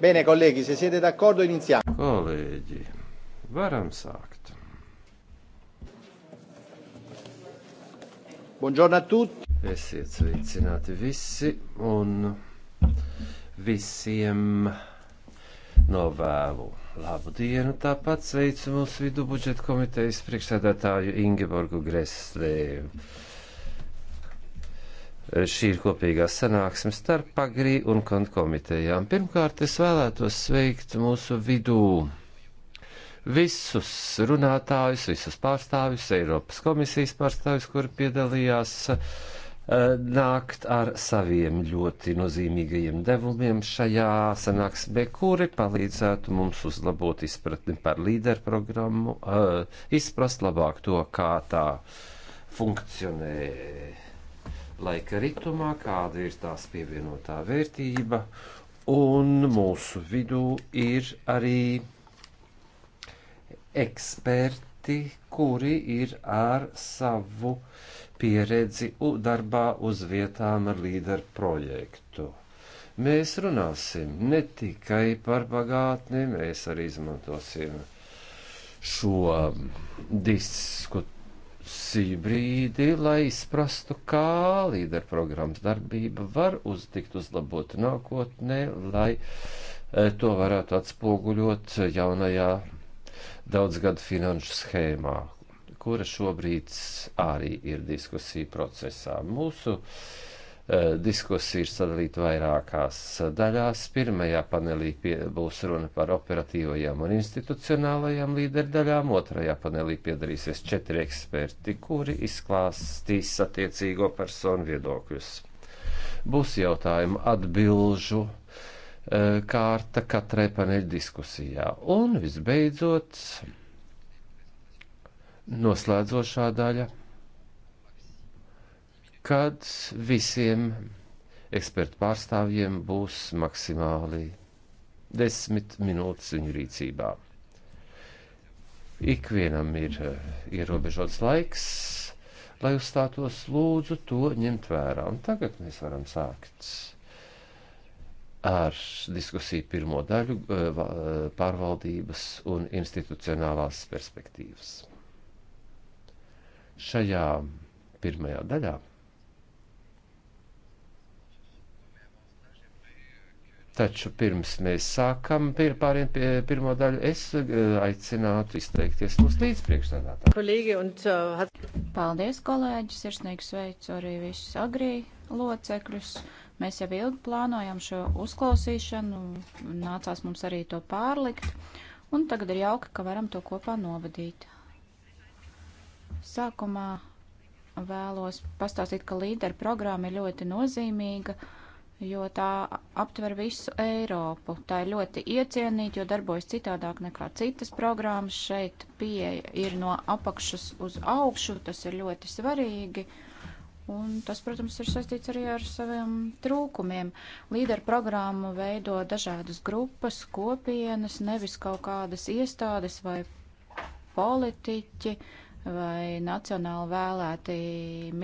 Bene, colleghi, se siete d'accordo iniziamo. Colleghi, varam sākt. Buongiorno a tutti. Esiet sveicināti visi un visiem novēlu labu dienu. Tāpat sveicu mūsu vidu budžeta komitejas priekšsēdētāju Ingeborgu Greslēju Eh, šī ir kopīgā sanāksme starp Pagrī un Kant komitejām. Pirmkārt, es vēlētos sveikt mūsu vidū visus runātājus, visus pārstāvjus, Eiropas komisijas pārstāvjus, kuri piedalījās eh, nākt ar saviem ļoti nozīmīgajiem devumiem šajā sanāksmē, kuri palīdzētu mums uzlabot izpratni par līderu programmu, eh, izprast labāk to, kā tā funkcionē laika ritumā, kāda ir tās pievienotā vērtība, un mūsu vidū ir arī eksperti, kuri ir ar savu pieredzi darbā uz vietām ar līderu projektu. Mēs runāsim ne tikai par bagātni, mēs arī izmantosim šo diskutu erupciju brīdi, lai izprastu, kā līderprogrammas darbība var uztikt uzlabot nākotnē, lai e, to varētu atspoguļot jaunajā daudzgadu finanšu schēmā, kura šobrīd arī ir diskusija procesā. Mūsu uh, Eh, diskusija ir sadalīta vairākās daļās. Pirmajā panelī pie, būs runa par operatīvajām un institucionālajām līderdaļām, otrajā panelī piedalīsies četri eksperti, kuri izklāstīs attiecīgo personu viedokļus. Būs jautājumu atbilžu eh, kārta katrai paneļa diskusijā. Un visbeidzot, noslēdzošā daļa kad visiem ekspertu pārstāvjiem būs maksimāli desmit minūtes viņu rīcībā. Ikvienam ir eh, ierobežots laiks, lai uzstātos lūdzu to ņemt vērā. Un tagad mēs varam sākt ar diskusiju pirmo daļu eh, eh, pārvaldības un institucionālās perspektīvas. Šajā pirmajā daļā Taču pirms mēs sākam pāriem pie pirmo daļu, es eh, aicinātu izteikties mūsu līdzpriekšsēdētājiem. Eh, Paldies, kolēģi! Sirsnīgi sveicu arī visus agrī locekļus. Mēs jau ilgi plānojam šo uzklausīšanu, nācās mums arī to pārlikt, un tagad ir jauki, ka varam to kopā novadīt. Sākumā vēlos pastāstīt, ka līderu programma ir ļoti nozīmīga jo tā aptver visu Eiropu. Tā ir ļoti iecienīta, jo darbojas citādāk nekā citas programmas. Šeit pieeja ir no apakšas uz augšu, tas ir ļoti svarīgi. Un tas, protams, ir saistīts arī ar saviem trūkumiem. Līderu programmu veido dažādas grupas, kopienas, nevis kaut kādas iestādes vai politiķi vai nacionāli vēlēti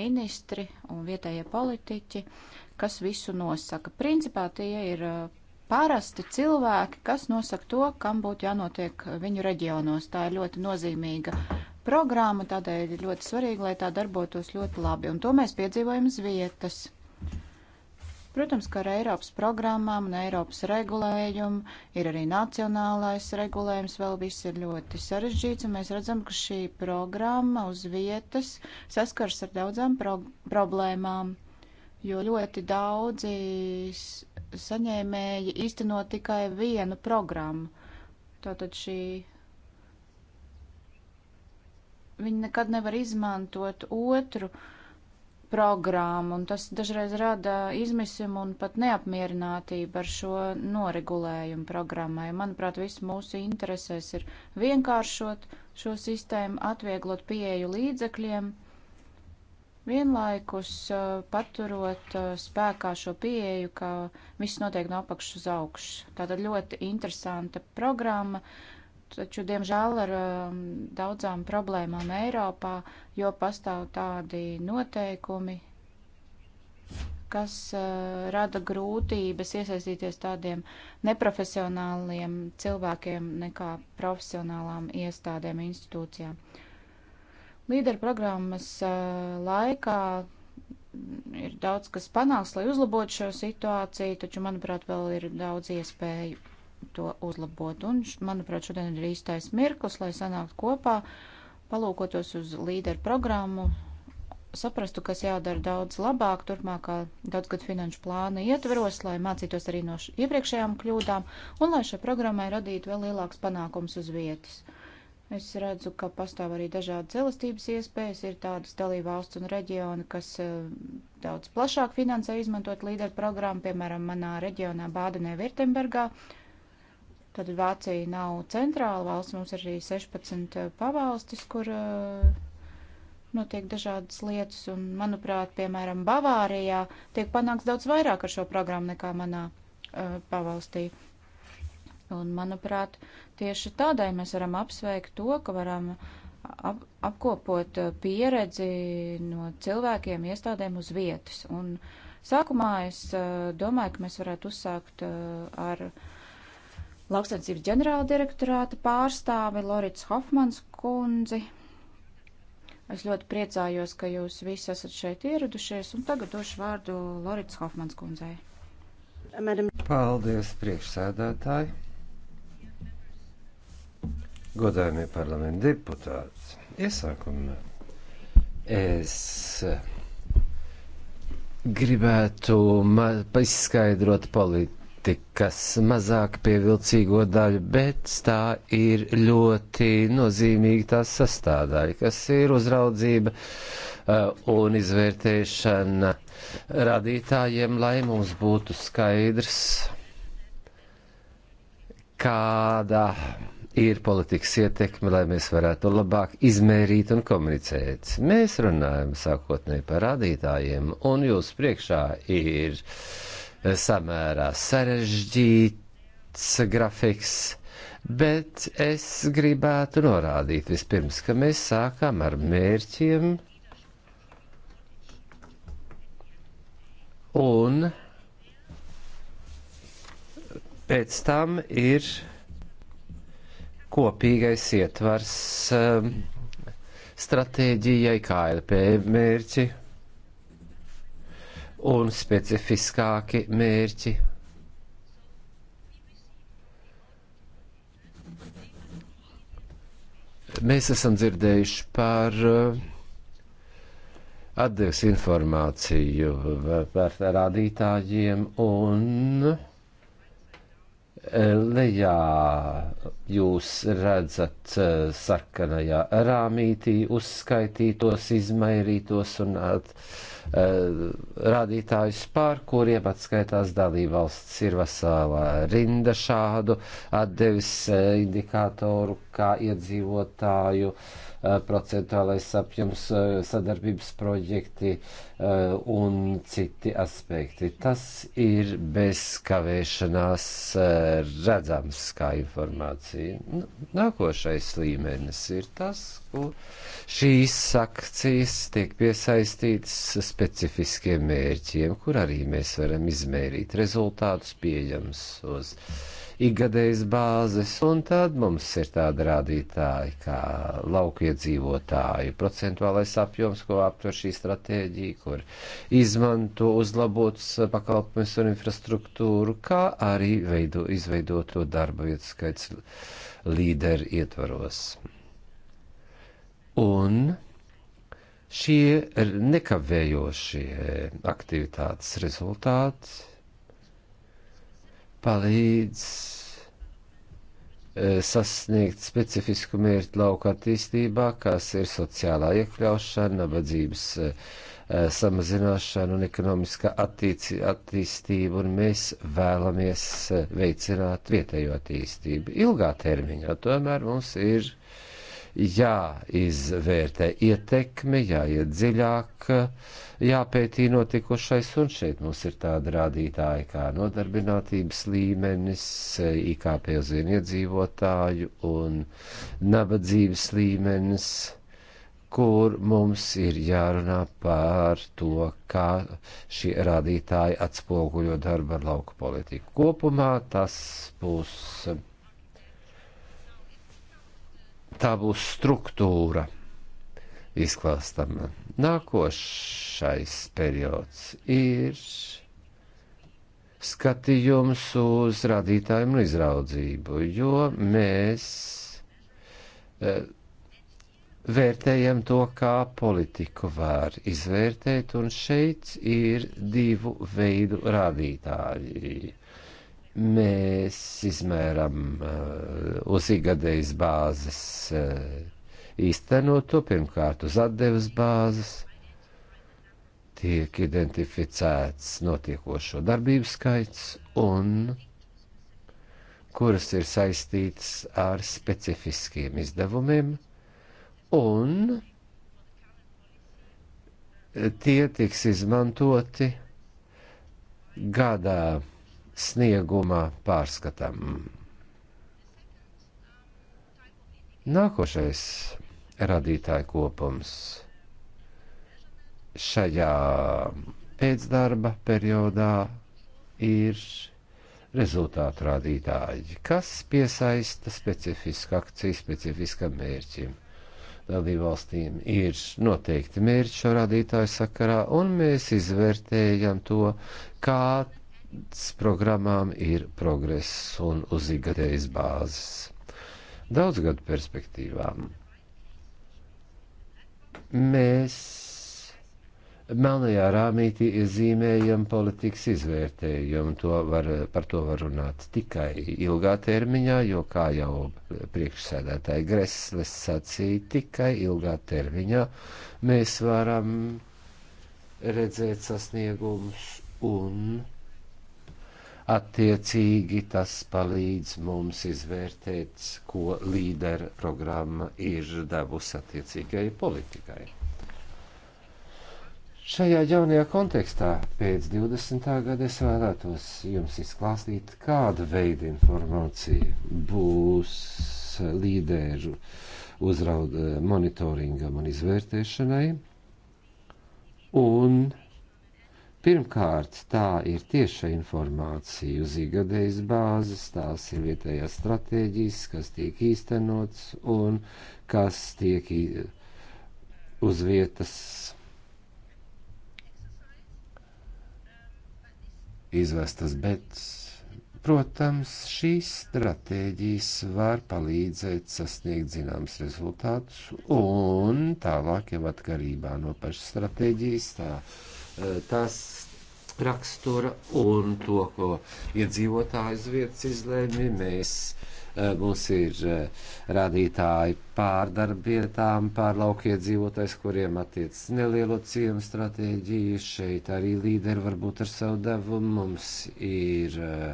ministri un vietējie politiķi. Uh, kas visu nosaka. Principā tie ir uh, parasti cilvēki, kas nosaka to, kam būtu jānotiek uh, viņu reģionos. Tā ir ļoti nozīmīga programma, tādēļ ir ļoti svarīgi, lai tā darbotos ļoti labi. Un to mēs piedzīvojam uz vietas. Protams, ka ar Eiropas programmām un Eiropas regulējumu ir arī nacionālais regulējums, vēl viss ir ļoti sarežģīts, un mēs redzam, ka šī programma uz vietas saskars ar daudzām pro problēmām jo ļoti daudzi saņēmēji īsteno tikai vienu programmu. Tātad šī viņi nekad nevar izmantot otru programmu, un tas dažreiz rada izmisumu un pat neapmierinātību ar šo noregulējumu programmai. Manuprāt, viss mūsu interesēs ir vienkāršot šo sistēmu, atvieglot pieeju līdzekļiem vienlaikus eh, paturot eh, spēkā šo pieeju, ka viss notiek no apakšas uz augšu. Tātad ļoti interesanta programma, taču, diemžēl, ar ehm, daudzām problēmām Eiropā, jo pastāv tādi noteikumi, kas eh, rada grūtības iesaistīties tādiem neprofesionāliem cilvēkiem nekā profesionālām iestādēm, institūcijām. Uh, Līderprogrammas eh, laikā ir daudz kas panāks, lai uzlabotu šo situāciju, taču, manuprāt, vēl ir daudz iespēju to uzlabot. Un, manuprāt, šodien ir īstais mirklis, lai sanāktu kopā, palūkotos uz līderu programmu, saprastu, kas jādara daudz labāk turpmākā daudzgad finanšu plāna ietveros, lai mācītos arī no iepriekšējām kļūdām un lai šai programmai radītu vēl lielāks panākums uz vietas. Es redzu, ka pastāv arī dažādas elastības iespējas. Ir tādas dalībvalsts un reģioni, kas eh, daudz plašāk finansē izmantot līderu programmu, piemēram, manā reģionā Bādenē-Virtembergā. Tad Vācija nav centrāla valsts, mums ir arī 16 eh, pavalstis, kur eh, notiek dažādas lietas, un, manuprāt, piemēram, Bavārijā tiek panāks daudz vairāk ar šo programmu nekā manā pavalstī. Un, manuprāt, tieši tādēļ mēs varam apsveikt to, ka varam ap, apkopot uh, pieredzi no cilvēkiem, iestādēm uz vietas. Un sākumā es uh, domāju, ka mēs varētu uzsākt uh, ar lauksaimniecības ģenerāla direktorāta pārstāvi Lorits Hofmans kundzi. Es ļoti priecājos, ka jūs visi esat šeit ieradušies, un tagad došu vārdu Lorits Hofmans kundzei. Paldies, priekšsēdētāji! godājumie parlamenta deputāti. Iesākumā es eh, gribētu paskaidrot politikas mazāk pievilcīgo daļu, bet tā ir ļoti nozīmīga tās sastāvdaļa, kas ir uzraudzība eh, un izvērtēšana radītājiem, lai mums būtu skaidrs, kāda ir politikas ietekme, lai mēs varētu labāk izmērīt un komunicēt. Mēs runājam sākotnēji par rādītājiem, un jūs priekšā ir samērā sarežģīts grafiks, bet es gribētu norādīt vispirms, ka mēs sākam ar mērķiem un pēc tam ir kopīgais ietvars ehm, stratēģijai, KLP mērķi un specifiskāki mērķi. Mēs esam dzirdējuši par ehm, atdevis informāciju par rādītājiem un lejā jūs redzat eh, sarkanajā rāmītī uzskaitītos, izmairītos un at, Eh, rādītājus, pār kuriem atskaitās dalībvalsts. Ir vesela rinda šādu atdevis eh, indikātoru, kā iedzīvotāju eh, procentuālais apjoms, sadarbības projekti un citi aspekti. Tas ir bez kavēšanās redzams kā informācija. Nākošais līmenis ir tas, šīs akcijas tiek piesaistītas specifiskiem mērķiem, kur arī mēs varam izmērīt rezultātus pieejams uz ikgadējas bāzes, un tad mums ir tāda rādītāja kā laukiedzīvotāju procentuālais apjoms, ko aptver šī stratēģija, kur izmanto uzlabotus pakalpojumus un infrastruktūru, kā arī veido, izveidoto darba vietu skaits līderi ietvaros. Un šie nekavējošie aktivitātes rezultāti palīdz eh, sasniegt specifisku mērķu lauka attīstībā, kas ir sociālā iekļaušana, nabadzības eh, samazināšana un ekonomiskā attīci, attīstība, un mēs vēlamies eh, veicināt vietējo attīstību. Ilgā termiņā tomēr mums ir uh, jāizvērtē ietekme, jāiet dziļāk, jāpētī notikušais, un šeit mums ir tāda rādītāja kā nodarbinātības līmenis, IKP uz vienu iedzīvotāju un nabadzības līmenis, kur mums ir jārunā par to, kā šie rādītāji atspoguļo darba ar lauku politiku. Kopumā tas būs. Pus tā būs struktūra izklāstama. Nākošais periods ir skatījums uz radītājiem un izraudzību, jo mēs e, vērtējam to, kā politiku var izvērtēt, un šeit ir divu veidu rādītāji. Mēs izmēram eh, uz igadējas bāzes eh, īstenot to pirmkārt uz atdevas bāzes, tiek identificēts notiekošo darbību skaits un kuras ir saistītas ar specifiskiem izdevumiem, un tie tiks izmantoti gadā snieguma pārskatam. Nākošais radītāju kopums šajā pēcdarba periodā ir rezultātu rādītāji, kas piesaista specifisku akciju specifiskam mērķim. Dalībvalstīm ir noteikti mērķi šo rādītāju sakarā, un mēs izvērtējam to, kā programmām ir progress un uz ikgadējas bāzes. Daudz gadu perspektīvām mēs melnajā rāmītī iezīmējam politikas izvērtējumu. To var, par to var runāt tikai ilgā termiņā, jo, kā jau priekšsēdētāji Gresles sacīja, tikai ilgā termiņā mēs varam redzēt sasniegumus un Attiecīgi tas palīdz mums izvērtēt, ko līdera programma ir devusi attiecīgai politikai. Šajā jaunajā kontekstā pēc 20. gada es vēlētos jums izklāstīt, kāda veida informācija būs līderu uzraud monitoringam un izvērtēšanai, un Pirmkārt, tā ir tieša informācija uz ikgadējas bāzes, tās ir vietējās stratēģijas, kas tiek īstenots un kas tiek uz vietas izvestas, bet, protams, šīs stratēģijas var palīdzēt sasniegt zināms rezultātus un tālāk jau atkarībā no pašas stratēģijas tā, e, tas rakstura un to, ko iedzīvotājs vietas izlēmi. Mēs, eh, mums ir eh, rādītāji pār darbvietām, pār laukiedzīvotājs, kuriem attiec nelielo ciemu stratēģiju. Šeit arī līderi varbūt ar savu devumu. Mums ir uh,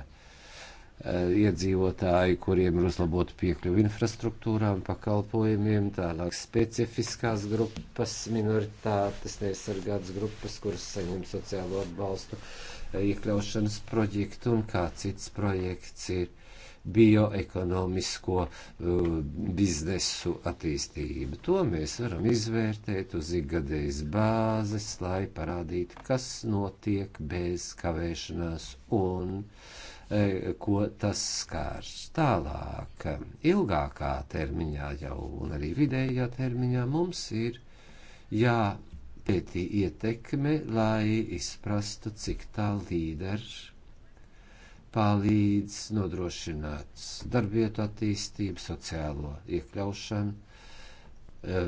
Eh, iedzīvotāji, kuriem ir uzlabota piekļuva infrastruktūrām, pakalpojumiem, tālāk specifiskās grupas, minoritātes, neaizsargātas grupas, kuras saņem sociālo atbalstu, eh, iekļaušanas projektu un kā cits projekts ir bioekonomisko uh, biznesu attīstība. To mēs varam izvērtēt uz ikgadējas bāzes, lai parādītu, kas notiek bez kavēšanās un uh, E, ko tas skārs tālāk. Ilgākā termiņā jau un arī vidējā termiņā mums ir jāpētī ietekme, lai izprastu, cik tā līders palīdz nodrošināt darbvietu attīstību, sociālo iekļaušanu, e,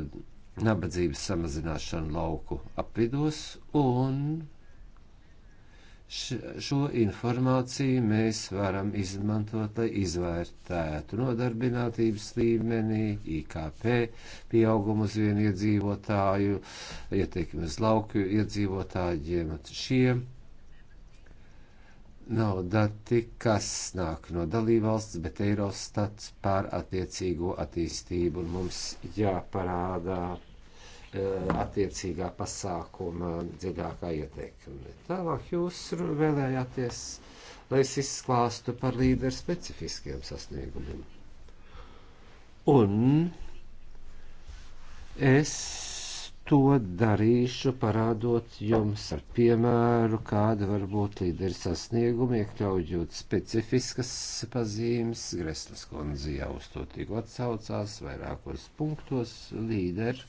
nabadzības samazināšanu lauku apvidos un Šo informāciju mēs varam izmantot, lai izvērtētu nodarbinātības līmenī, IKP, pieaugumu uz vienu iedzīvotāju, ietekmi uz lauku iedzīvotājiem. Šie nav dati, kas nāk no dalībvalsts, bet Eirostats pār attiecīgo attīstību un mums jāparādā. Ja Eh, attiecīgā pasākuma dziļākā ieteikuma. Tālāk jūs vēlējāties, lai es izklāstu par līderu specifiskiem sasniegumiem. Un es to darīšu, parādot jums ar piemēru, kāda var būt līderi sasniegumi, iekļaujot specifiskas pazīmes. Greslas kundze jau uz to tikko atsaucās vairākos punktos līderi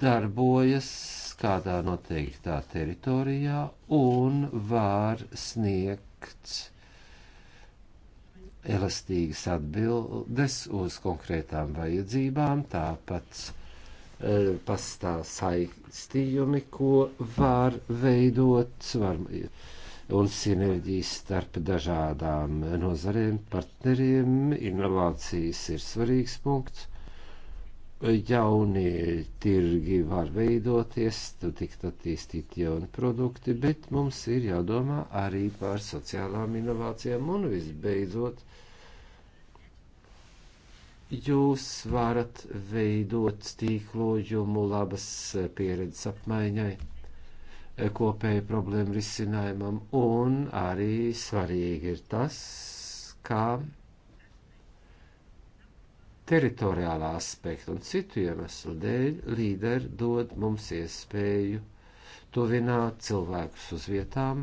darbojas kādā noteiktā teritorijā un var sniegt elastīgas atbildes uz konkrētām vajadzībām, tāpat e, pastāv saistījumi, ko var veidot, var, un sinerģijas starp dažādām nozarēm, partneriem. Inovācijas ir svarīgs punkts jaunie tirgi var veidoties, tu tikt attīstīti jauni produkti, bet mums ir jādomā arī par sociālām inovācijām un visbeidzot jūs varat veidot tīklojumu labas pieredzes apmaiņai, kopēju problēmu risinājumam, un arī svarīgi ir tas, kā teritoriālā aspekta un citu iemeslu dēļ līderi dod mums iespēju tuvināt cilvēkus uz vietām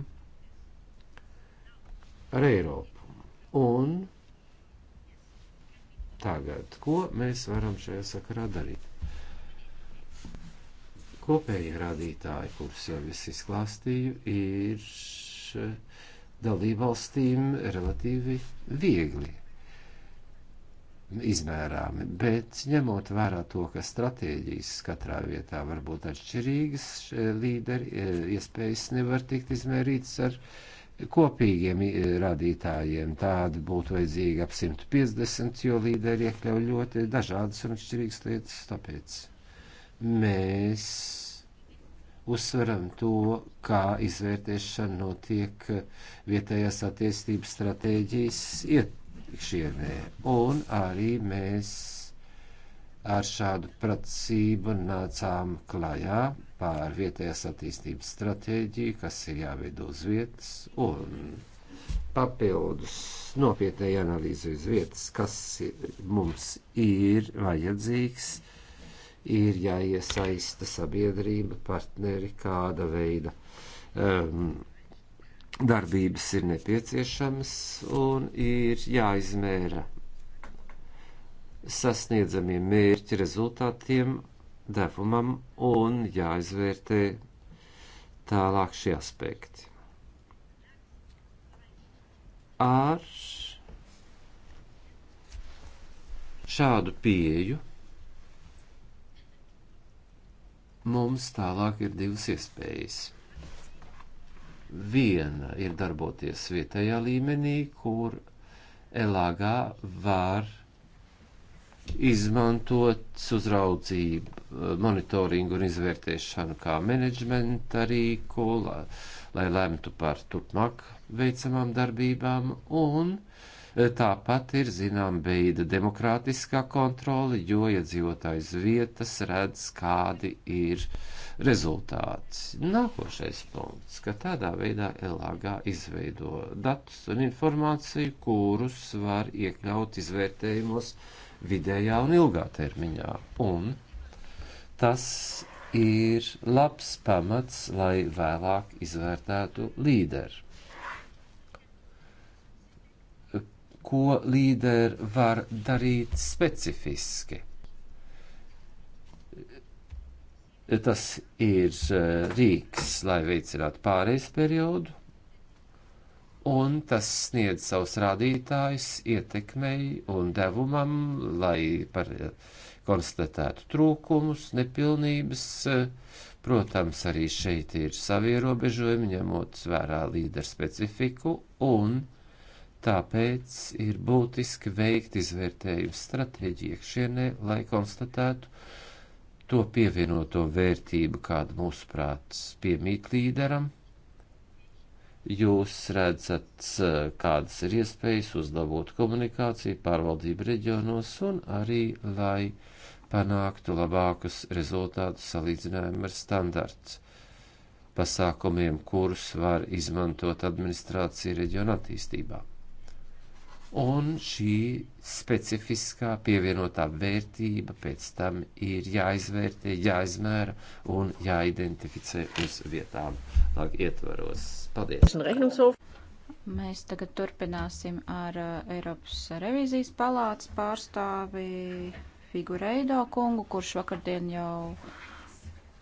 ar Eiropu. Un tagad, ko mēs varam šajā sakarā darīt? Kopējie rādītāji, kurus jau es izklāstīju, ir dalībvalstīm relatīvi viegli izmērāmi, bet ņemot vērā to, ka stratēģijas katrā vietā var būt atšķirīgas, līderi e, iespējas nevar tikt izmērītas ar kopīgiem e, rādītājiem. Tāda būtu vajadzīga ap 150, jo līderi iekļauj ļoti dažādas un atšķirīgas lietas. Tāpēc mēs uzsveram to, kā izvērtēšana notiek vietējās attīstības stratēģijas ietvaros iekšienē. Un arī mēs ar šādu pracību nācām klajā pār vietējās attīstības stratēģiju, kas ir jāveido uz vietas un papildus nopietnai analīzi uz vietas, kas ir, mums ir vajadzīgs ir jāiesaista sabiedrība, partneri, kāda veida um, darbības ir nepieciešamas un ir jāizmēra sasniedzamie mērķi rezultātiem, devumam un jāizvērtē tālāk šie aspekti. Ar šādu pieju mums tālāk ir divas iespējas. Viena ir darboties vietējā līmenī, kur elāgā var izmantot uzraudzību, monitoringu un izvērtēšanu kā menedžmenta rīku, lai, lai lemtu par turpmāk veicamām darbībām, un Tāpat ir zinām beida demokrātiskā kontrole, jo iedzīvotājs vietas redz, kādi ir rezultāti. Nākošais punkts, ka tādā veidā LAG izveido datus un informāciju, kurus var iekļaut izvērtējumos vidējā un ilgā termiņā. Un tas ir labs pamats, lai vēlāk izvērtētu līderi. ko līderi var darīt specifiski. Tas ir eh, rīks, lai veicinātu pārejas periodu, un tas sniedz savus rādītājus ietekmei un devumam, lai par, eh, konstatētu trūkumus, nepilnības. Protams, arī šeit ir savierobežojumi, ņemot vērā līderu specifiku un Tāpēc ir būtiski veikt izvērtējumu stratēģiju iekšienē, lai konstatētu to pievienoto vērtību, kādu mūsu prāts piemīt līderam. Jūs redzat, kādas ir iespējas uzlabot komunikāciju, pārvaldību reģionos un arī, lai panāktu labākus rezultātus salīdzinājumu ar standarts pasākumiem, kurus var izmantot administrācija reģiona attīstībā. Un šī specifiskā pievienotā vērtība pēc tam ir jāizvērtē, jāizmēra un jāidentificē uz vietām ietvaros. Paldies! Mēs tagad turpināsim ar uh, Eiropas revizijas palātas pārstāvi Figureido kungu, kurš vakardien jau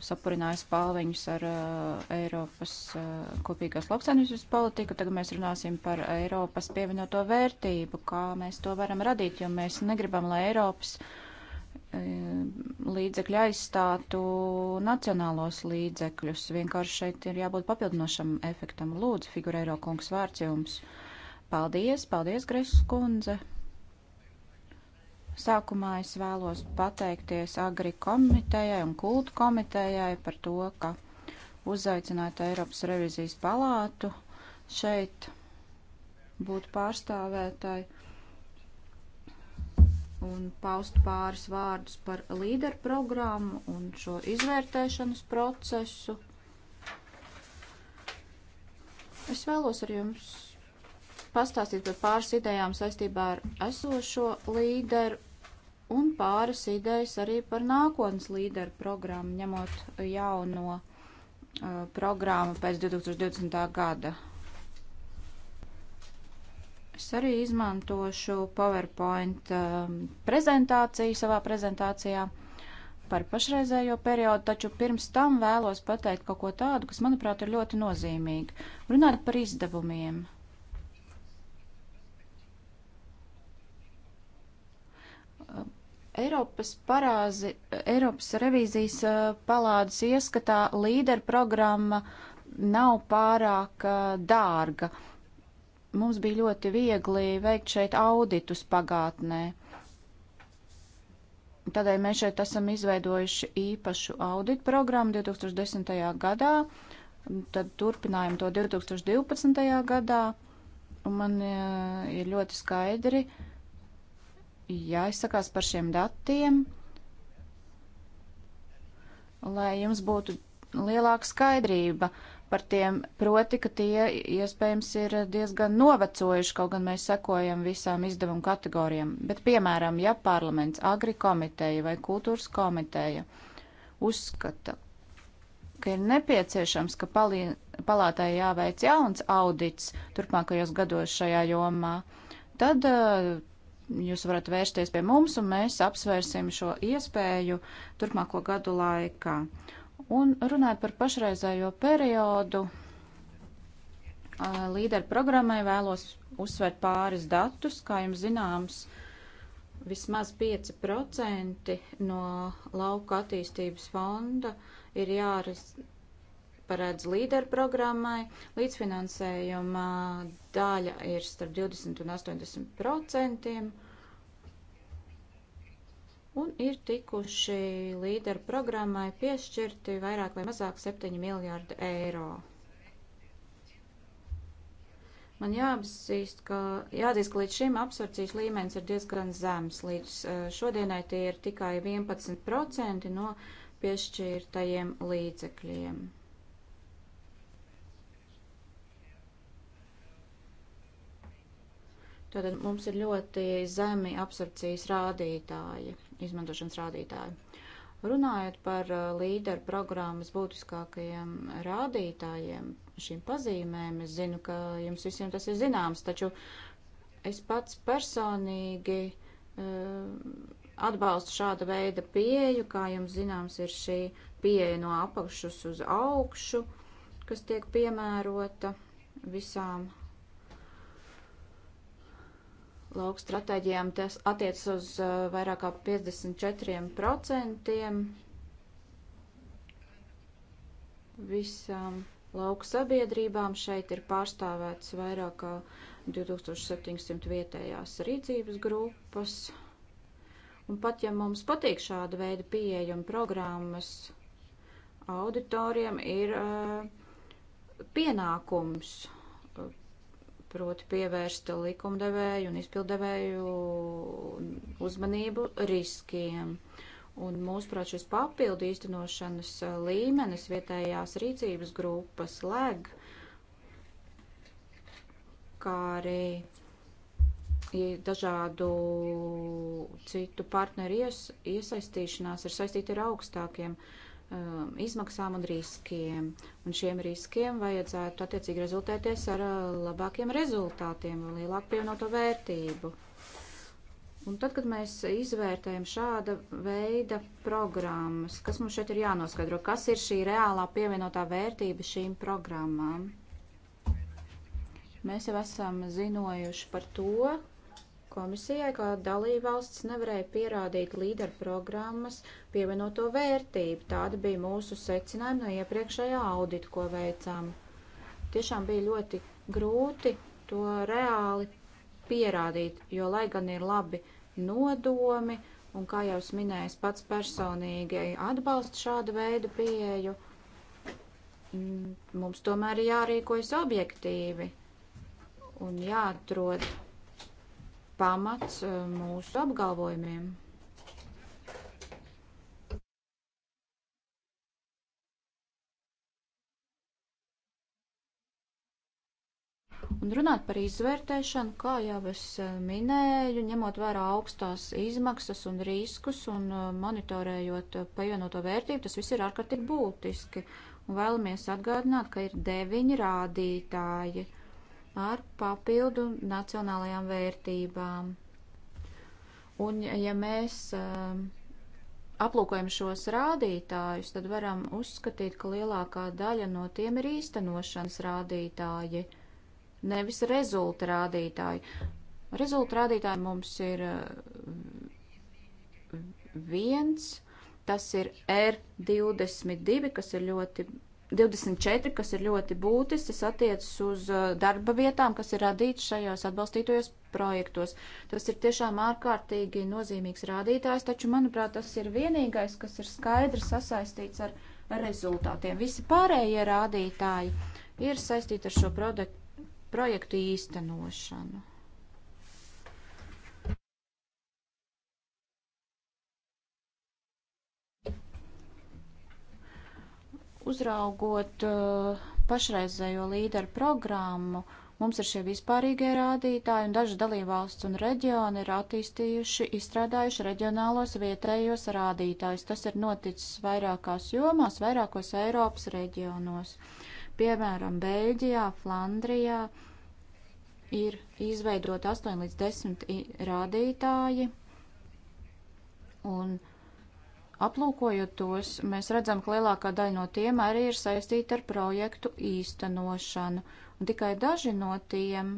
sapurinājusi pāliņus ar uh, Eiropas uh, kopīgās lauksainības politiku. Tagad mēs runāsim par Eiropas pievienoto vērtību, kā mēs to varam radīt, jo mēs negribam, lai Eiropas uh, līdzekļi aizstātu nacionālos līdzekļus. Vienkārši šeit ir jābūt papildinošam efektam. Lūdzu, figurēro kungs vārds jums. Paldies, paldies, Gresas kundze. Sākumā es vēlos pateikties Agri komitejai un kultu komitejai par to, ka uzaicināt Eiropas revizijas palātu šeit būt pārstāvētāji un paust pāris vārdus par līderu programmu un šo izvērtēšanas procesu. Es vēlos ar jums pastāstīt par pāris idejām saistībā ar esošo līderu un pāris idejas arī par nākotnes līderu programmu, ņemot jauno uh, programmu pēc 2020. gada. Es arī izmantošu PowerPoint um, prezentāciju savā prezentācijā par pašreizējo periodu, taču pirms tam vēlos pateikt kaut ko tādu, kas, manuprāt, ir ļoti nozīmīgi. Runāt par izdevumiem. Uh, Eiropas parāzi, Eiropas revīzijas uh, palādes ieskatā līderprogramma nav pārāk uh, dārga. Mums bija ļoti viegli veikt šeit auditus pagātnē. Tādēļ mēs šeit esam izveidojuši īpašu auditu programmu 2010. gadā, tad turpinājām to 2012. gadā, un man uh, ir ļoti skaidri, uh, jāizsakās par šiem datiem, lai jums būtu lielāka skaidrība par tiem, proti, ka tie iespējams ir diezgan novecojuši, kaut gan mēs sekojam visām izdevumu kategorijām. Bet, piemēram, ja parlaments, agri komiteja vai kultūras komiteja uzskata, ka ir nepieciešams, ka palī, palātai jāveic jauns audits turpmākajos gados šajā jomā, tad uh, jūs varat vērsties pie mums, un mēs apsvērsim šo iespēju turpmāko gadu laikā. Un runājot par pašreizējo periodu, līderu programmai vēlos uzsvērt pāris datus. Kā jums zināms, vismaz 5% no lauka attīstības fonda ir jāparedz līderu programmai. Līdzfinansējuma daļa ir starp 20 un 80% un ir tikuši līderu programmai piešķirti vairāk vai mazāk 7 miljārdi eiro. Man jāapzīst, ka, jāatzīst, ka līdz šim absorpcijas līmenis ir diezgan zems. Līdz eh, šodienai tie ir tikai 11% no piešķirtajiem līdzekļiem. Tātad mums ir ļoti zemi absorpcijas rādītāji izmantošanas rādītāju. Runājot par uh, līderu programmas būtiskākajiem rādītājiem, šīm pazīmēm, es zinu, ka jums visiem tas ir zināms, taču es pats personīgi uh, atbalstu šāda veida pieju, kā jums zināms, ir šī pieeja no apakšas uz augšu, kas tiek piemērota visām lauku stratēģijām tas attiecas uz uh, vairāk kā 54% visām lauku sabiedrībām. Šeit ir pārstāvēts vairāk kā 2700 vietējās rīcības grupas. Un pat ja mums patīk šāda veida pieeja un programmas, auditoriem ir uh, pienākums proti pievērst likumdevēju un izpildevēju uzmanību riskiem. Un mūsuprāt, šis papildu īstenošanas e, līmenis vietējās rīcības grupas leg, kā arī dažādu citu partneru ies, iesaistīšanās ir saistīti ar augstākiem uh, Um, izmaksām un riskiem. Un šiem riskiem vajadzētu attiecīgi rezultēties ar uh, labākiem rezultātiem un lielāku pievienoto vērtību. Un tad, kad mēs izvērtējam šāda veida programmas, kas mums šeit ir jānoskaidro, kas ir šī reālā pievienotā vērtība šīm programmām? Mēs jau esam zinojuši par to, Komisijai kā dalībvalsts nevarēja pierādīt līderprogrammas pievienoto vērtību. Tāda bija mūsu secinājuma no iepriekšējā audita, ko veicām. Tiešām bija ļoti grūti to reāli pierādīt, jo lai gan ir labi nodomi, un kā jau es minēju, es pats personīgi atbalstu šādu veidu pieeju, mm, mums tomēr ir jārīkojas objektīvi un jāatrod pamats eh, mūsu apgalvojumiem. Un runāt par izvērtēšanu, kā jau es eh, minēju, ņemot vērā augstās izmaksas un riskus un eh, monitorējot pievienoto vērtību, tas viss ir ārkārtīgi būtiski. Un vēlamies atgādināt, ka ir deviņi rādītāji. Uh, ar papildu nacionālajām vērtībām. Un ja mēs um, aplūkojam šos rādītājus, tad varam uzskatīt, ka lielākā daļa no tiem ir īstenošanas rādītāji, nevis rezulta rādītāji. Rezulta rādītāji mums ir uh, viens, tas ir R22, kas ir ļoti 24, kas ir ļoti būtisks, attiecas uz uh, darba vietām, kas ir radīts šajos atbalstītojos projektos. Tas ir tiešām ārkārtīgi nozīmīgs rādītājs, taču, manuprāt, tas ir vienīgais, kas ir skaidri sasaistīts ar rezultātiem. Visi pārējie rādītāji ir saistīti ar šo produktu, projektu īstenošanu. Uzraugot uh, pašreizējo līderu programmu, mums ir šie vispārīgie rādītāji, un daži dalībvalsts un reģioni ir attīstījuši, izstrādājuši reģionālos vietējos rādītājus. Tas ir noticis vairākās jomās, vairākos Eiropas reģionos. Piemēram, Beļģijā, Flandrijā ir izveidot 8 līdz 10 rādītāji, un Aplūkojot tos, mēs redzam, ka lielākā daļa no tiem arī ir saistīta ar projektu īstenošanu, un tikai daži no tiem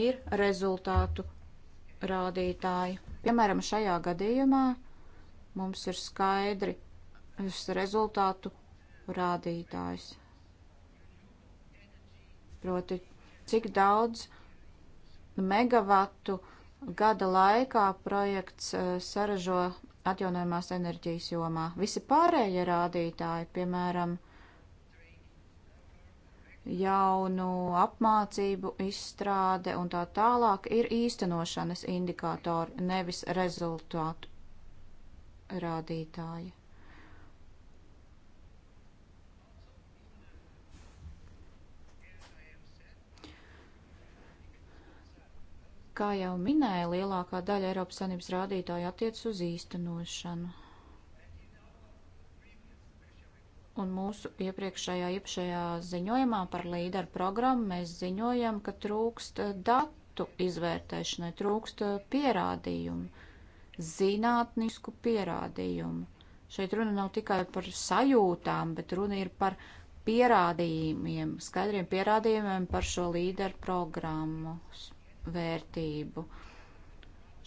ir rezultātu rādītāji. Piemēram, šajā gadījumā mums ir skaidri rezultātu rādītājs. Proti, cik daudz megavatu uh, gada laikā projekts eh, saražo atjaunojumās enerģijas jomā. Visi pārējie rādītāji, piemēram, jaunu apmācību, izstrāde un tā tālāk, ir īstenošanas indikātori, nevis rezultātu rādītāji. Kā jau minēja, lielākā daļa Eiropas Savienības rādītāja attiec uz īstenošanu. Un mūsu iepriekšējā iepšējā ziņojumā par līderu programmu mēs ziņojam, ka trūkst datu izvērtēšanai, trūkst pierādījumu, zinātnisku pierādījumu. Šeit runa nav tikai par sajūtām, bet runa ir par pierādījumiem, skaidriem pierādījumiem par šo līderu programmas vērtību.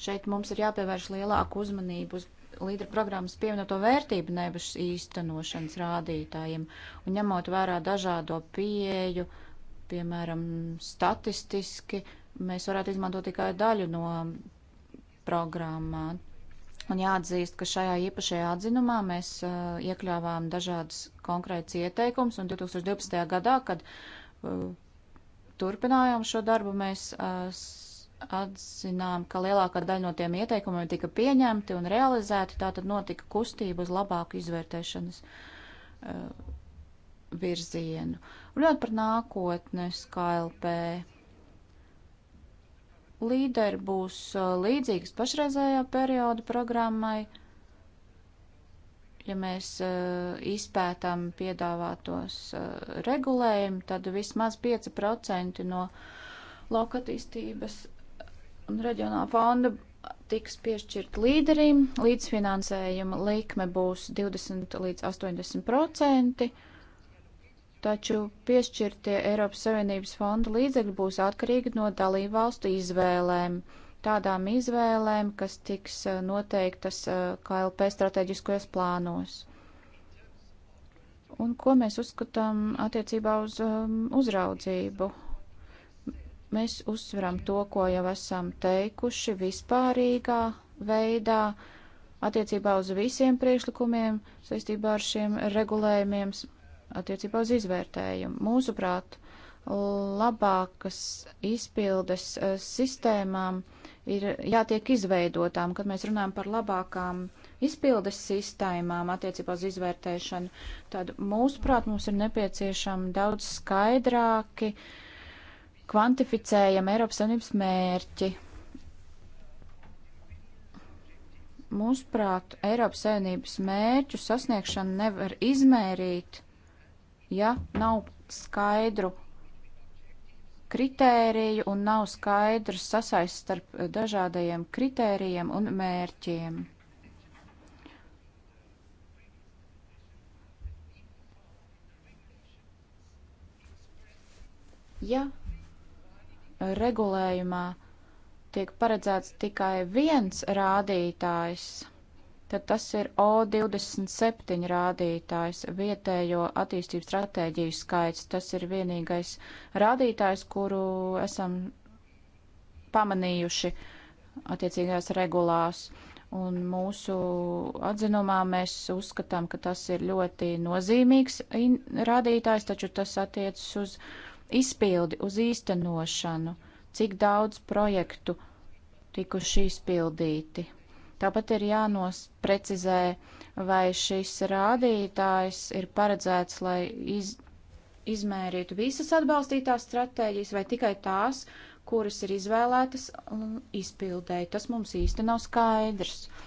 Šeit mums ir jāpievērš lielāku uzmanību uz līdera programmas pievienoto vērtību nevis īstenošanas rādītājiem, un ņemot vērā dažādo pieeju, piemēram, statistiski, mēs varētu izmantot tikai daļu no programmā. Un jāatzīst, ka šajā īpašajā atzinumā mēs uh, iekļāvām dažādas konkrētas ieteikums, un 2012. gadā, kad uh, turpinājām šo darbu, mēs uh, atzinām, ka lielākā daļa no tiem ieteikumiem tika pieņemti un realizēti, tātad notika kustība uz labāku izvērtēšanas uh, virzienu. Runāt par nākotnes KLP. Līderi būs uh, līdzīgas pašreizējā perioda programmai. Uh, Ja mēs uh, izpētām piedāvātos uh, regulējumu, tad vismaz 5% no lauka attīstības un reģionāla fonda tiks piešķirt līderim, līdzfinansējuma likme būs 20 līdz 80 procenti, taču piešķirtie Eiropas Savienības fonda līdzekļi būs atkarīgi no dalībvalstu izvēlēm tādām izvēlēm, kas tiks eh, noteiktas eh, KLP strateģiskajos plānos. Un ko mēs uzskatām attiecībā uz ehm, uzraudzību? Mēs uzsveram to, ko jau esam teikuši vispārīgā veidā attiecībā uz visiem priekšlikumiem saistībā ar šiem regulējumiem attiecībā uz izvērtējumu. Mūsuprāt, labākas izpildes eh, sistēmām uh, ir jātiek izveidotām, kad mēs runājam par labākām izpildes sistēmām attiecībā uz izvērtēšanu, tad mūsuprāt mums ir nepieciešami daudz skaidrāki, kvantificējami Eiropas Savienības mērķi. Mūsuprāt, Eiropas Savienības mērķu sasniegšanu nevar izmērīt, ja nav skaidru kritēriju un nav skaidrs sasaist starp dažādajiem kritērijiem un mērķiem. Ja regulējumā tiek paredzēts tikai viens rādītājs, tad tas ir O27 rādītājs, vietējo attīstību stratēģiju skaits. Tas ir vienīgais rādītājs, kuru esam pamanījuši attiecīgās regulās. Un mūsu atzinumā mēs uzskatām, ka tas ir ļoti nozīmīgs rādītājs, taču tas attiecas uz izpildi, uz īstenošanu, cik daudz projektu tikuši izpildīti. Tāpat ir jānosprecizē, vai šis rādītājs ir paredzēts, lai iz, izmērītu visas atbalstītās stratēģijas vai tikai tās, kuras ir izvēlētas izpildēji. Tas mums īsti nav skaidrs. Uh,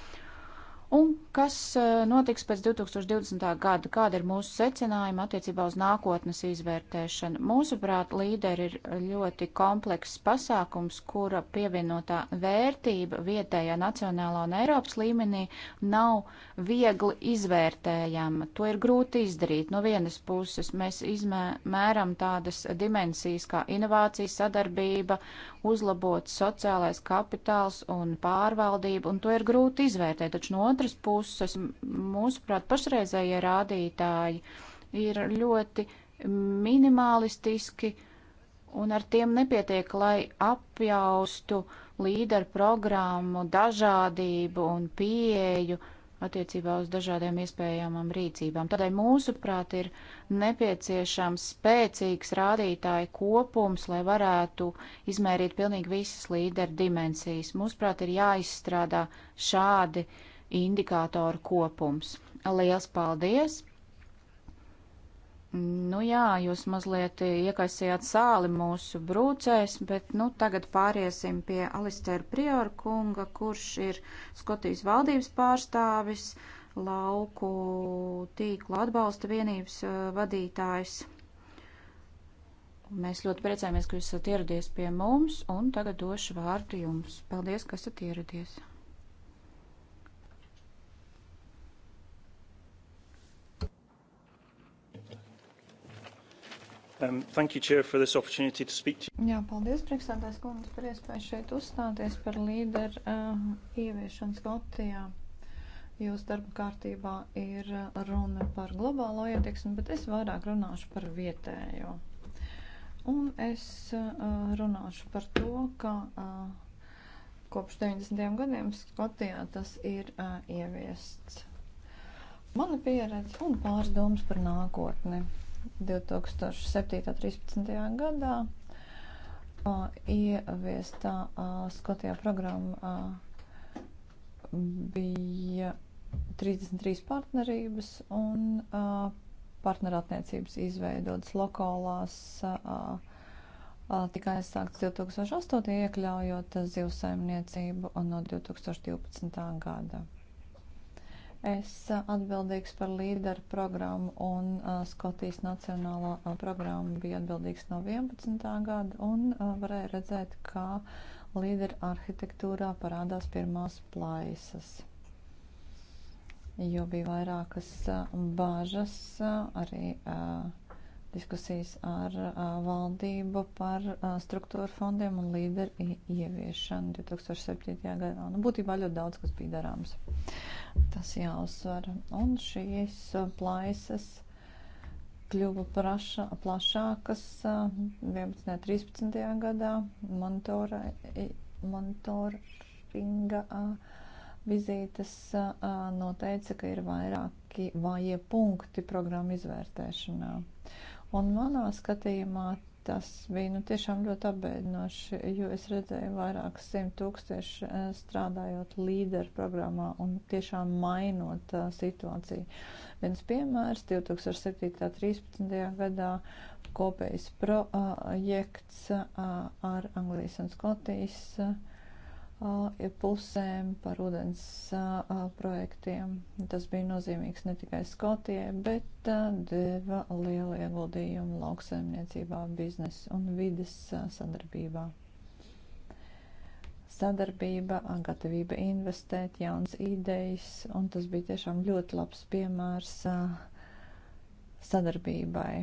Un kas eh, notiks pēc 2020. gada? Kāda ir mūsu secinājuma attiecībā uz nākotnes izvērtēšanu? Mūsuprāt, līderi ir ļoti komplekss pasākums, kura pievienotā vērtība vietējā, nacionālā un Eiropas līmenī nav viegli izvērtējama. To ir grūti izdarīt. No vienas puses mēs izmēram tādas dimensijas kā inovācijas sadarbība, uzlabot sociālais kapitāls un pārvaldība, un to ir grūti izvērtēt. Taču no otras puses, mūsuprāt, pašreizējie rādītāji ir ļoti minimalistiski un ar tiem nepietiek, lai apjaustu līderu programmu, dažādību un pieeju attiecībā uz dažādiem iespējamām rīcībām. Tādēļ mūsuprāt ir nepieciešams spēcīgs rādītāju kopums, lai varētu izmērīt pilnīgi visas līderu dimensijas. Mūsuprāt ir jāizstrādā šādi uh, indikātoru kopums. Liels paldies! Nu jā, jūs mazliet iekaisījāt sāli mūsu brūcēs, bet nu tagad pāriesim pie Alistēra Priora kunga, kurš ir Skotijas valdības pārstāvis, lauku tīklu atbalsta vienības uh, vadītājs. Mēs ļoti priecājamies, ka jūs esat ieradies pie mums, un tagad došu vārdu jums. Paldies, ka esat ieradies! Um, thank you, Chair, for this opportunity to speak to you. Jā, paldies, priekšsādājs kundze, par iespēju šeit uzstāties par līderu uh, ieviešanu Skotijā. Jūsu darba kārtībā ir runa par globālo ieteiksmi, bet es vairāk runāšu par vietējo. Un es uh, runāšu par to, ka uh, kopš 90. gadiem Skotijā tas ir uh, ieviests. Mana pieredze un pārdomas par nākotni. 2007.13. gadā ieviestā Skotijā programma bija 33 partnerības un partnerattiecības izveidotas lokālās tika aizsākts 2008. iekļaujot zivsaimniecību no 2012. gada. Es atbildīgs par līderu programmu un uh, Skotijas nacionālo uh, programmu biju atbildīgs no 11. gada un uh, varēja redzēt, kā līderu arhitektūrā parādās pirmās plaisas. Jo bija vairākas uh, bažas, uh, arī uh, diskusijas ar valdību par struktūra fondiem un līderu ieviešanu 2007. gadā. Nu, būtībā ļoti daudz, kas bija darāms. Tas jāuzsver. Un šīs plaisas kļuva praša, plašākas 11. un 13. gadā monitora, monitoringa vizītes noteica, ka ir vairāki vājie punkti programmu izvērtēšanā. Un manā skatījumā tas bija nu, tiešām ļoti apbēdinoši, jo es redzēju vairāk simt tūkstoši eh, strādājot līderu programmā un tiešām mainot uh, situāciju. Viens piemērs 2007.13. gadā kopējs projekts uh, ar Anglijas un Skotijas. Uh, pusēm par ūdens projektiem. Tas bija nozīmīgs ne tikai Skotijai, bet deva lielu ieguldījumu lauksaimniecībā, biznesa un vides sadarbībā. Sadarbība, gatavība investēt, jauns idejas, un tas bija tiešām ļoti labs piemērs sadarbībai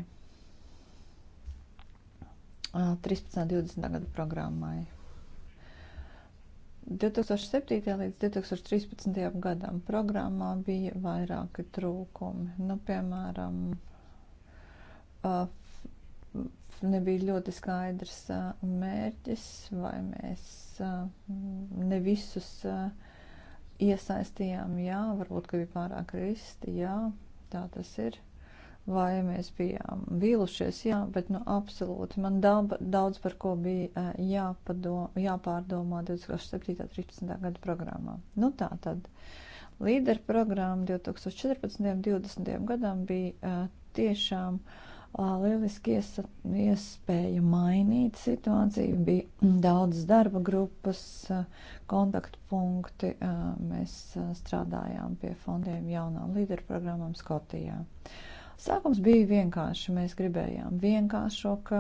13. un 20. gada programmai. 2007. līdz 2013. gadam programmā bija vairāki trūkumi. Nu, piemēram, nebija ļoti skaidrs mērķis, vai mēs ne visus iesaistījām, jā, varbūt, ka bija pārāk risti, jā, tā tas ir vai mēs bijām vīlušies, jā, bet nu absolūti man daba, daudz par ko bija jāpadom, jāpārdomā 2017.13. gada programmā. Nu tā tad. Līderu programma 2014.20. gadam bija tiešām lieliski iesa, iespēja mainīt situāciju. Bija daudz darba grupas, kontaktpunkti. Mēs strādājām pie fondiem jaunām līderu programmām Skotijā. Uh, Sākums bija vienkārši. Mēs gribējām vienkāršoku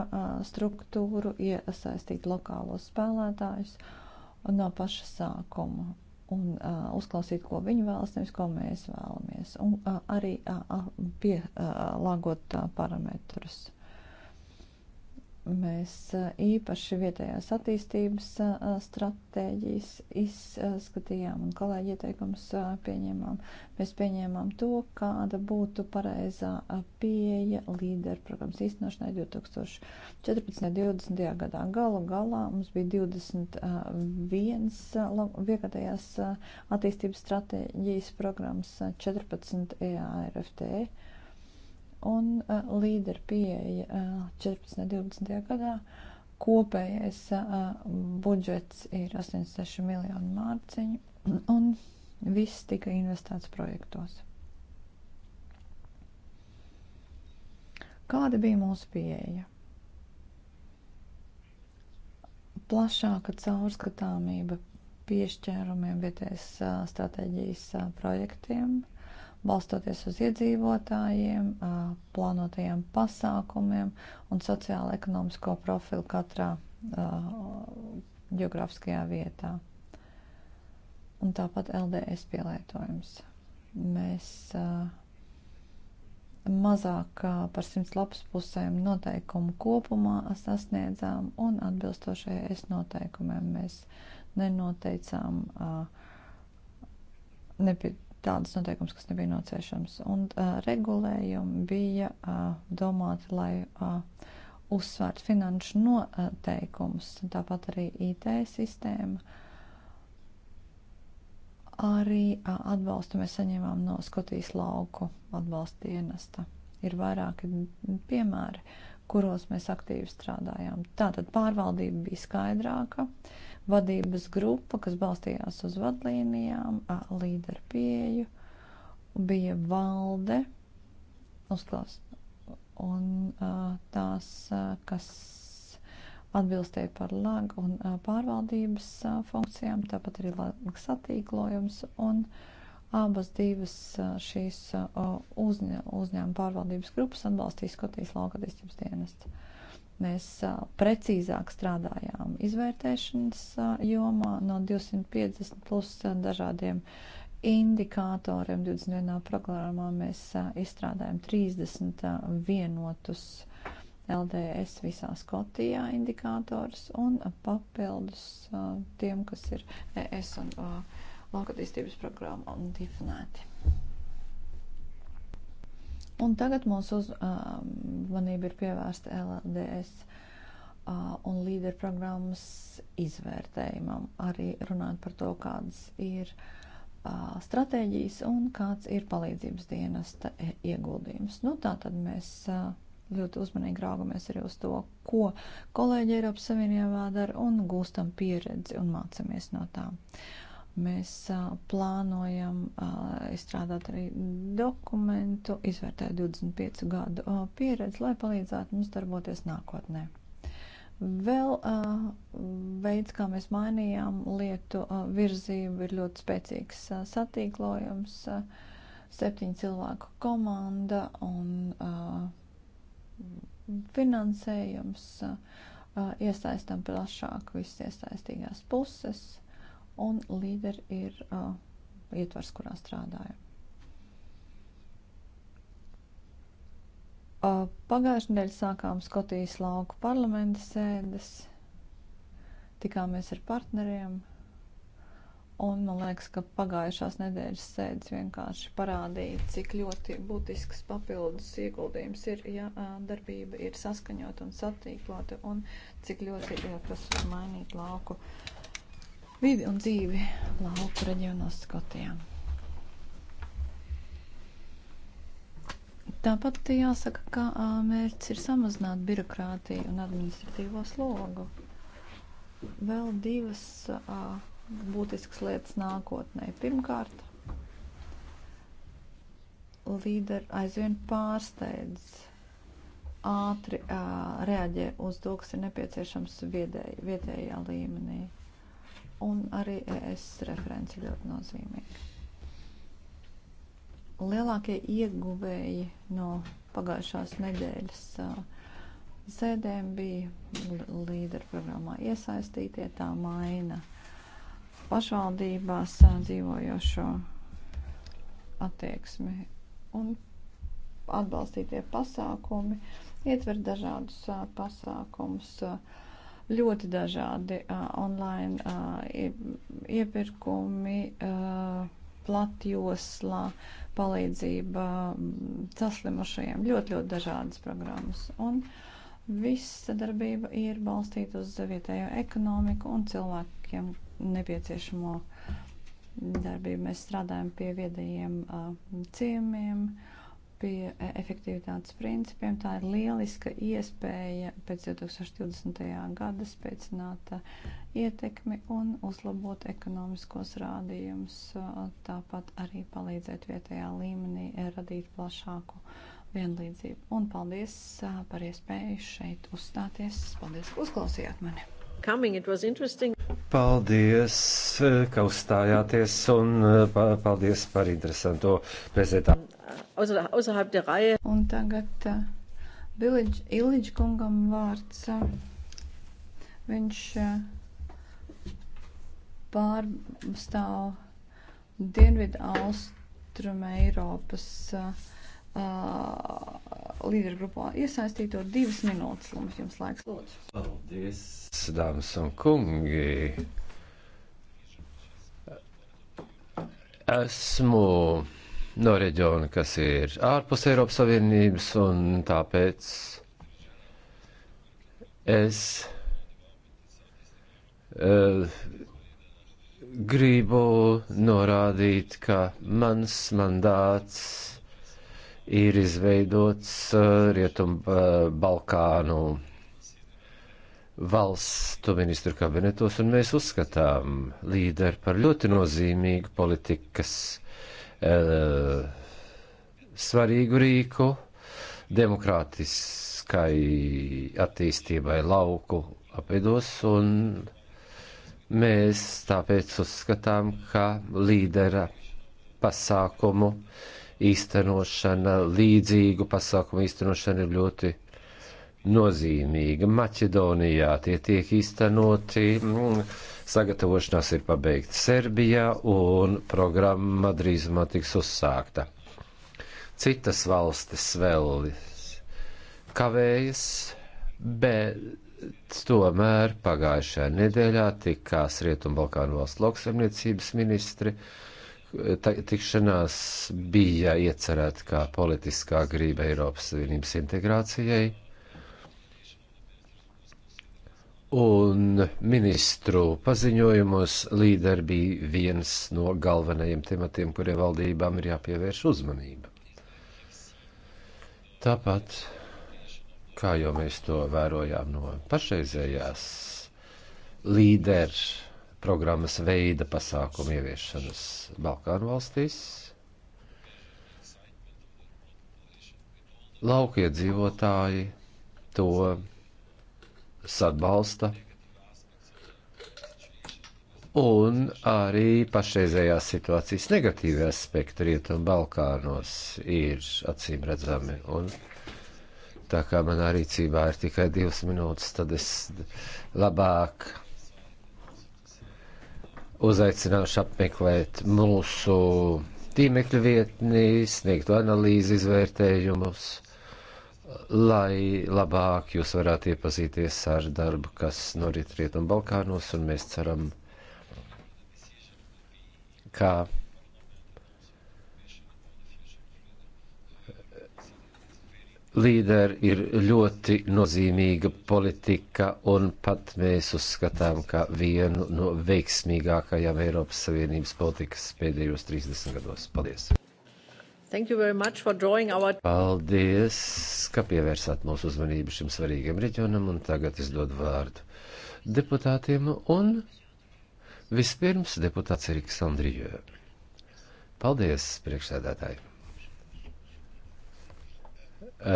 struktūru, iesaistīt lokālos spēlētājus no paša sākuma un uh, uzklausīt, ko viņi vēlas, nevis ko mēs vēlamies. Un uh, arī uh, pielāgot uh, parametrus. Mēs īpaši vietējās attīstības stratēģijas izskatījām un kolēģi ieteikums pieņēmām. Mēs pieņēmām to, kāda būtu pareizā pieeja līderu programmas īstenošanai 2014. un 2020. gadā. Galu galā mums bija 21 vietējās attīstības stratēģijas programmas, 14 EARFT un uh, līderu pieeja uh, 14. un 20. gadā. Kopējais uh, budžets ir 86 miljonu mārciņu, un viss tika investēts projektos. Kāda bija mūsu pieeja? Plašāka caurskatāmība piešķērumiem vietējais stratēģijas projektiem. Uh, balstoties uz iedzīvotājiem, plānotajiem pasākumiem un sociāla-ekonomisko profilu katrā geogrāfiskajā vietā. Un tāpat LDS pielietojums. Mēs mazāk par simts lapas pusēm noteikumu kopumā sasniedzām un atbilstošajai es noteikumiem mēs nenoteicām nepietīkumu tādas noteikums, kas nebija nociešams. Un uh, regulējumi bija uh, domāti, lai uh, uzsvērtu finanšu noteikumus, tāpat arī IT sistēma. Arī uh, atbalstu mēs saņēmām no Skotijas lauku atbalsta dienesta. Ir vairāki piemēri, kuros mēs aktīvi strādājām. Tātad pārvaldība bija skaidrāka. Uh, vadības grupa, kas balstījās uz vadlīnijām, līderu pieju, bija valde, uzklās, un tās, kas atbilstēja par lag un pārvaldības funkcijām, tāpat arī lag satīklojums un abas divas šīs uzņēmuma pārvaldības grupas atbalstīja Skotijas lauka attīstības dienestu Mēs precīzāk strādājām izvērtēšanas jomā no 250 plus dažādiem indikatoriem 21. programmā mēs izstrādājam 30 vienotus LDS visās kotijā indikātors un papildus tiem, kas ir ES un laukatīstības programma un definēti. Un tagad mūsu uzmanība ir pievērsta LDS un līderu programmas izvērtējumam, arī runājot par to, kādas ir stratēģijas un kāds ir palīdzības dienesta ieguldījums. Nu, tā tad mēs ļoti uzmanīgi raugamies arī uz to, ko kolēģi Eiropas Savienībā dara un gūstam pieredzi un mācamies no tām. Uh, Mēs plānojam izstrādāt arī dokumentu, izvērtēt 25 gadu pieredzi, lai palīdzētu mums darboties nākotnē. Vēl uh, veids, kā mēs mainījām lietu uh, virzību, ir ļoti spēcīgs uh, satīklojums, uh, septiņu cilvēku komanda un uh, finansējums, uh, iesaistam plašāk visas iesaistīgās puses un līderi ir uh, ietvars, kurā strādāja. Uh, Pagājušajā nedēļā sākām Skotijas lauku parlamenta sēdes, tikāmies ar partneriem, un man liekas, ka pagājušās nedēļas sēdes vienkārši parādīja, cik ļoti būtisks papildus ieguldījums ir, ja uh, darbība ir saskaņota un satīklota, un cik ļoti ir prasīts mainīt lauku uh, vidi un dzīvi lauku reģionos Skotijā. Tāpat jāsaka, ka mērķis ir samazināt birokrātiju un administratīvo slogu. Vēl divas būtiskas lietas nākotnē. Pirmkārt, līderi aizvien pārsteidz ātri reaģē uz to, kas ir nepieciešams viedēji, vietējā līmenī un arī ES referents ir ļoti nozīmīgi. Lielākie ieguvēji no pagājušās nedēļas sēdēm bija līderu programmā iesaistītie, tā maina pašvaldībās dzīvojošo attieksmi un atbalstītie pasākumi ietver dažādus pasākumus. Uh, ļoti dažādi uh, online uh, iepirkumi, uh, platjoslā, palīdzība saslimušajiem, ļoti, ļoti dažādas programmas. Un viss sadarbība ir balstīta uz vietējo ekonomiku un cilvēkiem nepieciešamo darbību. Mēs strādājam pie viedajiem uh, ciemiem. Uh, pie e, efektivitātes principiem. Tā ir lieliska iespēja pēc 2020. gada spēcināt ietekmi un uzlabot ekonomiskos rādījumus, tāpat arī palīdzēt vietējā līmenī e, radīt plašāku vienlīdzību. Un paldies par iespēju šeit uzstāties. Paldies, ka uzklausījāt mani! Coming, paldies, e, ka uzstājāties un paldies par interesanto prezentāciju außerhalb der Reihe. Un tagad uh, Bilidž, Ilidž kungam vārds. Uh, viņš uh, pārstāv Dienvidu Austrum Eiropas uh, uh, līdergrupā iesaistīto divas minūtes. Lums jums laiks lūdzu. Paldies, dāmas un kungi. Esmu no reģiona, kas ir ārpus Eiropas Savienības, un tāpēc es uh, gribu norādīt, ka mans mandāts ir izveidots uh, eh, Rietumu uh, eh, Balkānu valstu ministru kabinetos, un mēs uzskatām līderi par ļoti nozīmīgu politikas Eh, svarīgu rīku demokrātiskai attīstībai lauku apvidos, un mēs tāpēc uzskatām, ka līdera pasākumu īstenošana, līdzīgu pasākumu īstenošana ir ļoti nozīmīga. Maķedonijā tie tiek īstenoti, mm, sagatavošanās ir pabeigta Serbijā un programma drīzumā tiks uzsākta. Citas valstis vēl kavējas, bet tomēr pagājušajā nedēļā tikās Rietumbalkānu valstu lauksaimniecības ministri tikšanās bija iecerēta kā politiskā grība Eiropas Savienības integrācijai un ministru paziņojumos līderi bija viens no galvenajiem tematiem, kuriem valdībām ir jāpievērš uzmanība. Tāpat, kā jau mēs to vērojām no pašreizējās līderu programmas veida pasākumu ieviešanas Balkānu valstīs, laukie dzīvotāji to tos atbalsta. Un arī pašreizējās situācijas negatīvie aspekti Rietumu Balkānos ir acīm redzami. Un tā kā manā rīcībā ir tikai divas minūtes, tad es labāk uzaicināšu apmeklēt mūsu tīmekļa vietni, sniegtu analīzi, izvērtējumus lai labāk jūs varētu iepazīties ar darbu, kas norit Rietumu Balkānos, un mēs ceram, ka līderi ir ļoti nozīmīga politika, un pat mēs uzskatām, ka vienu no veiksmīgākajām Eiropas Savienības politikas pēdējos 30 gados. Paldies! Paldies, ka pievērsāt mūsu uzmanību šim svarīgam reģionam, un tagad es dodu vārdu deputātiem, un vispirms deputāts Eriks Andrijē. Paldies, priekšsēdētāji!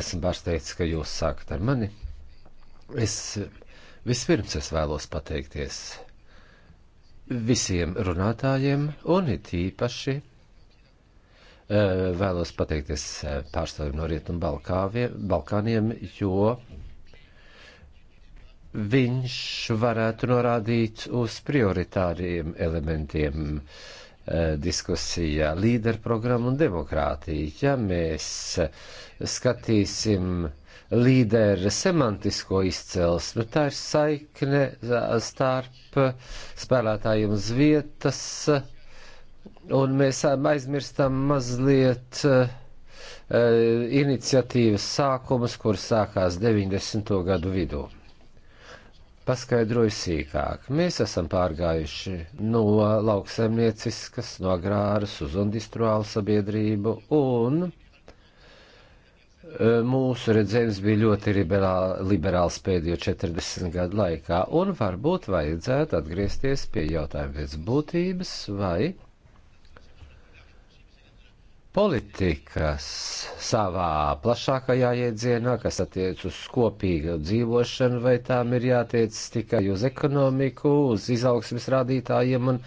Esmu pārsteigts, ka jūs sākat ar mani. Es vispirms es vēlos pateikties visiem runātājiem un it īpaši Eh, vēlos pateikties eh, pārstāvjiem no Rietumu Balkāniem, jo viņš varētu norādīt uz prioritāriem elementiem eh, diskusijā - līderprogramma un demokrātija. Ja mēs skatīsim līderu semantisko izcelsmi, tā ir saikne starp spēlētājiem uz vietas, un mēs aizmirstam mazliet uh, iniciatīvas sākumus, kur sākās 90. gadu vidū. Paskaidroju sīkāk. Mēs esam pārgājuši no lauksaimnieciskas, no agrāras uz industriālu sabiedrību, un mūsu redzējums bija ļoti liberāls, liberāls pēdējo 40 gadu laikā, un varbūt vajadzētu atgriezties pie jautājuma pēc būtības vai politikas savā plašākajā iedzienā, kas attiec uz kopīgu dzīvošanu, vai tām ir jātiec tikai uz ekonomiku, uz izaugsmes rādītājiem un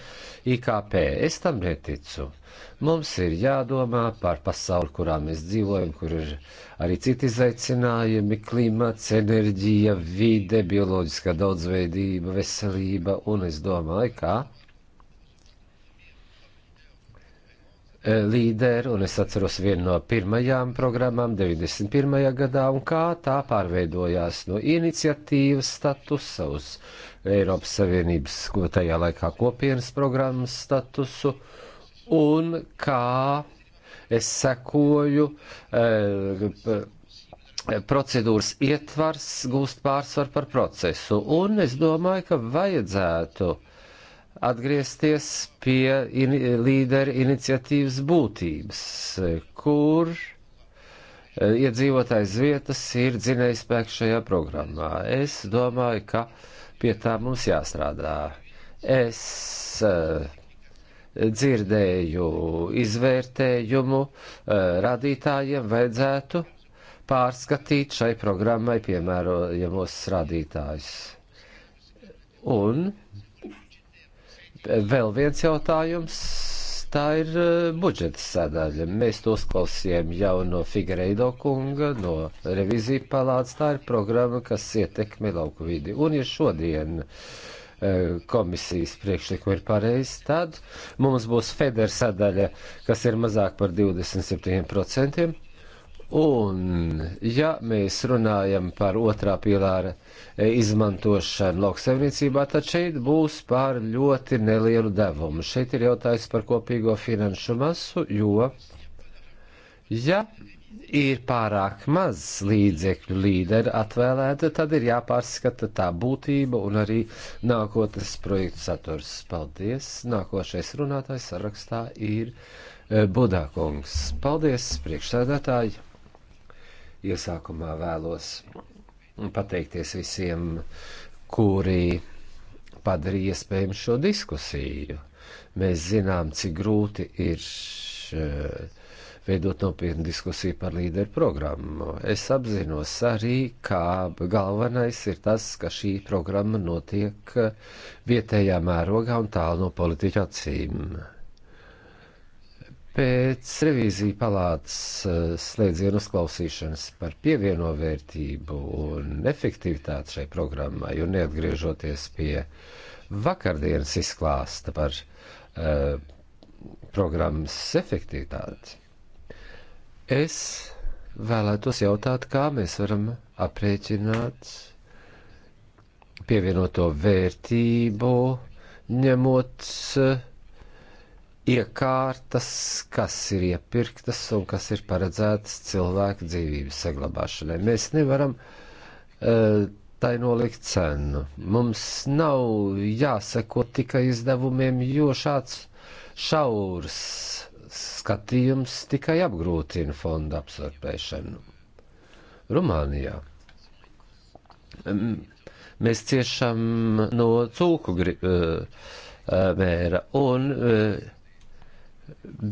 IKP. Es tam neticu. Mums ir jādomā par pasauli, kurā mēs dzīvojam, kur ir arī citi izaicinājumi - klimats, enerģija, vide, bioloģiskā daudzveidība, veselība, un es domāju, ka E, līderi, un es atceros vienu no pirmajām programmām 91. gadā, un kā tā pārveidojās no iniciatīvas statusa uz Eiropas Savienības, ko tajā laikā kopienas programmas statusu, un kā es sekoju e, procedūras ietvars gūst pārsvaru par procesu, un es domāju, ka vajadzētu atgriezties pie in, līdera iniciatīvas būtības, kur e, iedzīvotājs vietas ir dzinējspēks šajā programmā. Es domāju, ka pie tā mums jāstrādā. Es uh, dzirdēju izvērtējumu, uh, radītājiem vajadzētu pārskatīt šai programmai piemērojamos radītājus. Un uh, Vēl viens jautājums. Tā ir eh, budžeta sadaļa. Mēs to uzklausījām jau no Figueiredo kunga, no revizija palāca. Tā ir programma, kas ietekmē lauku vidi. Un ja šodien eh, komisijas priekšlikumi ir pareizi, tad mums būs federa sadaļa, kas ir mazāk par 27%. Un, ja mēs runājam par otrā pīlāra e, izmantošanu lauksaimniecībā, tad šeit būs pār ļoti nelielu devumu. Šeit ir jautājums par kopīgo finanšu masu, jo, ja ir pārāk maz līdzekļu līderi atvēlēta, tad ir jāpārskata tā būtība un arī nākotnes projektu saturs. Paldies! Nākošais runātājs sarakstā ir e, Budākungs. Paldies, priekšsēdētāji! Iesākumā vēlos pateikties visiem, kuri padarīja iespējamu šo diskusiju. Mēs zinām, cik grūti ir eh, veidot nopietnu diskusiju par līderu programmu. Es apzinos arī, kā galvenais ir tas, ka šī programma notiek eh, vietējā mērogā un tālu no politiķa acīm. Pēc revīzija palātas eh, slēdzienu uzklausīšanas par pievieno vērtību un efektivitāti šai programmai un neatgriežoties pie vakardienas izklāsta par uh, programmas efektivitāti, es vēlētos jautāt, kā mēs varam aprēķināt pievienoto vērtību, ņemot uh, iekārtas, kas ir iepirktas un kas ir paredzētas cilvēku dzīvības saglabāšanai. Mēs nevaram uh, tai nolikt cenu. Mums nav jāseko tikai izdevumiem, jo šāds šaurs skatījums tikai apgrūtina fonda absorbēšanu. Rumānijā. Mēs ciešam no cūku gri, uh, mēra un uh,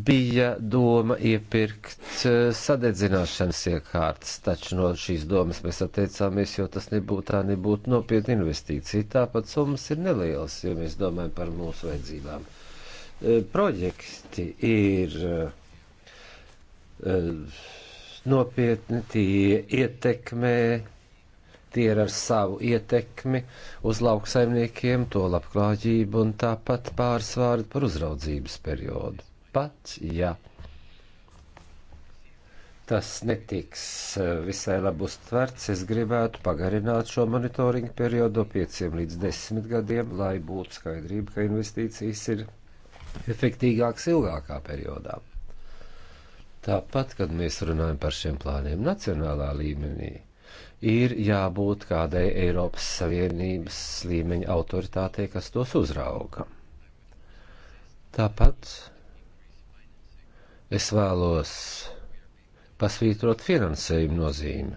bija doma iepirkt eh, sadedzināšanas iekārtas, taču no šīs domas mēs atteicāmies, jo tas nebūtu tā nebūtu nopietna investīcija. Tāpat summas ir nelielas, jo mēs domājam par mūsu vajadzībām. Eh, projekti ir eh, nopietni, tie ietekmē, tie ir ar savu ietekmi uz lauksaimniekiem, to labklājību un tāpat pāris vārdi par uzraudzības periodu pat ja tas netiks eh, visai labi uztverts, es gribētu pagarināt šo monitoringu periodu no 5 līdz 10 gadiem, lai būtu skaidrība, ka investīcijas ir efektīgākas ilgākā periodā. Tāpat, kad mēs runājam par šiem plāniem nacionālā līmenī, ir jābūt kādai Eiropas Savienības līmeņa autoritātei, kas tos uzrauga. Tāpat Es vēlos pasvītrot finansējumu nozīmi.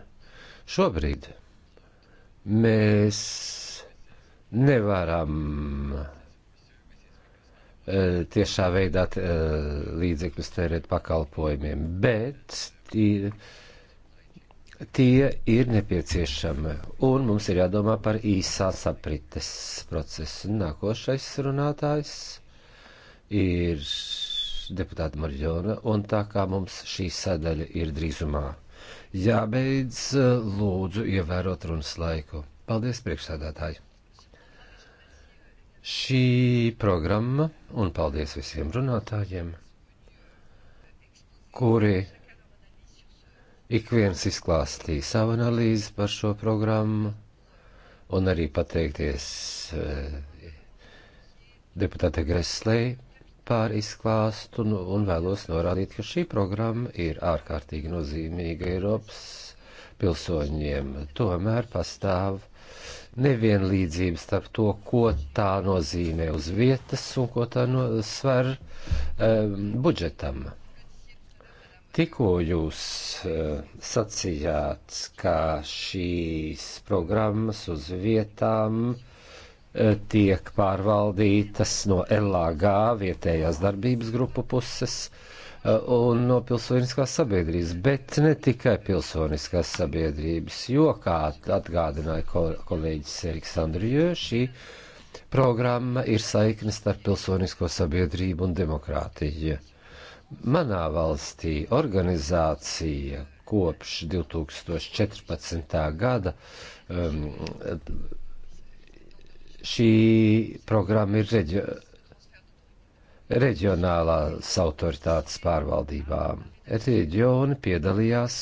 Šobrīd mēs nevaram eh, tiešā veidā eh, līdzekļus tērēt pakalpojumiem, bet tie, tie ir nepieciešami. Un mums ir jādomā par īsā saprites procesu. Nākošais runātājs ir deputāta Marģona, un tā kā mums šī sadaļa ir drīzumā jābeidz, lūdzu ievērot runas laiku. Paldies, priekšsēdētāji! Šī programma, un paldies visiem runātājiem, kuri ik viens izklāstīja savu analīzi par šo programmu, un arī pateikties eh, deputāte Greslēji par izklāstu nu, un vēlos norādīt, ka šī programma ir ārkārtīgi nozīmīga Eiropas pilsoņiem. Tomēr pastāv nevienlīdzība starp to, ko tā nozīmē uz vietas un ko tā nosver um, budžetam. Tikko jūs uh, sacījāt, ka šīs programmas uz vietām uh, tiek pārvaldītas no LAG vietējās darbības grupu puses eh, un no pilsoniskās sabiedrības, bet ne tikai pilsoniskās sabiedrības, jo, kā atgādināja kol kolēģis Eriks Andriju, šī programma ir saikne starp pilsonisko sabiedrību un demokrātiju. Manā valstī organizācija kopš 2014. gada um, šī programma ir reģio, reģionālās autoritātes pārvaldībā. Reģioni piedalījās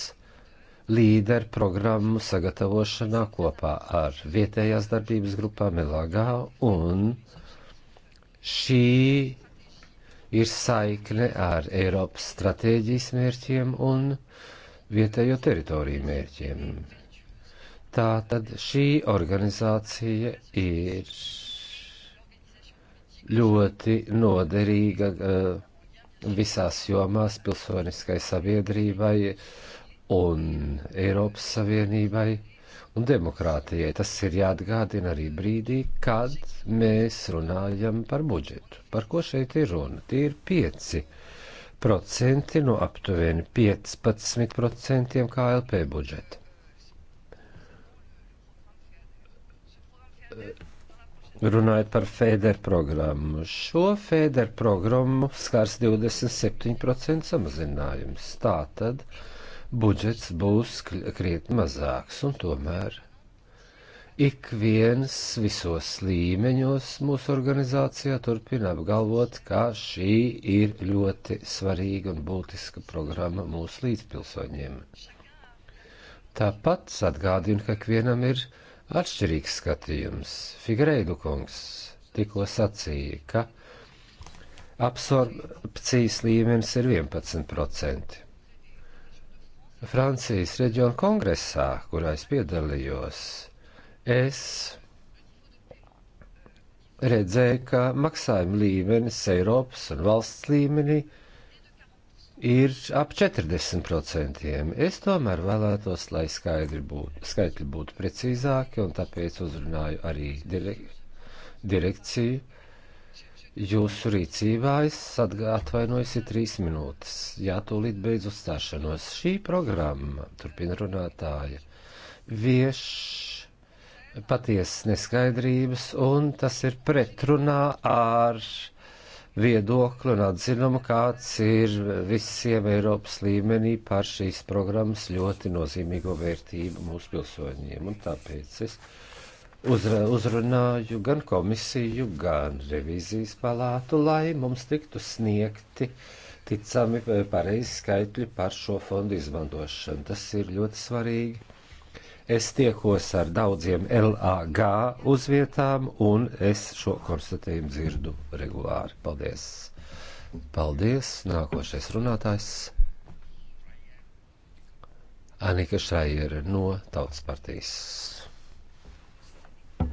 līderu programmu sagatavošanā kopā ar vietējās darbības grupām Elagā, un šī ir saikne ar Eiropas stratēģijas mērķiem un vietējo teritoriju mērķiem. Tā tad šī organizācija ir ļoti noderīga eh, visās jomās pilsoniskai sabiedrībai un Eiropas Savienībai un demokrātijai. Tas ir jāatgādina arī brīdī, kad mēs runājam par budžetu. Par ko šeit ir runa? Tie ir pieci procenti no aptuveni 15% KLP budžeta. runājot par FEDER programmu. Šo FEDER programmu skars 27% samazinājums. Tātad budžets būs krietni mazāks, un tomēr ik viens visos līmeņos mūsu organizācijā turpina apgalvot, ka šī ir ļoti svarīga un būtiska programma mūsu līdzpilsoņiem. Tāpat atgādina, ka ikvienam ir atšķirīgs skatījums. Figreidu kungs tikko sacīja, ka absorpcijas līmenis ir 11%. Francijas reģiona kongresā, kurā es piedalījos, es redzēju, ka maksājuma līmenis Eiropas un valsts līmenī ir ir ap 40%. Es tomēr vēlētos, lai skaidri būtu, skaitļi būtu precīzāki, un tāpēc uzrunāju arī direk direkciju. Jūsu rīcībā es atvainojos ir trīs minūtes. Jā, tūlīt beidz uzstāšanos. Šī programma, turpina runātāja, vieš patiesas neskaidrības, un tas ir pretrunā ar viedokli un atzinumu, kāds ir visiem Eiropas līmenī par šīs programmas ļoti nozīmīgo vērtību mūsu pilsoņiem. Un tāpēc es uzrunāju gan komisiju, gan revizijas palātu, lai mums tiktu sniegti ticami eh, pareizi skaitļi par šo fondu izmantošanu. Tas ir ļoti svarīgi Es tiekos ar daudziem LAG uz vietām, un es šo konstatējumu dzirdu regulāri. Paldies! Paldies! Nākošais runātājs Anika Šaira no Tautas partijas.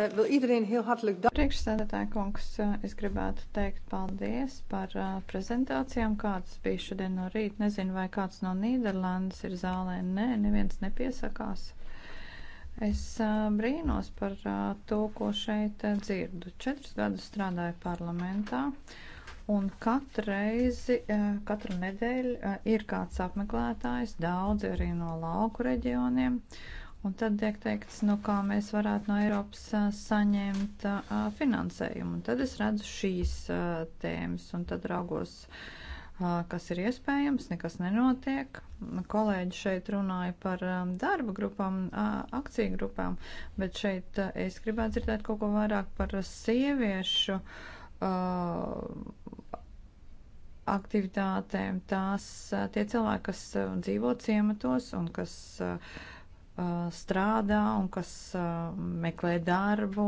Vēl iedereen heel hartelijk dank. Priekšsēdētāja kungs, es gribētu teikt paldies par uh, prezentācijām, kādas bija šodien no rīta. Nezinu, vai kāds no Nīderlandes ir zālē. Nē, neviens nepiesakās. Es brīnos par to, ko šeit dzirdu. Četrus gadus strādāju parlamentā. Un katru reizi, katru nedēļu ir kāds apmeklētājs, daudzi arī no lauku reģioniem. Un tad tiek teikts, nu kā mēs varētu no Eiropas saņemt finansējumu. Un tad es redzu šīs tēmas un tad raugos. Uh, kas ir iespējams, nekas nenotiek. Kolēģi šeit runāja par darba grupām, akciju grupām, bet šeit es gribētu dzirdēt kaut ko vairāk par sieviešu aktivitātēm. Tās tie cilvēki, kas dzīvo ciematos un kas uh, strādā un kas meklē darbu.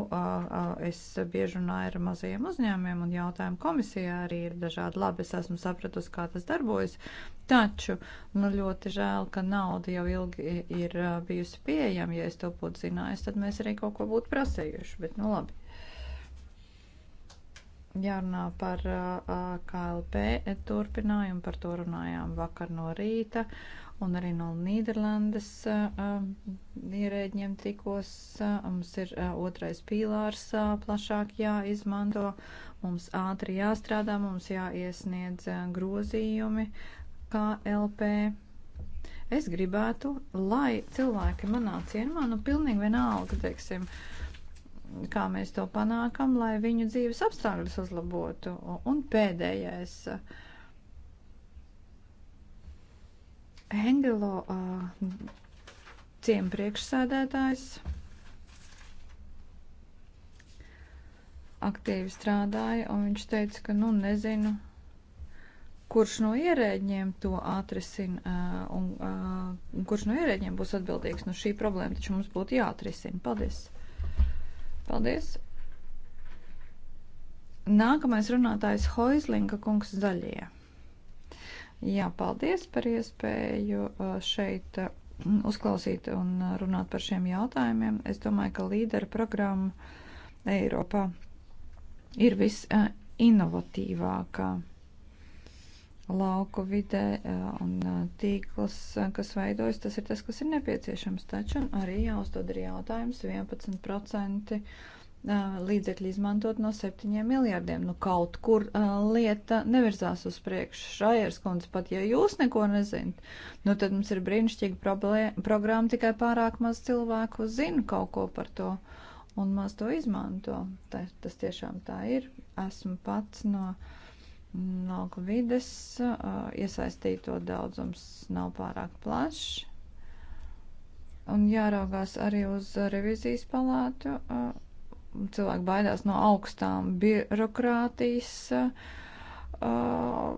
Es bieži runāju ar mazajiem uzņēmiem un jautājumu komisijā arī ir dažādi labi. Es esmu sapratusi, kā tas darbojas. Taču, nu, ļoti žēl, ka nauda jau ilgi ir bijusi pieejama. Ja es to būtu zinājis, tad mēs arī kaut ko būtu prasējuši. Bet, nu, labi. Jārunā par KLP turpinājumu, par to runājām vakar no rīta. Uh, un arī no Nīderlandes ierēģiem tikos. Mums ir otrais pīlārs plašāk jāizmanto, mums ātri jāstrādā, mums jāiesniedz grozījumi KLP. Es gribētu, lai cilvēki manā ciemā, nu pilnīgi vienalga, teiksim, kā mēs to panākam, lai viņu dzīves apstākļus uzlabotu. Un pēdējais. Uh, Hengelo uh, ciem priekšsēdētājs aktīvi strādāja, un viņš teica, ka, nu, nezinu, kurš no ierēģiem to atrisina, uh, un uh, kurš no ierēģiem būs atbildīgs. Nu, šī problēma taču mums būtu jāatrisina. Paldies! Paldies! Nākamais runātājs Hoizlinga kungs zaļie. Jā, paldies par iespēju uh, šeit uh, uzklausīt un uh, runāt par šiem jautājumiem. Es domāju, ka līdera programma Eiropā ir visinovatīvākā lauku vidē un tīkls, kas veidojas, tas ir tas, kas ir nepieciešams. Taču arī jāuzdod ir jautājums 11% līdzekļi izmantot no 7 miljardiem. Nu, kaut kur lieta nevirzās uz priekšu. Šajers kundze, pat ja jūs neko nezināt, nu tad mums ir brīnišķīga programma, tikai pārāk maz cilvēku zina kaut ko par to un maz to izmanto. Tā, tas tiešām tā ir. Esmu pats no lauka vides, iesaistīto daudzums nav pārāk plašs. Un jāraugās arī uz revizijas palātu. Uh, cilvēki baidās no augstām birokrātijas uh,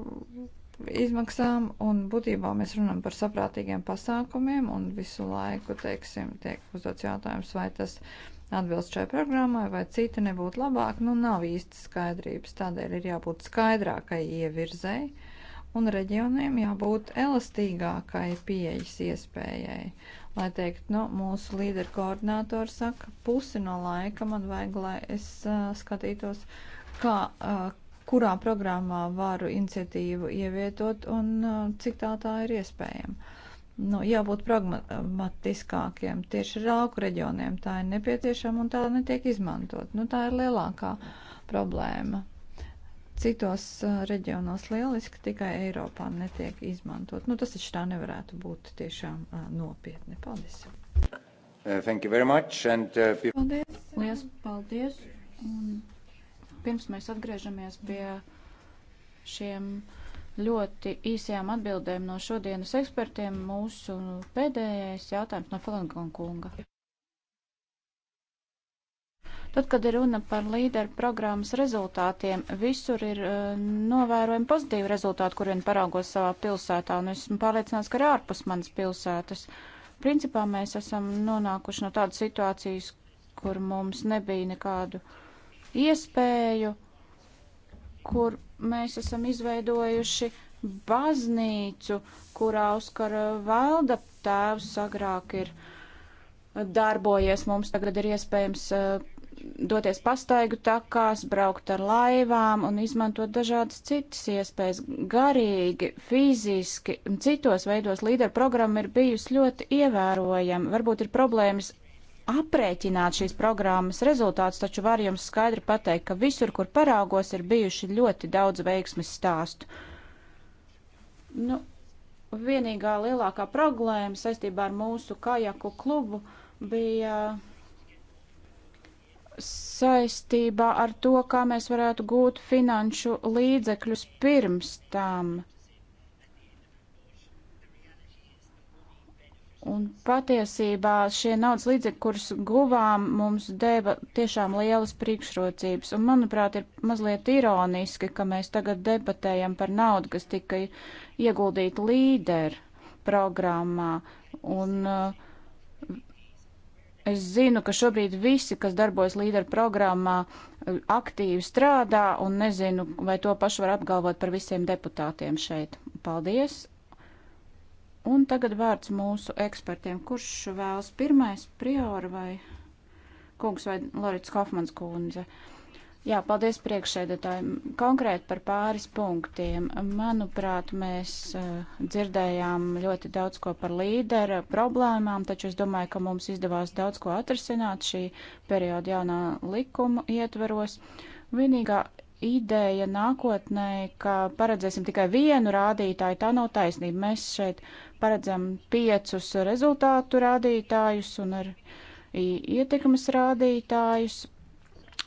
izmaksām, un būtībā mēs runājam par saprātīgiem pasākumiem, un visu laiku, teiksim, tiek uzdots jautājums, vai tas atbilst šai programmai, vai cita nebūtu labāk, nu nav īsti skaidrības, tādēļ ir jābūt skaidrākai ievirzei, un reģioniem jābūt elastīgākai pieejas iespējai, lai teikt, nu, mūsu līderi koordinātori saka, pusi no laika man vajag, lai es uh, skatītos, kā, uh, kurā programmā varu iniciatīvu ievietot un uh, cik tā tā ir iespējama. Nu, jābūt pragmatiskākiem. Tieši lauku reģioniem tā ir nepieciešama un tā netiek izmantot. Nu, tā ir lielākā problēma citos reģionos lieliski, tikai Eiropā netiek izmantot. Nu, tas taču tā nevarētu būt tiešām nopietni. Paldies! Uh, thank you very much. And, uh, paldies! Lielas paldies! Un pirms mēs atgriežamies pie šiem ļoti īsajām atbildēm no šodienas ekspertiem, mūsu pēdējais jautājums no Falangonga. Tad, kad ir runa par līderu programmas rezultātiem, visur ir uh, novērojami pozitīvi rezultāti, kurien paraugos savā pilsētā, un esmu pārliecināts, ka arī ārpus manas pilsētas. Principā mēs esam nonākuši no tādas situācijas, kur mums nebija nekādu iespēju, kur mēs esam izveidojuši baznīcu, kurā uzkara valda tēvs agrāk ir darbojies. Mums tagad ir iespējams eh, doties pastaigu takās, braukt ar laivām un izmantot dažādas citas iespējas. Garīgi, fiziski un citos veidos līderu programma ir bijusi ļoti ievērojama. Varbūt ir problēmas aprēķināt šīs programmas rezultātus, taču var jums skaidri pateikt, ka visur, kur paraugos, ir bijuši ļoti daudz veiksmes stāstu. Nu, vienīgā lielākā problēma saistībā ar mūsu kajaku klubu bija uh, saistībā ar to, kā mēs varētu gūt finanšu līdzekļus pirms tam. Un patiesībā šie naudas līdzekļi, kurus guvām, mums deva tiešām lielas priekšrocības. Un, manuprāt, ir mazliet ironiski, ka mēs tagad debatējam par naudu, kas tika ieguldīta līderu programmā. Un uh, Es zinu, ka šobrīd visi, kas darbojas līderu programmā, aktīvi strādā un nezinu, vai to pašu var apgalvot par visiem deputātiem šeit. Paldies! Un tagad vārds mūsu ekspertiem. Kurš vēlas pirmais, priori vai kungs vai Lorits Hofmans kundze? Uh, Jā, paldies priekšsēdētāji. Konkrēti par pāris punktiem. Manuprāt, mēs eh, dzirdējām ļoti daudz ko par līdera problēmām, taču es domāju, ka mums izdevās daudz ko atrisināt šī perioda jaunā likuma ietveros. Vienīgā ideja nākotnē, ka paredzēsim tikai vienu rādītāju, tā nav taisnība. Mēs šeit paredzam piecus rezultātu rādītājus un ar ietekmes rādītājus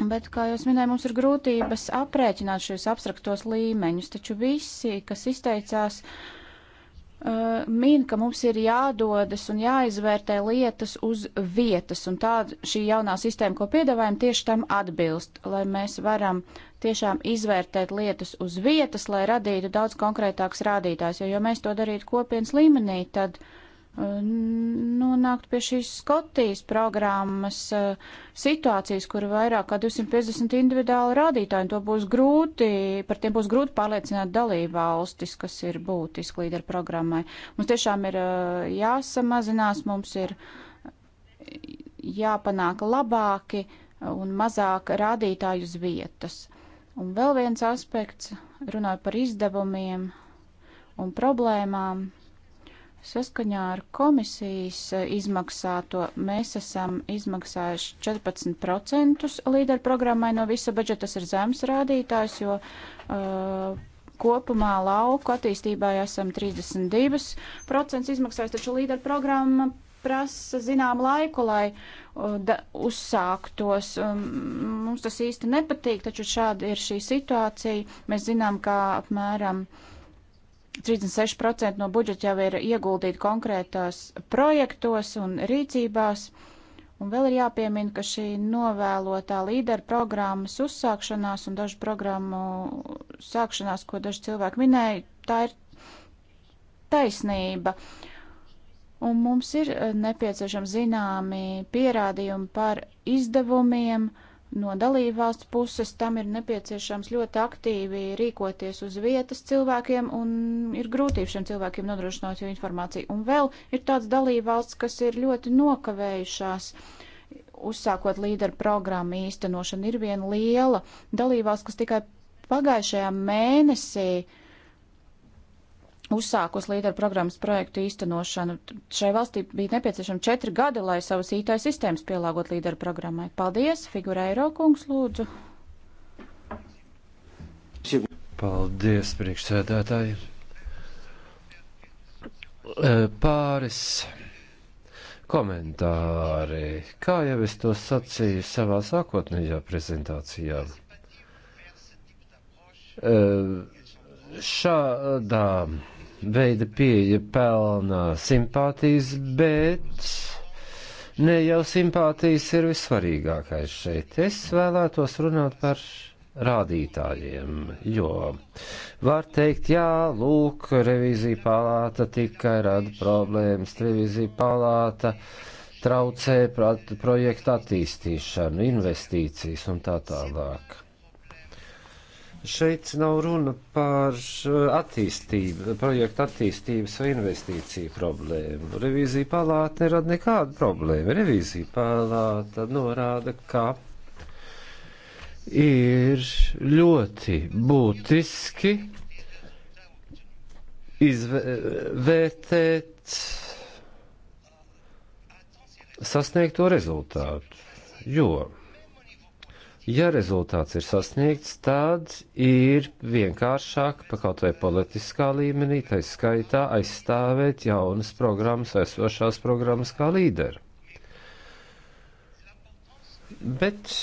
Bet, kā jūs minējāt, mums ir grūtības aprēķināt šos abstraktos līmeņus, taču visi, kas izteicās, uh, min, ka mums ir jādodas un jāizvērtē lietas uz vietas, un tā šī jaunā sistēma, ko piedāvājam, tieši tam atbilst, lai mēs varam tiešām izvērtēt lietas uz vietas, lai radītu daudz konkrētāks rādītājs, jo, ja mēs to darītu kopienas līmenī, tad uh, nonākt nu, pie šīs Skotijas programmas eh, situācijas, kur ir vairāk kā 250 individuāli rādītāji, un to būs grūti, par tiem būs grūti pārliecināt dalību valstis, kas ir būtiski līderu programmai. Mums tiešām ir eh, jāsamazinās, mums ir jāpanāk labāki un mazāk rādītāju uz vietas. Un vēl viens aspekts, runāju par izdevumiem un problēmām Saskaņā ar komisijas eh, izmaksāto mēs esam izmaksājuši 14% līderu programmai no visa budžeta. Tas ir zems rādītājs, jo uh, kopumā lauku attīstībai esam 32% izmaksājuši, taču līderu programma prasa zinām laiku, lai uh, da, uzsāktos. Um, mums tas īsti nepatīk, taču šāda ir šī situācija. Mēs zinām, kā apmēram. Uh, 36% no budžeta jau ir ieguldīti konkrētos projektos un rīcībās. Un vēl ir jāpiemina, ka šī novēlotā līdera programmas uzsākšanās un dažu programmu sākšanās, ko daži cilvēki minēja, tā ir taisnība. Un mums ir eh, nepieciešami zināmi pierādījumi par izdevumiem, uh, no dalību valsts puses tam ir nepieciešams ļoti aktīvi rīkoties uz vietas cilvēkiem un ir grūtības šiem cilvēkiem nodrošināt jau informāciju. Un vēl ir tāds dalību valsts, kas ir ļoti nokavējušās. Uzsākot līderu programmu īstenošanu, ir viena liela dalībvalsts, kas tikai pagājušajā mēnesī uh, uzsākus līderu programmas projektu īstenošanu. Šai valstī bija nepieciešami četri gadi, lai savas IT sistēmas pielāgot līderu programmai. Paldies, figurēro kungs, lūdzu. Paldies, priekšsēdētāji. E, pāris komentāri. Kā jau es to sacīju savā sākotnējā prezentācijā? E, šādā veida pieeja pelnā simpātijas, bet ne jau simpātijas ir vissvarīgākais šeit. Es vēlētos runāt par rādītājiem, jo var teikt, jā, lūk, revizija palāta tikai rada problēmas, revizija palāta traucē projektu attīstīšanu, investīcijas un tā tālāk. Šeit nav runa par eh, attīstību, projektu attīstības vai investīciju problēmu. Revīzija palāta nerada nekādu problēmu. Revīzija palāta norāda, ka ir ļoti būtiski izvērtēt sasniegto rezultātu, jo Ja rezultāts ir sasniegts, tad ir vienkāršāk, pa kaut vai politiskā līmenī, tai skaitā aizstāvēt jaunas programmas, esošās programmas kā līderi. Bet eh,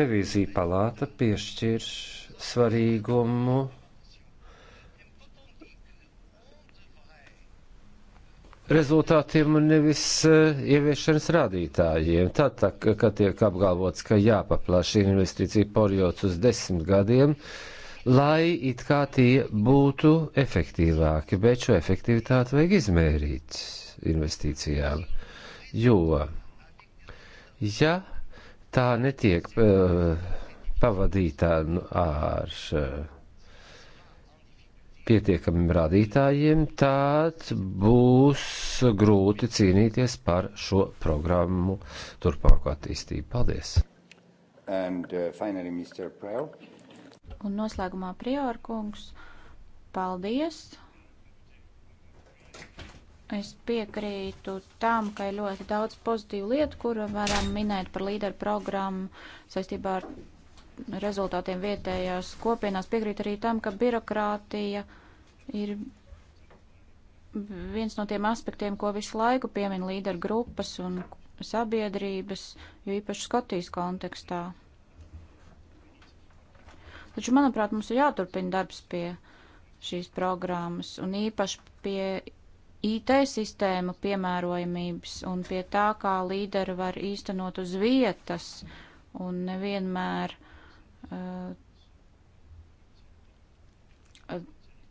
revīzija palāta piešķir svarīgumu rezultātiem un nevis eh, ieviešanas rādītājiem. Tad, tā, kad tiek apgalvots, ka jāpaplašina investīcija periods uz desmit gadiem, lai it kā tie būtu efektīvāki, bet šo efektivitāti vajag izmērīt investīcijām. Jo, ja tā netiek uh, eh, pavadītā nu, ar uh, pietiekamiem rādītājiem, tad būs grūti cīnīties par šo programmu turpmāko attīstību. Paldies! And, uh, finally, Un noslēgumā Prior kungs, paldies! Es piekrītu tam, ka ir ļoti daudz pozitīvu lietu, kuru varam minēt par līderu programmu saistībā ar rezultātiem vietējās kopienās, piekrīt arī tam, ka birokrātija ir viens no tiem aspektiem, ko visu laiku piemin līderu grupas un sabiedrības, jo īpaši Skotijas kontekstā. Taču, manuprāt, mums ir jāturpina darbs pie šīs programmas un īpaši pie IT sistēmu piemērojamības un pie tā, kā līderi var īstenot uz vietas un nevienmēr uh,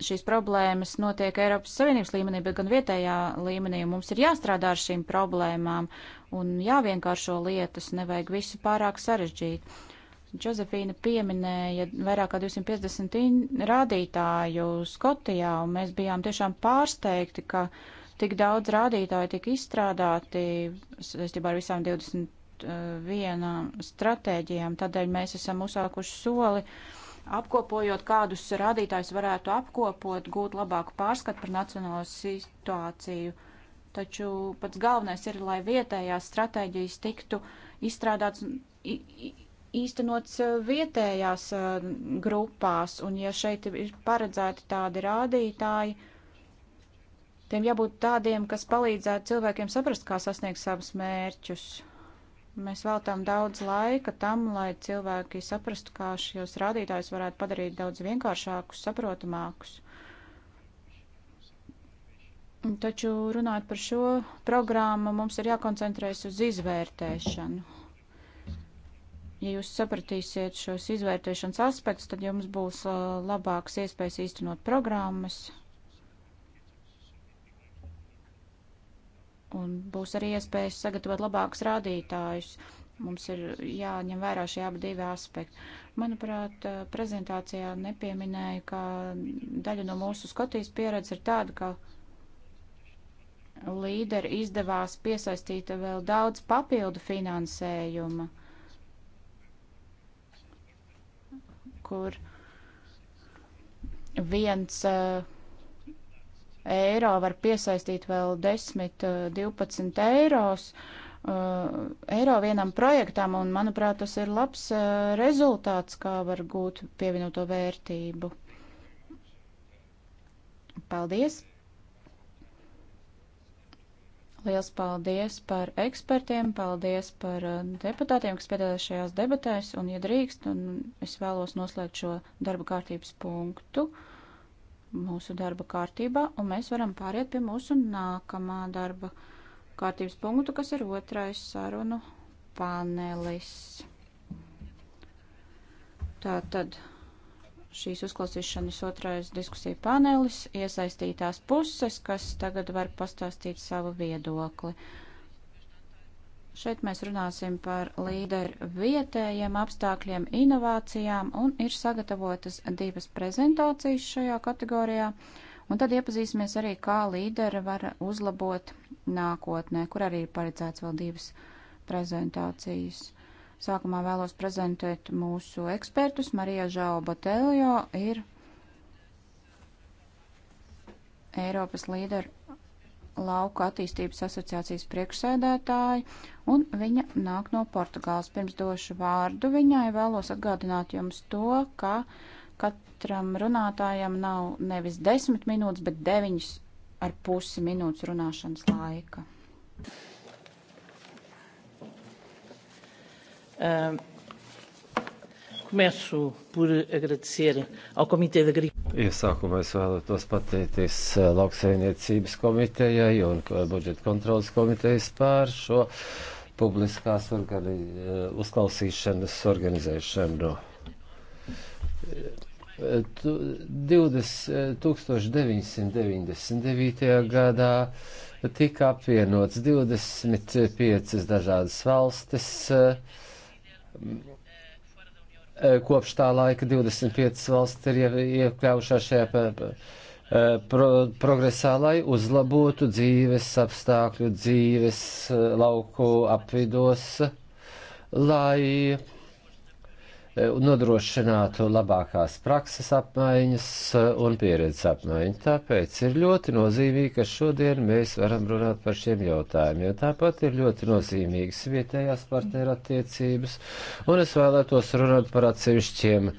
šīs problēmas notiek Eiropas Savienības līmenī, bet gan vietējā līmenī. Mums ir jāstrādā ar šīm problēmām un jāvienkāršo lietas, nevajag visu pārāk sarežģīt. Džozefīna pieminēja vairāk kā 250 rādītāju Skotijā, un mēs bijām tiešām pārsteigti, ka tik daudz rādītāju tika izstrādāti saistībā ar visām 20 Eh, vienām stratēģijām. Tādēļ mēs esam uzsākuši soli apkopojot, kādus rādītājus varētu apkopot, gūt labāku pārskatu par nacionālo situāciju. Taču pats galvenais ir, lai vietējās stratēģijas tiktu izstrādāts, īstenots eh, vietējās eh, grupās, un ja šeit ir paredzēti tādi rādītāji, tiem jābūt tādiem, kas palīdzētu cilvēkiem saprast, kā sasniegt savus mērķus. Mēs veltām daudz laika tam, lai cilvēki saprastu, kā šos rādītājus varētu padarīt daudz vienkāršākus, saprotamākus. Taču runājot par šo programmu, mums ir jākoncentrējas uz izvērtēšanu. Ja jūs sapratīsiet šos izvērtēšanas aspektus, tad jums būs labāks iespējas īstenot programmas. un būs arī iespējas sagatavot labākus rādītājus. Mums ir jāņem vērā šie abi divi aspekti. Manuprāt, eh, prezentācijā nepieminēju, ka daļa no mūsu Skotijas pieredzes ir tāda, ka līderi izdevās piesaistīt vēl daudz papildu finansējuma, kur viens uh, eiro var piesaistīt vēl 10-12 eh, eiros. Uh, eiro vienam projektam, un manuprāt, tas ir labs uh, rezultāts, kā var gūt pievienoto vērtību. Paldies! Liels paldies par ekspertiem, paldies par uh, deputātiem, kas piedalās šajās debatēs, un, ja drīkst, un es vēlos noslēgt šo darba kārtības punktu mūsu darba kārtībā, un mēs varam pāriet pie mūsu nākamā darba kārtības punktu, kas ir otrais sarunu panelis. Tātad šīs uzklausīšanas otrais diskusija panelis, iesaistītās puses, kas tagad var pastāstīt savu viedokli. Uh, Šeit mēs runāsim par līderu vietējiem apstākļiem, inovācijām un ir sagatavotas divas prezentācijas šajā kategorijā. Un tad iepazīsimies arī, kā līderi var uzlabot nākotnē, kur arī ir paredzēts vēl divas prezentācijas. Sākumā vēlos prezentēt mūsu ekspertus. Marija Žao Bateljo ir Eiropas līderu Lauku attīstības asociācijas priekšsēdētāja, un viņa nāk no Portugāles. Pirms došu vārdu viņai, vēlos atgādināt jums to, ka katram runātājam nav nevis 10 minūtes, bet 9 ar pusi minūtes runāšanas laika. Um. Começo por agradecer ao Comitê de Agricultura. Iesākumā es vēlētos pateikties Lauksaimniecības komitejai un budžeta kontrolas komitejas pār šo publiskās organi uzklausīšanas organizēšanu. 20, 1999. gadā tika apvienots 25 dažādas valstis Eh, kopš tā laika 25 valsts ir iekļaujušās šajā eh, pro, progresā, lai uzlabotu dzīves apstākļu, dzīves eh, lauku apvidos, lai E, nodrošinātu labākās prakses apmaiņas e, un pieredzes apmaiņu. Tāpēc ir ļoti nozīmīgi, ka šodien mēs varam runāt par šiem jautājumiem. Tāpat ir ļoti nozīmīgas vietējās partneru attiecības, un es vēlētos runāt par atsevišķiem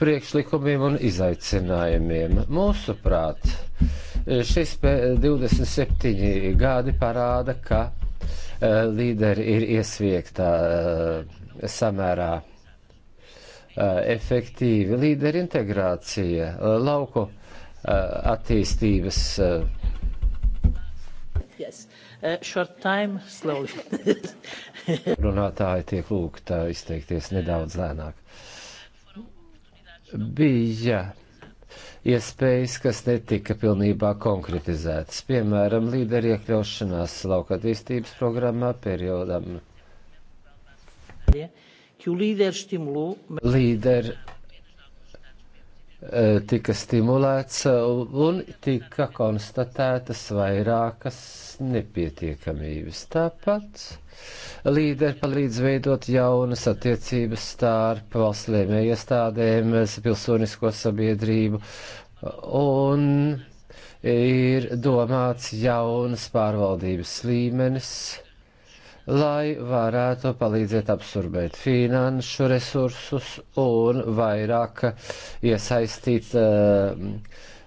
priekšlikumiem un izaicinājumiem. Mūsuprāt, e, šis 27 gadi parāda, ka līderi ir iesviegtā samērā Eh, efektīvi līderi integrācija, eh, lauku eh, attīstības. Yes. Uh, time, Runātāji tiek lūgta izteikties nedaudz lēnāk. Bija iespējas, kas netika pilnībā konkretizētas, piemēram, līderi iekļaušanās lauka attīstības programmā periodam. Yeah Līderi eh, tika stimulēts un tika konstatētas vairākas nepietiekamības. Tāpat līderi palīdz veidot jaunas attiecības starp valstlēmē iestādēm, pilsonisko sabiedrību un ir domāts jaunas pārvaldības līmenis lai varētu palīdzēt absorbēt finanšu resursus un vairāk iesaistīt uh,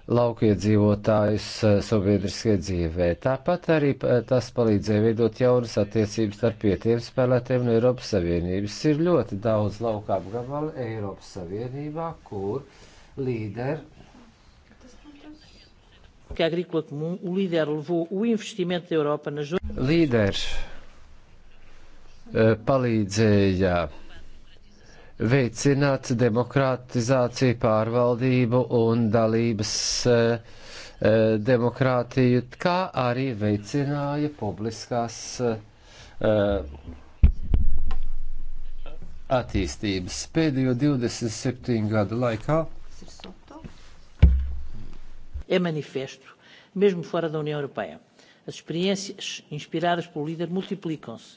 laukiedzīvotājus uh, eh, sabiedriskajā dzīvē. Tāpat arī tas palīdzēja veidot jaunas attiecības starp pietiem spēlētiem no Eiropas Savienības. Ir ļoti daudz lauka apgabalu Eiropas Savienībā, kur līderi que agrícola comum, o líder levou o investimento da Europa nas Líder Eh, palīdzēja veicināt demokratizāciju, pārvaldību un dalības eh, eh, demokrātiju, kā arī veicināja publiskās attīstības pēdējo 27 gadu laikā. É manifesto, mesmo fora da União Europeia. As experiências inspiradas pelo líder multiplicam-se.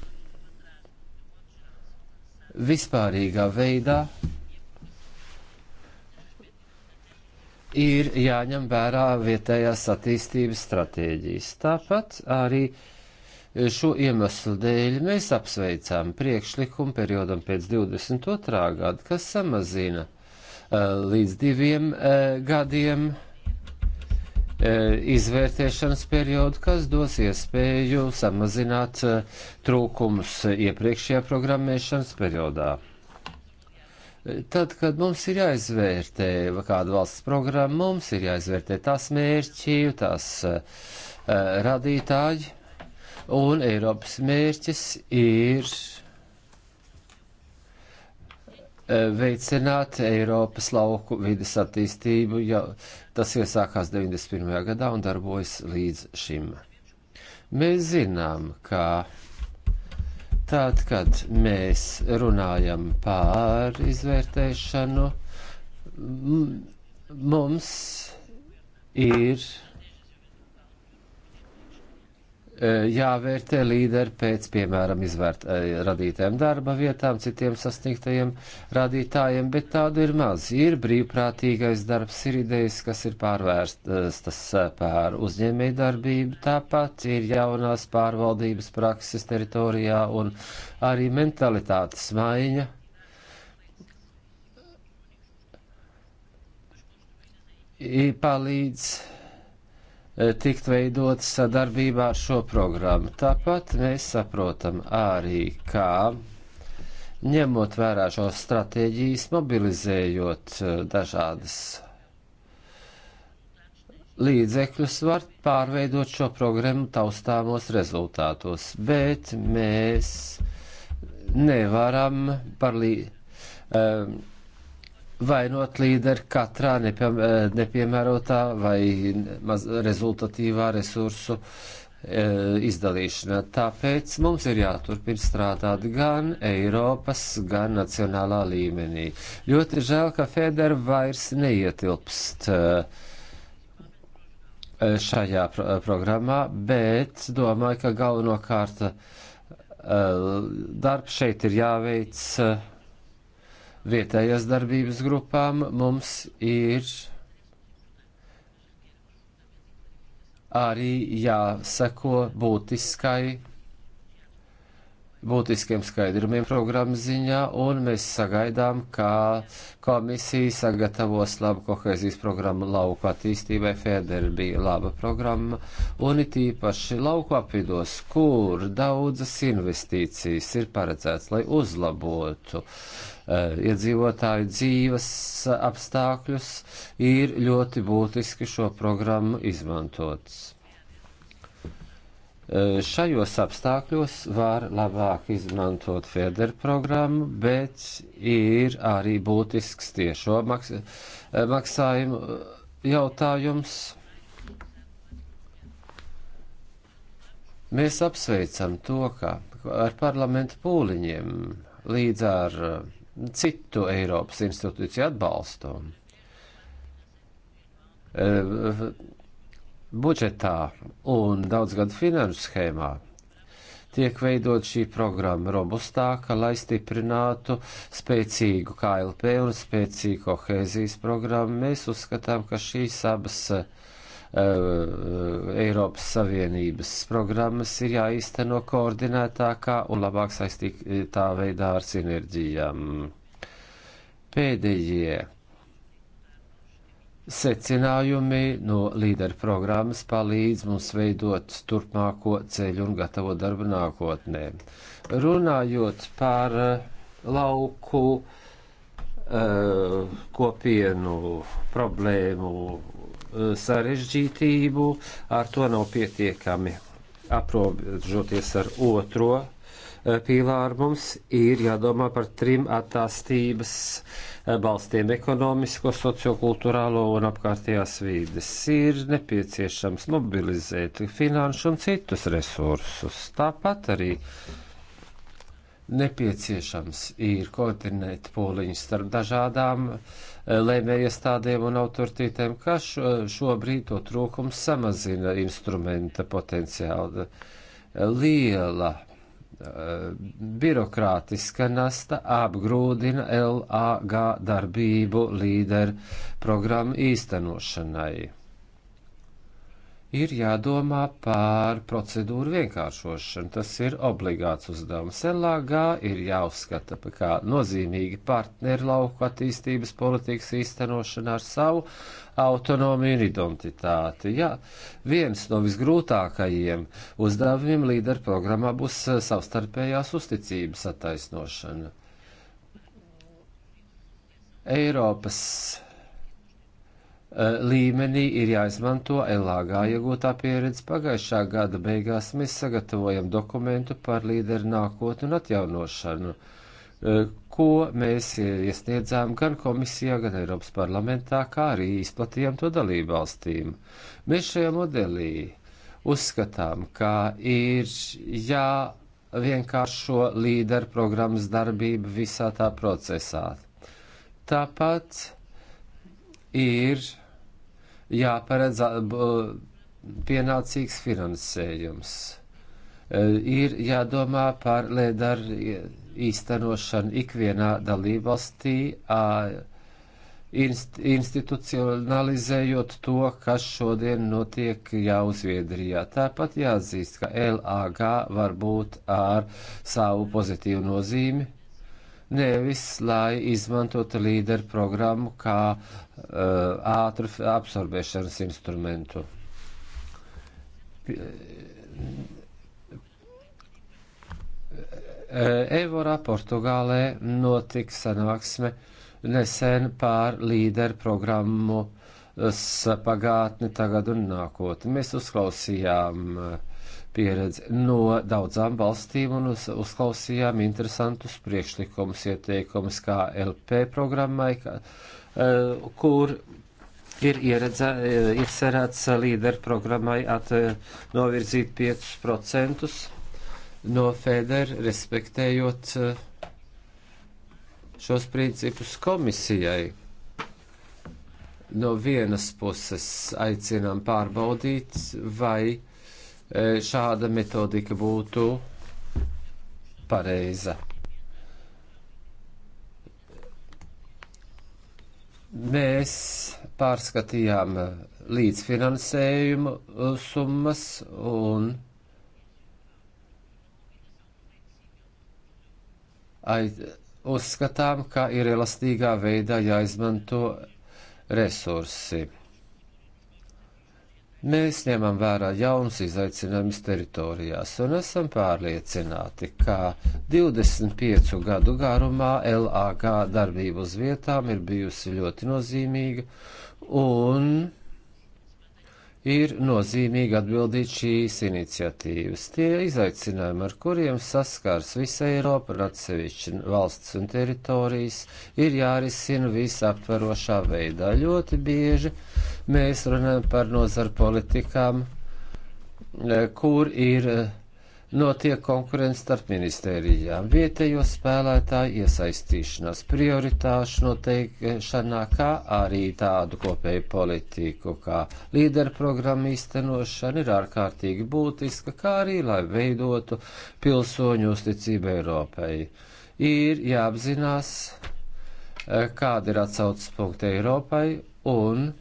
vispārīgā veidā ir jāņem vērā vietējās attīstības stratēģijas. Tāpat arī šo iemeslu dēļ mēs apsveicām priekšlikumu periodam pēc 22. gada, kas samazina uh, līdz diviem uh, gadiem uh, Eh, izvērtēšanas periodu, kas dos iespēju samazināt eh, trūkumus iepriekšējā programmēšanas periodā. Eh, tad, kad mums ir jāizvērtē kāda valsts programma, mums ir jāizvērtē tās mērķi, tās uh, radītāji, un Eiropas mērķis ir uh, Eh, veicināt Eiropas lauku vides attīstību, ja tas iesākās 91. gadā un darbojas līdz šim. Mēs zinām, ka tad, kad mēs runājam pār izvērtēšanu, mums ir Eh, jāvērtē līderi pēc, piemēram, izvērt eh, radītēm darba vietām, citiem sasniegtajiem radītājiem, bet tādu ir maz. Ir brīvprātīgais darbs, ir idejas, kas ir pārvērstas eh, pār uzņēmēju darbību, tāpat ir jaunās pārvaldības prakses teritorijā un arī mentalitātes maiņa. Palīdz Eh, tikt veidot sadarbībā ar šo programmu. Tāpat mēs saprotam arī, kā ņemot vērā šo stratēģijas, mobilizējot eh, dažādas līdzekļus, var pārveidot šo programmu taustāmos rezultātos, bet mēs nevaram par līdzekļu eh, vainot līderi katrā nepiem, nepiemērotā vai maz, rezultatīvā resursu e, izdalīšanā. Tāpēc mums ir jāturpina strādāt gan Eiropas, gan nacionālā līmenī. Ļoti žēl, ka Federa vairs neietilpst e, e, šajā pro programmā, bet domāju, ka galvenokārt e, darbs šeit ir jāveic. E, vietējās darbības grupām mums ir arī jāseko būtiskai, būtiskiem skaidrumiem programmas ziņā, un mēs sagaidām, ka komisija sagatavos labu kohēzijas programmu lauku attīstībai. Fēder bija laba programma, un it īpaši lauku apvidos, kur daudzas investīcijas ir paredzēts, lai uzlabotu uh, Eh, iedzīvotāju dzīves eh, apstākļus, ir ļoti būtiski šo programmu izmantot. Eh, šajos apstākļos var labāk izmantot Federu programmu, bet ir arī būtisks tiešo maks maksājumu jautājums. Mēs apsveicam to, ka ar parlamentu pūliņiem līdz ar uh, citu Eiropas institūciju atbalstu. E, budžetā un daudzgadu finanšu schēmā tiek veidot šī programma robustāka, lai stiprinātu spēcīgu KLP un spēcīgu kohēzijas programmu. Mēs uzskatām, ka šīs abas uh, Eh, eh, Eiropas Savienības programmas ir jāīsteno koordinētākā un labāk saistītā veidā ar sinerģijām. Pēdējie Secinājumi no līderu programmas palīdz mums veidot turpmāko ceļu un gatavo darbu nākotnē. Runājot par eh, lauku uh, kopienu problēmu Eh, sarežģītību, ar to nav pietiekami aprobežoties ar otro eh, pīlāru. Mums ir jādomā par trim attīstības balstiem eh, - ekonomisko, sociokulturālo un apkārtējās vīdes. Ir nepieciešams mobilizēt finanšu un citus resursus. Tāpat arī nepieciešams ir koordinēt pūliņus starp dažādām uh, Eh, lēmējiestādēm un autoritītēm, kā šo, eh, šobrīd to trūkums samazina instrumenta potenciāli. Liela eh, birokrātiska nasta apgrūdina LAG darbību līderu programmu īstenošanai ir jādomā par procedūru vienkāršošanu. Tas ir obligāts uzdevums. LAG ir jāuzskata kā nozīmīgi partneri lauku attīstības politikas īstenošanā ar savu autonomiju un identitāti. Jā, viens no visgrūtākajiem uzdevumiem līderu programmā būs savstarpējās uzticības attaisnošana. Eiropas Eh, līmenī ir jāizmanto LAGā iegūtā pieredze. Pagājušā gada beigās mēs sagatavojam dokumentu par līderu nākotni un atjaunošanu, eh, ko mēs iesniedzām gan komisijā, gan Eiropas parlamentā, kā arī izplatījām to dalību valstīm. Mēs šajā modelī uzskatām, ka ir jāvienkāršo līderu programmas darbība visā tā procesā. Tāpat ir jāparedz pienācīgs finansējums. Ir jādomā par lēdaru īstenošanu ikvienā dalībvalstī, inst institucionalizējot to, kas šodien notiek jau Zviedrijā. Tāpat jāatzīst, ka LAG var būt ar savu pozitīvu nozīmi nevis lai izmantotu līderu programmu kā uh, ātru absorbēšanas instrumentu. Uh, Evorā, Portugālē notiks sanāksme nesen pār līderu programmu uh, pagātni, tagad un nākotni. Mēs uzklausījām uh, pieredzi no daudzām valstīm un uz, uzklausījām interesantus priekšlikumus, ieteikumus kā LP programmai, kā, uh, e, kur ir e, iecerēts līderu programmai at, uh, novirzīt 5% no FEDER, respektējot uh, šos principus komisijai no vienas puses aicinām pārbaudīt, vai E, šāda metodika būtu pareiza. Mēs pārskatījām līdzfinansējumu summas un uzskatām, ka ir elastīgā veidā jāizmanto resursi. Mēs ņemam vērā jaunus izaicinājumus teritorijās un esam pārliecināti, ka 25 gadu garumā LAG darbība uz vietām ir bijusi ļoti nozīmīga un ir nozīmīgi atbildīt šīs iniciatīvas. Tie izaicinājumi, ar kuriem saskars visa Eiropa un atsevišķi valsts un teritorijas, ir jārisina visaptverošā veidā. Ļoti bieži mēs runājam par nozaru politikām, eh, kur ir eh, notiek konkurence starp ministērijām, vietējo spēlētāju iesaistīšanās, prioritāšu noteikšanā, kā arī tādu kopēju politiku, kā līderprogramma īstenošana ir ārkārtīgi būtiska, kā arī, lai veidotu pilsoņu uzticību Eiropai. Ir jāapzinās, eh, kāda ir atsaucas punkta Eiropai un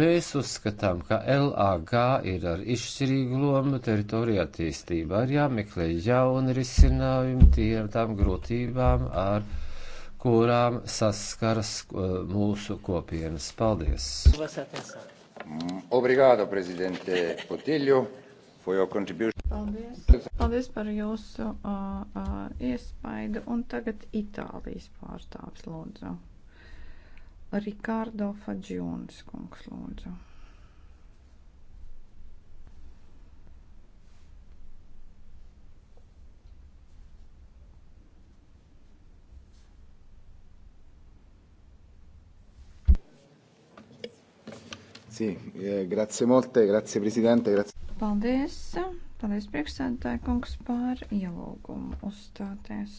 Mēs uzskatām, ka LAG ir ar izšķirīgu lomu teritorija attīstībā, ir jāmeklē jauni risinājumi tiem tām grūtībām, ar kurām saskaras uh, mūsu kopienas. Paldies! Obrigado, prezidente Potilju! Paldies. Paldies par jūsu uh, uh, iespaidu. Un tagad Itālijas pārstāvs lūdzu. Rikārdo Fadžūnas kungs lūdzu. Sì, eh, grazie molte, grazie Presidente, grazie. Paldies, paldies priekšsēdētāji kungs par ielūgumu uzstāties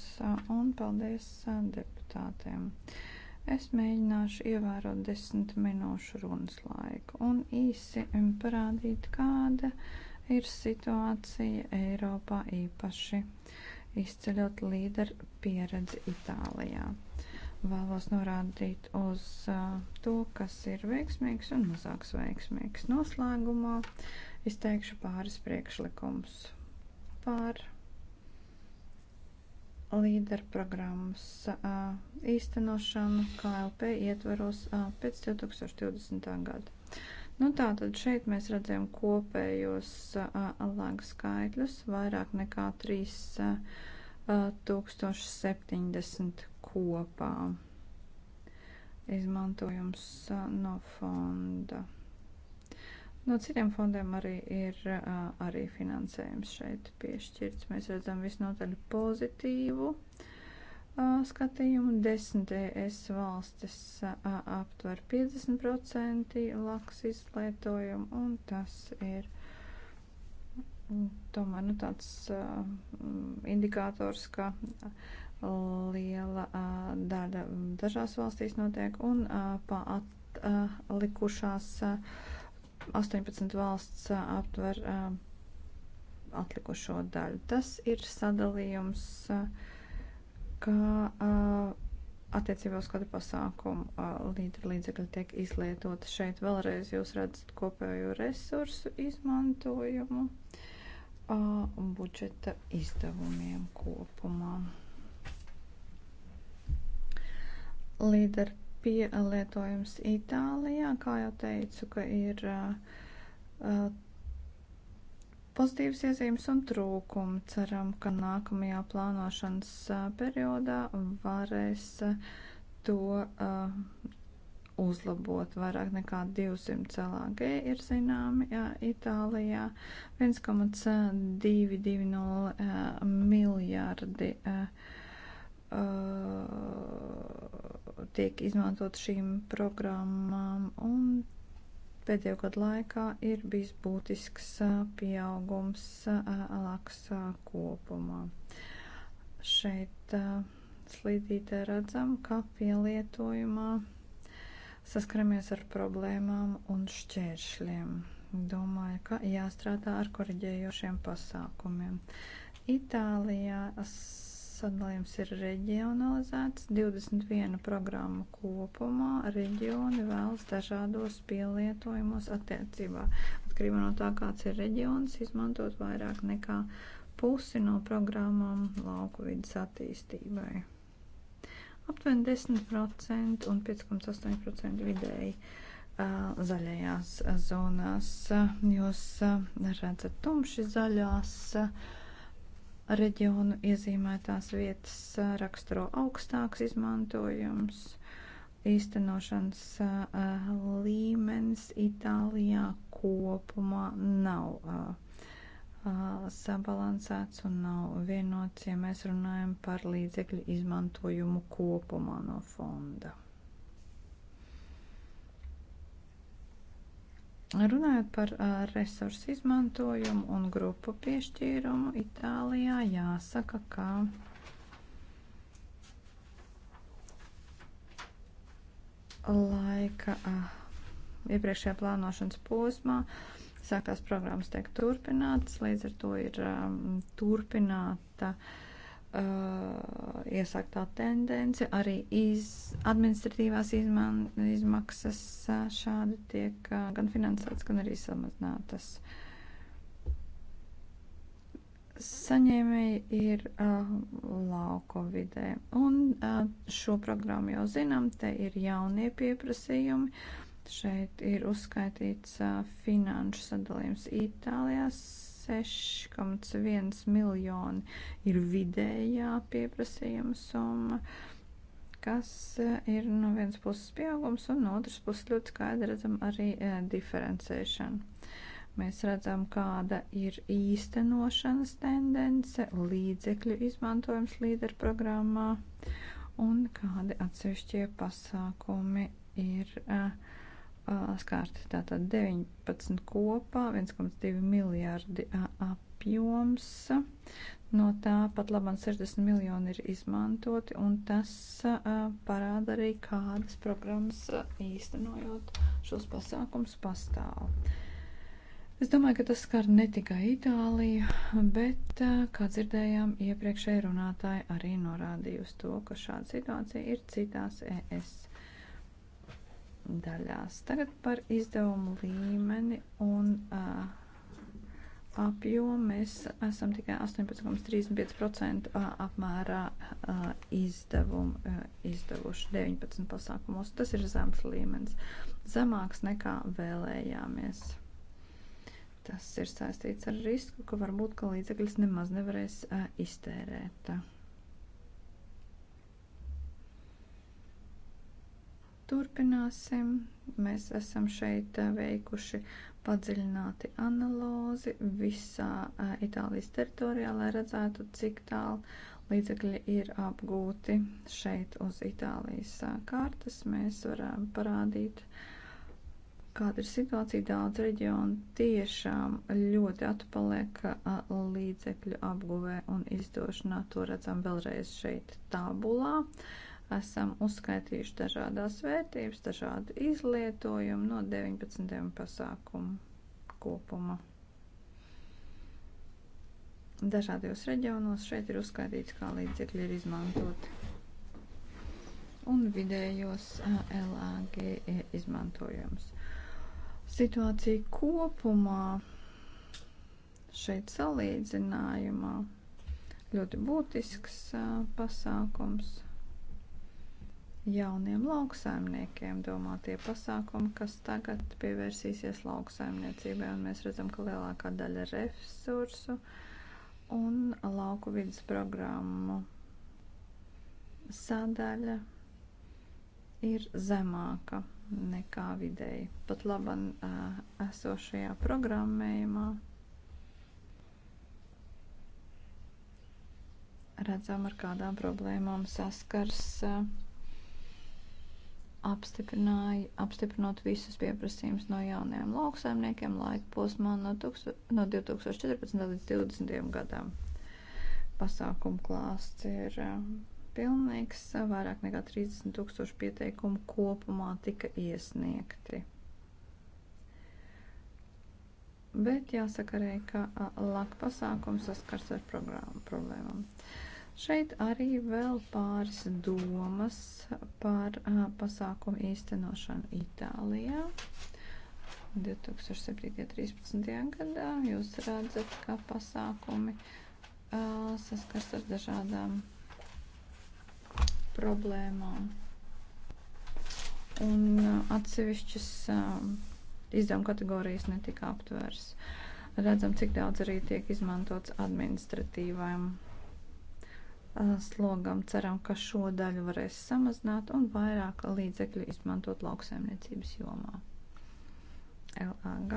un paldies eh, deputātiem. Es mēģināšu ievērot desmit minūšu runas laiku un īsi parādīt, kāda ir situācija Eiropā īpaši izceļot līderu pieredzi Itālijā. Vēlos norādīt uz uh, to, kas ir veiksmīgs un mazāks veiksmīgs. Noslēgumā izteikšu pāris priekšlikums par līderprogrammas īstenošanu KLP ietveros pēc 2020. gada. Nu, tātad šeit mēs redzam kopējos alāga skaitļus vairāk nekā 3070 kopā. Izmantojums no fonda. No citiem fondiem arī ir arī finansējums šeit piešķirts. Mēs redzam visnotaļ pozitīvu skatījumu. 10 ES valstis aptver 50% laks izlietojumu, un tas ir tomēr nu, tāds mm, indikators, ka liela daļa dažās valstīs notiek un pa atlikušās. Uh, 18 valsts aptver atlikušo daļu. Tas ir sadalījums, kā attiecībā uz katru pasākumu līdz līdzekļi tiek izlietoti. Šeit vēlreiz jūs redzat kopējo resursu izmantojumu budžeta izdevumiem kopumā. Līdz ar pielietojums Itālijā, kā jau teicu, ka ir uh, uh, pozitīvas iezīmes un trūkumi. Ceram, ka nākamajā plānošanas uh, periodā varēs uh, to uh, uzlabot. Vairāk nekā 200 LAG ir zināmi jā, uh, Itālijā. 1,220 miljārdi. Uh, uh uh, tiek izmantot šīm programmām, un pēdējo gadu laikā ir bijis būtisks uh, pieaugums uh, alaks uh, kopumā. Šeit slīdītē redzam, ka pielietojumā saskaramies ar problēmām un šķēršļiem. Domāju, ka jāstrādā ar koriģējošiem pasākumiem. Itālijā sadalījums ir reģionalizēts. 21 programmu kopumā reģioni vēlas dažādos pielietojumos attiecībā. Atkarībā no tā, kāds ir reģions, izmantot vairāk nekā pusi no programmām lauku vidas attīstībai. Aptuveni 10% un 5,8% vidēji zaļajās zonās. Jūs redzat tumši zaļās. Uh, reģionu iezīmētās vietas raksturo augstāks izmantojums, īstenošanas līmenis Itālijā kopumā nav sabalansēts un nav vienots, ja mēs runājam par līdzekļu izmantojumu kopumā no fonda. Runājot par uh, resursu izmantojumu un grupu piešķīrumu, Itālijā jāsaka, ka laika uh, iepriekšējā plānošanas posmā sāktās programmas tiek turpinātas, līdz ar to ir um, turpināta uh, uh, iesāktā tendence, arī iz, administratīvās izman, izmaksas uh, šādi tiek uh, gan finansētas, gan arī samazinātas. Saņēmēji ir uh, lauko vidē, un uh, šo programmu jau zinām, te ir jaunie pieprasījumi. Šeit ir uzskaitīts uh, finanšu sadalījums Itālijas 6,1 miljoni ir vidējā pieprasījuma summa, kas eh, ir no vienas puses pieaugums un no otras puses ļoti skaidri redzam arī eh, diferencēšanu. Mēs redzam, kāda ir īstenošanas tendence, līdzekļu izmantojums līderu programmā un kādi atsevišķie pasākumi ir uh, skārti. Tātad 19 kopā, 1,2 miljārdi apjoms. No tā pat labam 60 miljoni ir izmantoti, un tas parāda arī, kādas programmas īstenojot šos pasākums pastāv. Es domāju, ka tas skar ne tikai Itāliju, bet, kā dzirdējām, iepriekšēji runātāji arī norādīja uz to, ka šāda situācija ir citās ES daļās. Tagad par izdevumu līmeni un uh, apjomu mēs esam tikai 18,35% apmērā uh, izdevumu uh, izdevuši 19 pasākumos. Tas ir zems līmenis, zemāks nekā vēlējāmies. Tas ir saistīts ar risku, ka varbūt, ka līdzekļus nemaz nevarēs uh, iztērēt. Uh. Turpināsim. Mēs esam šeit eh, veikuši padziļināti analozi visā eh, Itālijas teritorijā, lai redzētu, cik tālu līdzekļi ir apgūti šeit uz Itālijas eh, kartes. Mēs varam parādīt, kāda ir situācija. Daudz reģionu tiešām ļoti atpaliek līdzekļu apguvē un izdošanā. To redzam vēlreiz šeit tabulā. Uh, esam uzskaitījuši dažādās vērtības, dažādu izlietojumu no 19 pasākumu kopuma. Dažādos reģionos šeit ir uzskaitīts, kā līdzekļi ir izmantoti un vidējos LAG e izmantojums. Situācija kopumā šeit salīdzinājumā ļoti būtisks pasākums jauniem lauksaimniekiem domātie pasākumi, kas tagad pievērsīsies lauksaimniecībai, un mēs redzam, ka lielākā daļa resursu un lauku vidas programmu sadaļa ir zemāka nekā vidēji. Pat laban esošajā programmējumā redzam, ar kādām problēmām saskars uh, apstiprināja, apstiprinot visus pieprasījumus no jauniem lauksaimniekiem laika posmā no, tukso, no 2014. līdz 2020. gadam. Pasākumu klāsts ir um, pilnīgs, vairāk nekā 30 tūkstoši pieteikumu kopumā tika iesniegti. Bet jāsaka arī, ka laka pasākums saskars ar problēmām. Šeit arī vēl pāris domas par uh, pasākumu īstenošanu Itālijā. 2007.13. gadā jūs redzat, ka pasākumi uh, saskars ar dažādām problēmām. Un uh, atsevišķas uh, izdevuma kategorijas netika aptvērs. Redzam, cik daudz arī tiek izmantots administratīvajam slogam. Ceram, ka šo daļu varēs samazināt un vairāk līdzekļu izmantot lauksaimniecības jomā. LAG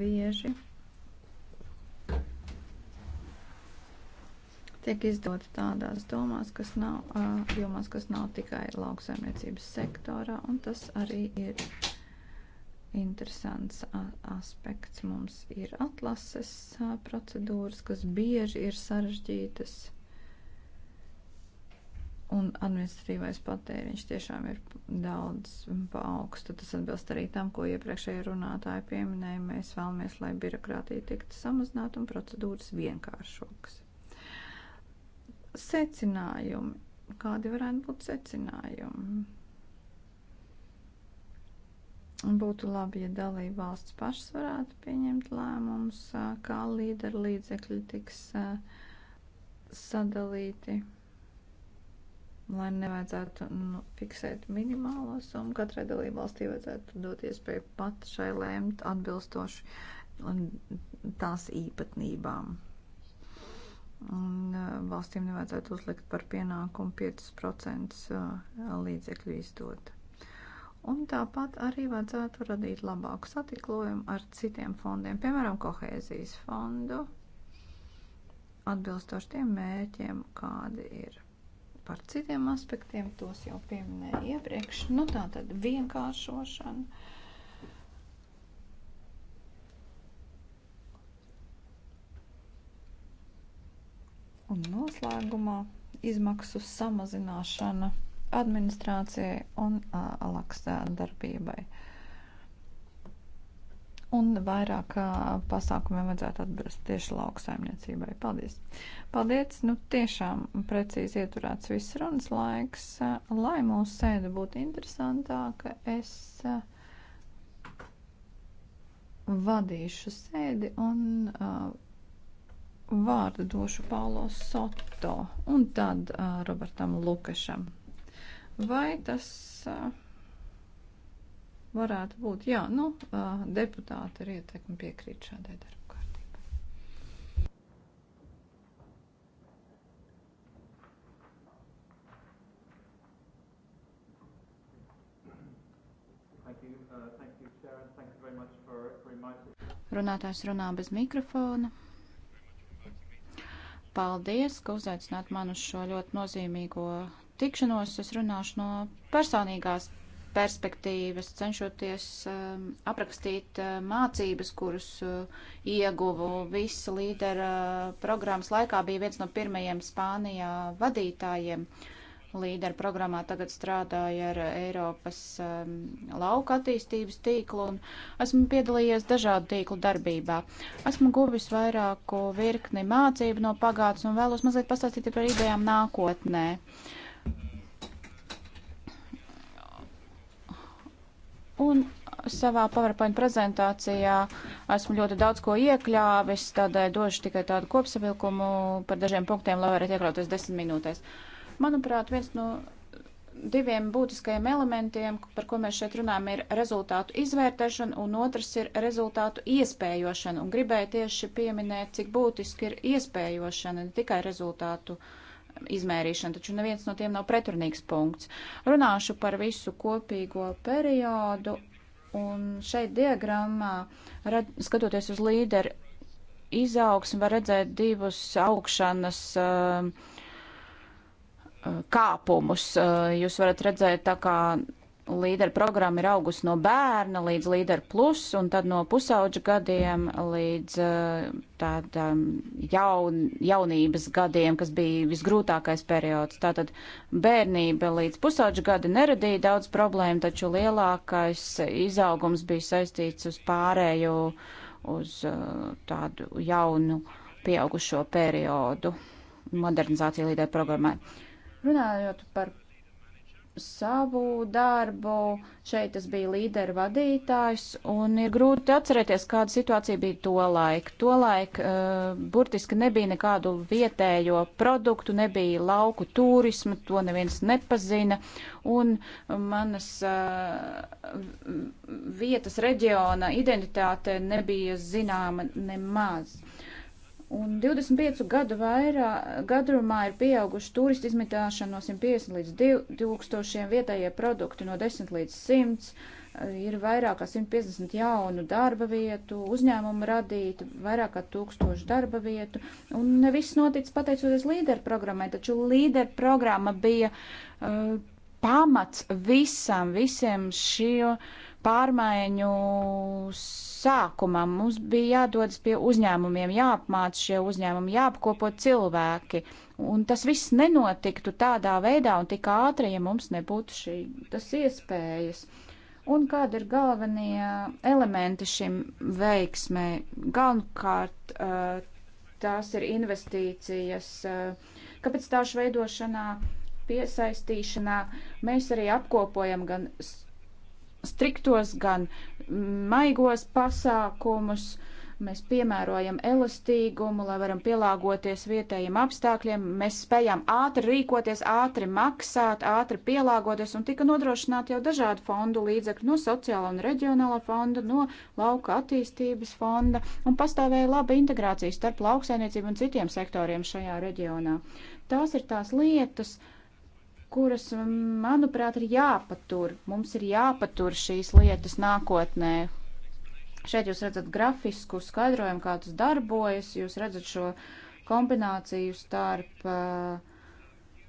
bieži tiek izdota tādās domās, kas nav, jomās, kas nav tikai lauksaimniecības sektorā, un tas arī ir interesants aspekts. Mums ir atlases procedūras, kas bieži ir sarežģītas un administratīvais patēriņš tiešām ir daudz paaugstu. Tas atbilst arī tam, ko iepriekšēji runātāji pieminēja. Mēs vēlamies, lai birokrātija tiktu samazināta un procedūras vienkāršokas. Secinājumi. Kādi varētu būt secinājumi? Būtu labi, ja dalība valsts pašas varētu pieņemt lēmumus, kā līderu līdzekļi tiks eh, sadalīti lai nevajadzētu nu, fiksēt minimālo summu. Katrai dalībvalstī vajadzētu dot iespēju pat šai lēmt atbilstoši tās īpatnībām. Un valstīm nevajadzētu uzlikt par pienākumu 5% līdzekļu izdot. Un tāpat arī vajadzētu radīt labāku satiklojumu ar citiem fondiem, piemēram, kohēzijas fondu, atbilstoši tiem mērķiem, kādi ir par citiem aspektiem, tos jau pieminēju iepriekš. Nu, tā tad vienkāršošana. Un noslēgumā izmaksu samazināšana administrācijai un alaks darbībai. Uh, un vairāk pasākumiem vajadzētu atbilst tieši lauksaimniecībai. Paldies! Paldies! Nu, tiešām precīzi ieturēts viss runas laiks. Lai mūsu sēde būtu interesantāka, es vadīšu sēdi un uh, vārdu došu Paulo Soto un tad uh, Robertam Lukašam. Vai tas. Uh, varētu būt. Jā, nu, deputāti ar ietekmi piekrīt šādai darbu kārtībai. Runātājs runā bez mikrofona. Paldies, ka uzaicināt man uz šo ļoti nozīmīgo tikšanos. Es runāšu no personīgās perspektīvas, cenšoties um, aprakstīt uh, mācības, kuras uh, ieguvu visu līdera uh, programmas laikā, bija viens no pirmajiem Spānijā vadītājiem. Līdera programmā tagad strādāja ar Eiropas um, lauka attīstības tīklu un esmu piedalījies dažādu tīklu darbībā. Esmu guvis vairāku virkni mācību no pagātnes un vēlos mazliet pastāstīt par idejām nākotnē. Uh, Un savā PowerPoint prezentācijā esmu ļoti daudz ko iekļāvis, tādēļ došu tikai tādu kopsavilkumu par dažiem punktiem, lai varētu iekļauties desmit minūtēs. Manuprāt, viens no diviem būtiskajiem elementiem, par ko mēs šeit runājam, ir rezultātu izvērtēšana, un otrs ir rezultātu iespējošana. Un gribēju tieši pieminēt, cik būtiski ir iespējošana, ne tikai rezultātu uh, izmērīšana, taču neviens no tiem nav pretrunīgs punkts. Runāšu par visu kopīgo periodu, un šeit diagrammā, red, skatoties uz līderu izaugsmu, var redzēt divus augšanas um, uh, kāpumus. Uh, jūs varat redzēt tā kā līderu programma ir augus no bērna līdz līderu plus, un tad no pusauģa gadiem līdz eh, tādām jaun, jaunības gadiem, kas bija visgrūtākais periods. Tātad bērnība līdz pusauģa gadi neradīja daudz problēmu, taču lielākais izaugums bija saistīts uz pārēju, uz eh, tādu jaunu pieaugušo periodu modernizācija līderu programmai. Runājot par savu darbu. Šeit es biju līderu vadītājs, un ir grūti atcerēties, kāda situācija bija tolaik. Tolaik uh, burtiski nebija nekādu vietējo produktu, nebija lauku turismu, to neviens nepazina, un manas uh, vietas reģiona identitāte nebija zināma nemaz. Un 25 gadu vairā, gadrumā ir pieauguši turistu izmitāšana no 150 līdz 2000, vietējie produkti no 10 līdz 100, ir vairāk kā 150 jaunu darba vietu, uzņēmumu radīti, vairāk kā 1000 darba vietu. Un ne viss noticis pateicoties līderu programmai, taču līderu programma bija uh, pamats visam, visiem šiem pārmaiņus sākumā mums bija jādodas pie uzņēmumiem, jāapmāca šie uzņēmumi, jāapkopo cilvēki. Un tas viss nenotiktu tādā veidā un tik ātri, ja mums nebūtu šī, tas iespējas. Un kādi ir galvenie elementi šim veiksmē? Galvenokārt uh, tās ir investīcijas, uh, kapacitāšu veidošanā, piesaistīšanā. Mēs arī apkopojam gan striktos, gan uh, maigos pasākumus, mēs piemērojam elastīgumu, lai varam pielāgoties vietējiem apstākļiem, mēs spējam ātri rīkoties, ātri maksāt, ātri pielāgoties un tika nodrošināti jau dažādi fondu līdzekļi no sociāla un reģionāla fonda, no lauka attīstības fonda un pastāvēja laba integrācija starp lauksainiecību un citiem sektoriem šajā reģionā. Tās ir tās lietas, uh, kuras, manuprāt, ir jāpatur. Mums ir jāpatur šīs lietas nākotnē. Šeit jūs redzat grafisku skaidrojumu, kā tas darbojas. Jūs redzat šo kombināciju starp uh,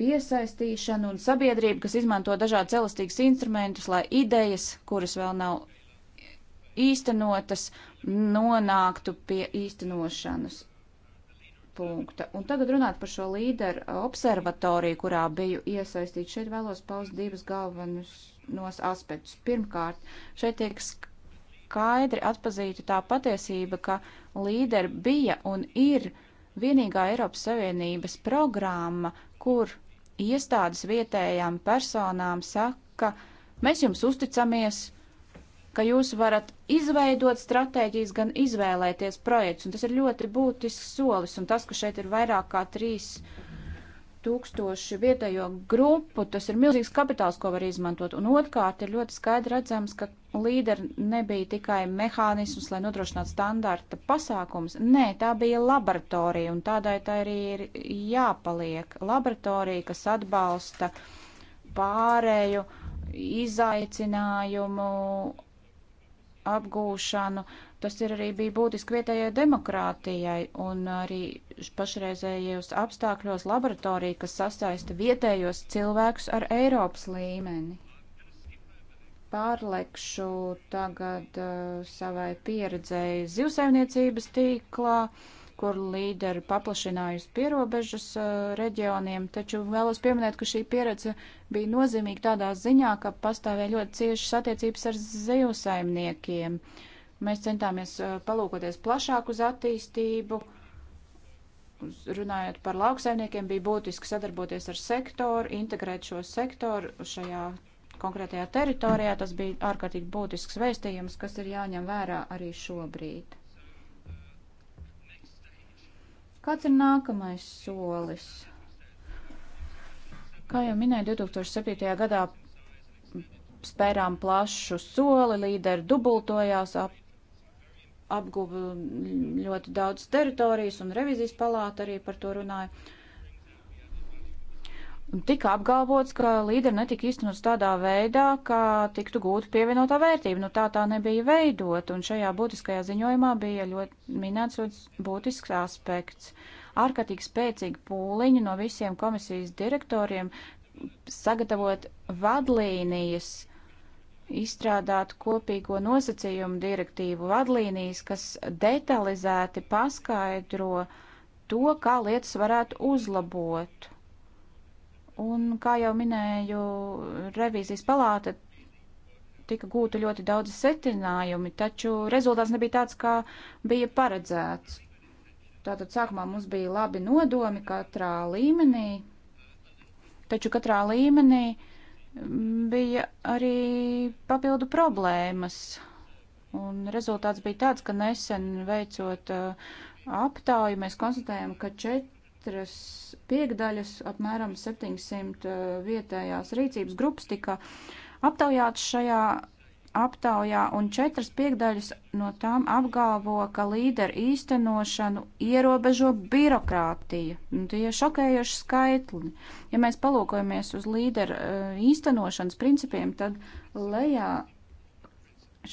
piesaistīšanu un sabiedrību, kas izmanto dažādas elastīgas instrumentus, lai idejas, kuras vēl nav īstenotas, nonāktu pie īstenošanas punkta. Un tagad runāt par šo līderu observatoriju, kurā biju iesaistīts. Šeit vēlos paust divus galvenos aspektus. Pirmkārt, šeit tiek skaidri atpazīta tā patiesība, ka līderi bija un ir vienīgā Eiropas Savienības programma, kur iestādes vietējām personām saka, mēs jums uzticamies, ka jūs varat izveidot stratēģijas, gan izvēlēties projekts, un tas ir ļoti būtisks solis, un tas, ka šeit ir vairāk kā trīs tūkstoši vietējo grupu, tas ir milzīgs kapitāls, ko var izmantot, un otrkārt ir ļoti skaidri redzams, ka līderi nebija tikai mehānisms, lai nodrošinātu standarta pasākums. Nē, tā bija laboratorija, un tādai tā arī ir jāpaliek. Laboratorija, kas atbalsta pārēju izaicinājumu apgūšanu. Tas ir arī bija būtiski vietējai demokrātijai un arī pašreizējos apstākļos laboratorija, kas sasaista vietējos cilvēkus ar Eiropas līmeni. Pārlekšu tagad uh, savai pieredzēji zivsaimniecības tīklā. Uh, kur līderi paplašinājusi pierobežas uh, reģioniem, taču vēlos pieminēt, ka šī pieredze bija nozīmīga tādā ziņā, ka pastāvēja ļoti ciešas attiecības ar zivsaimniekiem. Mēs centāmies uh, palūkoties plašāk uz attīstību, uz, runājot par lauksaimniekiem, bija būtiski sadarboties ar sektoru, integrēt šo sektoru šajā konkrētajā teritorijā. Tas bija ārkārtīgi būtisks vēstījums, kas ir jāņem vērā arī šobrīd. Kāds ir nākamais solis? Kā jau minēju, 2007. gadā spērām plašu soli, līderi dubultojās, ap, apguva ļoti daudz teritorijas, un revizijas palāta arī par to runāja tika apgalvots, ka līderi netika īstenots tādā veidā, ka tiktu gūta pievienotā vērtība. Nu, tā tā nebija veidot, un šajā būtiskajā ziņojumā bija ļoti minēts ļoti būtisks aspekts. Ārkārtīgi spēcīgi pūliņi no visiem komisijas direktoriem sagatavot vadlīnijas, izstrādāt kopīgo nosacījumu direktīvu vadlīnijas, kas detalizēti paskaidro to, kā lietas varētu uzlabot Un, kā jau minēju, revīzijas palāta tika gūti ļoti daudz secinājumi, taču rezultāts nebija tāds, kā bija paredzēts. Tātad sākumā mums bija labi nodomi katrā līmenī, taču katrā līmenī bija arī papildu problēmas. Un rezultāts bija tāds, ka nesen veicot uh, aptāju, mēs konstatējam, ka čet, četras piekdaļas, apmēram 700 eh, vietējās rīcības grupas tika aptaujāts šajā aptaujā, un četras piekdaļas no tām apgalvo, ka līderu īstenošanu ierobežo birokrātija. Un nu, tie ir šokējoši skaitli. Ja mēs palūkojamies uz līderu eh, īstenošanas principiem, tad lejā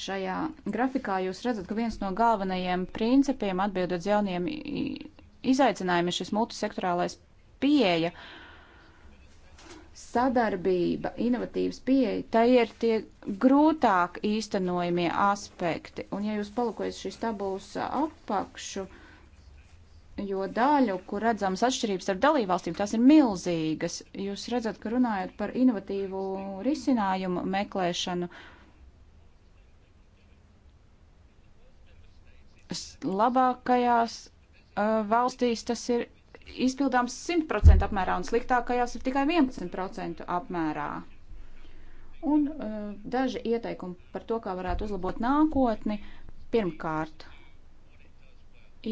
šajā grafikā jūs redzat, ka viens no galvenajiem principiem atbildot jauniem izaicinājumi ir šis multisektorālais pieeja, sadarbība, inovatīvas pieeja, tai ir tie grūtāk īstenojamie aspekti. Un ja jūs palūkojat šīs tabulas apakšu, jo daļu, kur redzams atšķirības starp dalībvalstīm, tās ir milzīgas. Jūs redzat, ka runājot par inovatīvu risinājumu meklēšanu, labākajās Uh, valstīs tas ir izpildāms 100% apmērā un sliktākajās ir tikai 11% apmērā. Un uh, daži ieteikumi par to, kā varētu uzlabot nākotni. Pirmkārt,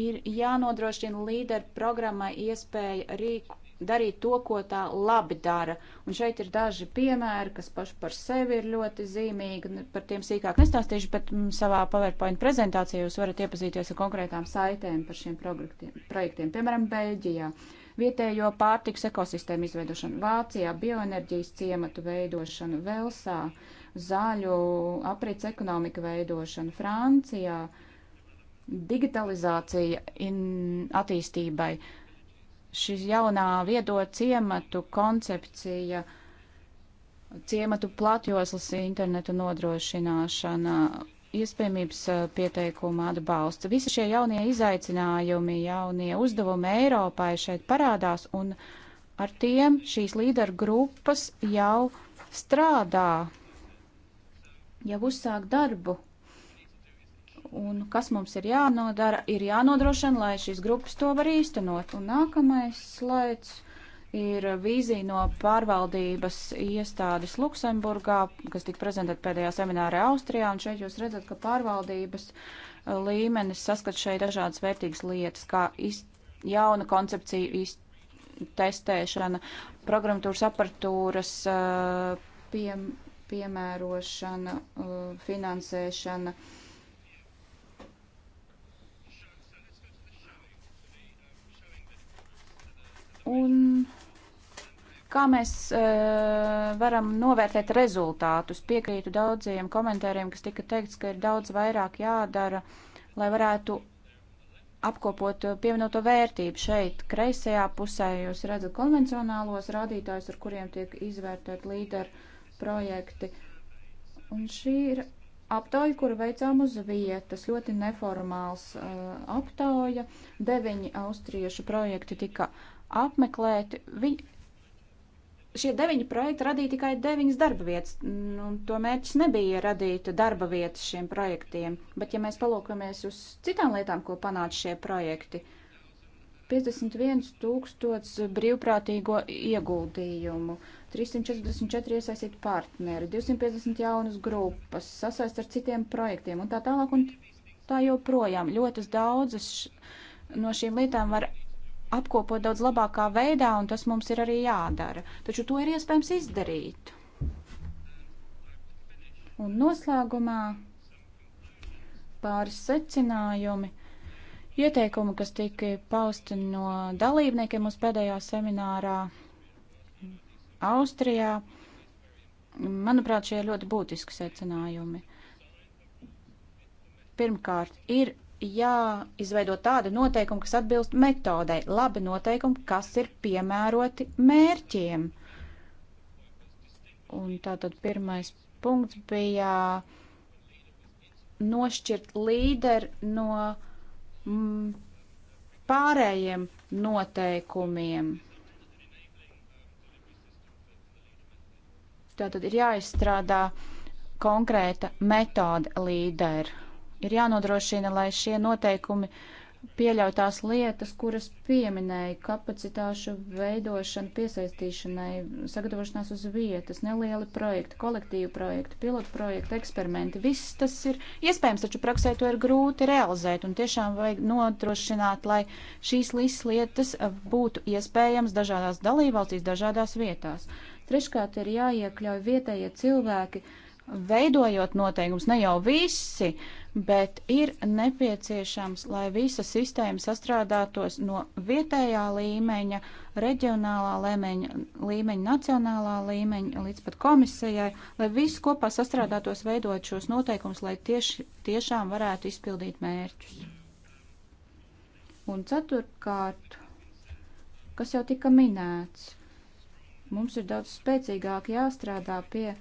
ir jānodrošina līderu programmai iespēja rīk, darīt to, ko tā labi dara. Un šeit ir daži piemēri, kas paši par sevi ir ļoti zīmīgi. Par tiem sīkāk nestāstīšu, bet mm, savā PowerPoint prezentācijā jūs varat iepazīties ar konkrētām saitēm par šiem projektiem. Piemēram, Beļģijā vietējo pārtiks ekosistēmu izveidošanu, Vācijā bioenerģijas ciematu veidošanu, Velsā zāļu aprits ekonomika veidošanu, Francijā digitalizācija in, attīstībai. Uh, šis jaunā viedo ciematu koncepcija, ciematu platjoslas internetu nodrošināšana, iespējamības eh, pieteikuma atbalsta. Visi šie jaunie izaicinājumi, jaunie uzdevumi Eiropai šeit parādās, un ar tiem šīs līderu grupas jau strādā, jau uzsāk darbu Un kas mums ir jānodara, ir jānodrošina, lai šīs grupas to var īstenot. Un nākamais slaids ir vīzija no pārvaldības iestādes Luksemburgā, kas tika prezentēta pēdējā seminārā Austrijā, un šeit jūs redzat, ka pārvaldības uh, līmenis saskat šeit dažādas vērtīgas lietas, kā iz, jauna koncepcija iz, testēšana, programmatūras aparatūras uh, pie, piemērošana, uh, finansēšana. Uh, Un kā mēs uh, varam novērtēt rezultātus? Piekrītu daudziem komentāriem, kas tika teikts, ka ir daudz vairāk jādara, lai varētu apkopot eh, pievienoto vērtību šeit, kreisajā pusē, jūs redzat konvencionālos rādītājus, ar kuriem tiek izvērtēt līderu projekti. Un šī ir aptauja, kuru veicām uz vietas, ļoti neformāls uh, aptauja. Deviņi austriešu projekti tika apmeklēti. Viņi, šie deviņi projekti radīja tikai deviņas darba vietas. Nu, to mērķis nebija radīt darba vietas šiem projektiem, bet ja mēs palūkamies uz citām lietām, ko panāca šie projekti, 51 tūkstots brīvprātīgo ieguldījumu, 344 iesaistīti partneri, 250 jaunas grupas, sasaist ar citiem projektiem un tā tālāk un tā joprojām. Ļoti daudzas no šīm lietām var apkopot daudz labākā veidā, un tas mums ir arī jādara. Taču to ir iespējams izdarīt. Un noslēgumā pāris secinājumi. Ieteikumi, kas tika pausti no dalībniekiem mūsu pēdējā seminārā Austrijā, manuprāt, šie ir ļoti būtiski secinājumi. Pirmkārt, ir jāizveido tādi noteikumi, kas atbilst metodei, labi noteikumi, kas ir piemēroti mērķiem. Un tātad pirmais punkts bija nošķirt līderi no mm, pārējiem noteikumiem. Tātad ir jāizstrādā konkrēta metode līderi. Ir jānodrošina, lai šie noteikumi pieļautās lietas, kuras pieminēja kapacitāšu veidošana, piesaistīšanai, sagatavošanās uz vietas, nelieli projekti, kolektīvu projekti, pilotu projekti, eksperimenti. Viss tas ir iespējams, taču praksē to ir grūti realizēt un tiešām vajag nodrošināt, lai šīs līdz lietas būtu iespējams dažādās dalībvalstīs, dažādās vietās. Treškārt ir jāiekļauj vietējie cilvēki, uh, veidojot noteikumus, ne jau visi, bet ir nepieciešams, lai visa sistēma sastrādātos no vietējā līmeņa, reģionālā līmeņa, līmeņa nacionālā līmeņa līdz pat komisijai, lai visi kopā sastrādātos veidojot šos noteikumus, lai tieši, tiešām varētu izpildīt mērķus. Un ceturtkārt, kas jau tika minēts, mums ir daudz spēcīgāk jāstrādā pie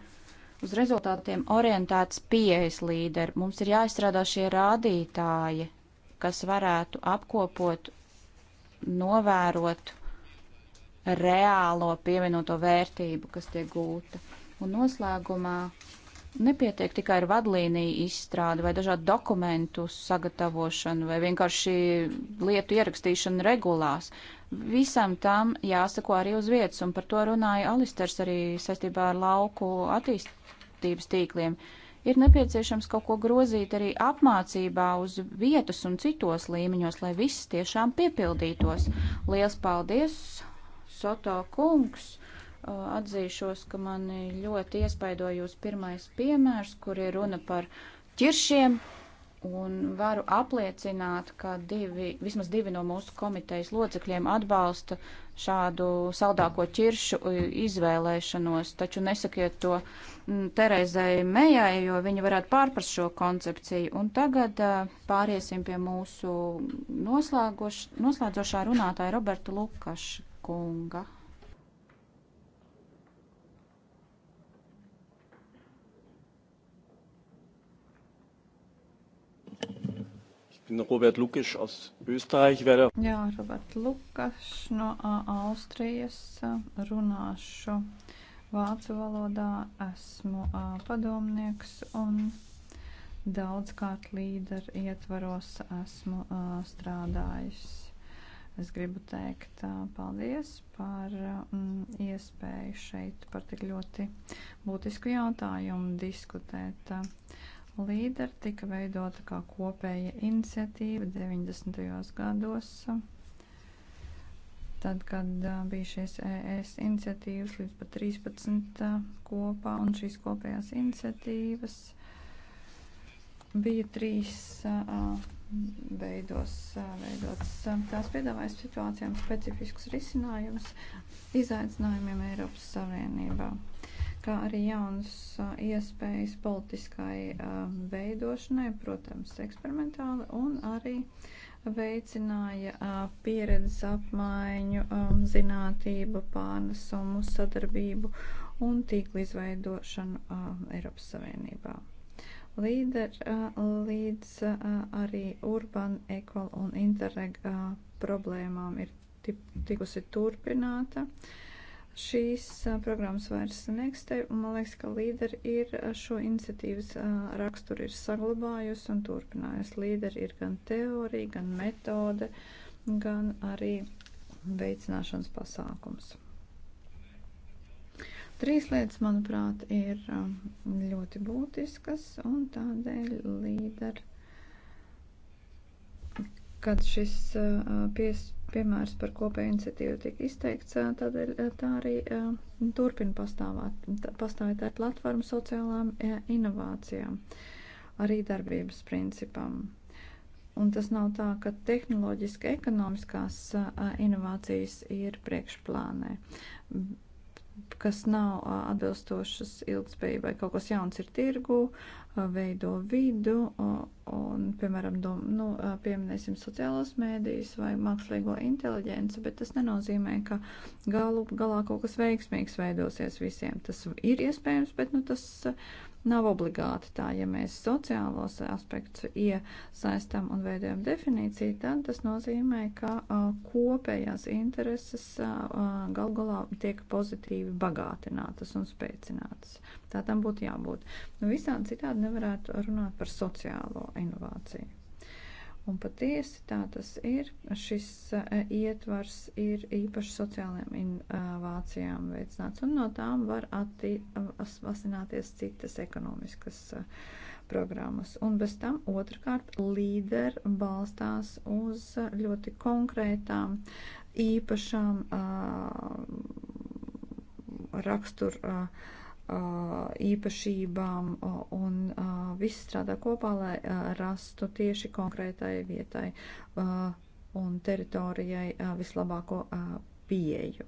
uz rezultātiem orientēts pieejas līderi. Mums ir jāizstrādā šie rādītāji, kas varētu apkopot, novērot reālo pievienoto vērtību, kas tiek gūta. Un noslēgumā nepietiek tikai ar vadlīniju izstrādi vai dažādu dokumentu sagatavošanu vai vienkārši lietu ierakstīšanu regulās. Visam tam jāsako arī uz vietas, un par to runāja Alisters arī saistībā ar lauku attīst izglītības tīkliem. Ir nepieciešams kaut ko grozīt arī apmācībā uz vietas un citos līmeņos, lai viss tiešām piepildītos. Liels paldies, Soto kungs! Atzīšos, ka mani ļoti iespaido jūs pirmais piemērs, kur ir runa par ķiršiem, un varu apliecināt, ka divi, vismaz divi no mūsu komitejas locekļiem atbalsta uh, šādu saldāko ķiršu izvēlēšanos, taču nesakiet to mm, Terezai Mejai, jo viņa varētu pārprast šo koncepciju. Un tagad pāriesim pie mūsu noslēdzošā runātāja Roberta Lukaša kunga. bin Robert Lukas aus Österreich. Werde... Jā, Robert Lukas no Austrijas runāšu vācu valodā. Esmu padomnieks un daudzkārt līderi ietvaros esmu strādājis. Es gribu teikt paldies par mm, iespēju šeit par tik ļoti būtisku jautājumu diskutēt. Uh, Līderi tika veidota kā kopēja iniciatīva 90. gados, tad, kad bija šīs ES iniciatīvas līdz pat 13 kopā, un šīs kopējās iniciatīvas bija trīs veidos veidotas. Tās piedāvāja situācijām specifiskus risinājumus izaicinājumiem Eiropas Savienībā kā arī jaunas iespējas politiskai veidošanai, protams, eksperimentāli, un arī veicināja pieredzes apmaiņu, zinātību, pārnesumu, sadarbību un tīklu izveidošanu Eiropas Savienībā. Līder līdz arī Urban, Ekol un Interreg problēmām ir tikusi turpināta. Uh, šīs programmas vairs neeksistē, un man liekas, ka līderi ir šo iniciatīvas raksturu ir saglabājusi un turpinājusi. Līderi ir gan teorija, gan metode, gan arī veicināšanas pasākums. Trīs lietas, manuprāt, ir ļoti būtiskas, un tādēļ līderi, kad šis piespējums piemērs par kopēju iniciatīvu tika izteikts, tādēļ tā arī turpina pastāvāt, pastāvēt ar platformu sociālām inovācijām, arī darbības principam. Un tas nav tā, ka tehnoloģiski ekonomiskās inovācijas ir priekšplānē, kas nav atbilstošas ilgspējībai. Kaut kas jauns ir tirgu, veido vidu un, piemēram, dom, nu, pieminēsim sociālos mēdījus vai mākslīgo inteliģenci, bet tas nenozīmē, ka galu, galā kaut kas veiksmīgs veidosies visiem. Tas ir iespējams, bet nu, tas nav obligāti tā. Ja mēs sociālos aspektus iesaistam un veidojam definīciju, tad tas nozīmē, ka kopējās intereses gal galā tiek pozitīvi bagātinātas un spēcinātas. Tā tam būtu jābūt. Nu, visādi citādi nevarētu runāt par sociālo inovāciju. Un patiesi tā tas ir. Šis eh, ietvars ir īpaši sociālajām inovācijām eh, veicināts, un no tām var atvasināties citas ekonomiskas eh, programmas. Un bez tam otrkārt līderi balstās uz ļoti konkrētām, īpašām uh, rakstur. Uh, īpašībām un viss strādā kopā, lai rastu tieši konkrētai vietai un teritorijai vislabāko pieeju.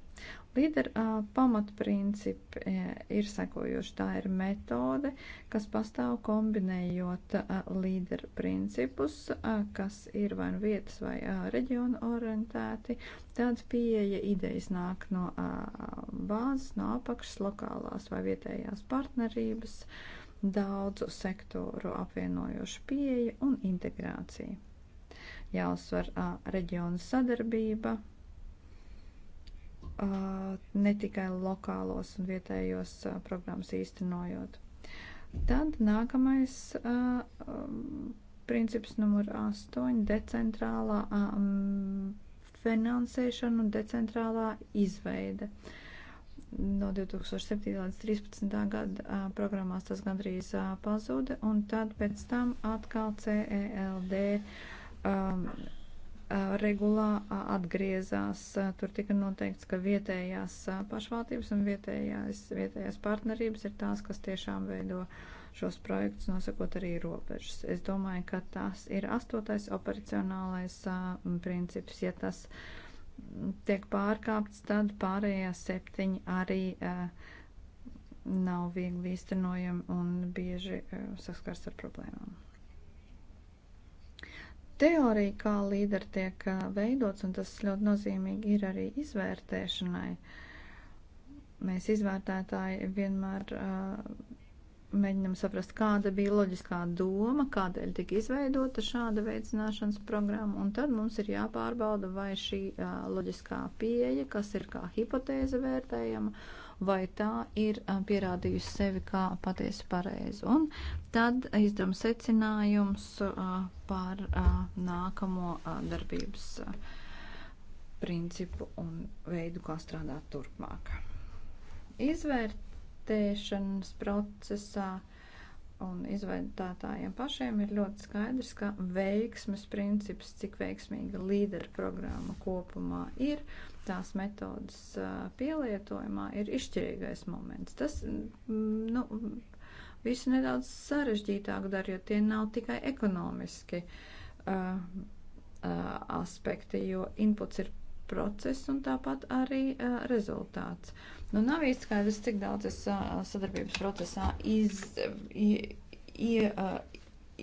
Līdera pamatprincipi ir sekojoši. Tā ir metode, kas pastāv kombinējot līdera principus, kas ir vai nu vietas vai reģiona orientēti. Tāds pieeja idejas nāk no bāzes, no apakšas, lokālās vai vietējās partnerības, daudzu sektoru apvienojošu pieeja un integrācija. Jāuzsver reģiona sadarbība ne tikai lokālos un vietējos programmas īstenojot. Tad nākamais princips numur 8 - decentrālā finansēšana un decentrālā izveide. No 2007. līdz 2013. gada programmās tas gandrīz pazuda, un tad pēc tam atkal CELD um, regulā atgriezās. Tur tika noteikts, ka vietējās pašvaldības un vietējās, vietējās partnerības ir tās, kas tiešām veido šos projektus, nosakot arī robežas. Es domāju, ka tas ir astotais operacionālais princips. Ja tas tiek pārkāpts, tad pārējā septiņi arī nav viegli īstenojami un bieži saskars ar problēmām teorija, kā līderi tiek veidots, un tas ļoti nozīmīgi ir arī izvērtēšanai. Mēs izvērtētāji vienmēr uh, mēģinam saprast, kāda bija loģiskā doma, kādēļ tika izveidota šāda veicināšanas programma, un tad mums ir jāpārbauda, vai šī uh, loģiskā pieeja, kas ir kā hipotēze vērtējama, uh, vai tā ir pierādījusi sevi kā patiesi pareizi. Un tad izdam secinājums par nākamo darbības principu un veidu, kā strādāt turpmāk. Izvērtēšanas procesā un izvērtētājiem pašiem ir ļoti skaidrs, ka veiksmes princips, cik veiksmīga līdera programma kopumā ir, uh, tās metodas pielietojumā ir izšķirīgais moments. Tas, nu, visu nedaudz sarežģītāk dara, jo tie nav tikai ekonomiski uh, uh, aspekti, jo inputs ir process un tāpat arī uh, rezultāts. Nu, nav īsti skaidrs, cik daudz es uh, sadarbības procesā iz, i, i, uh,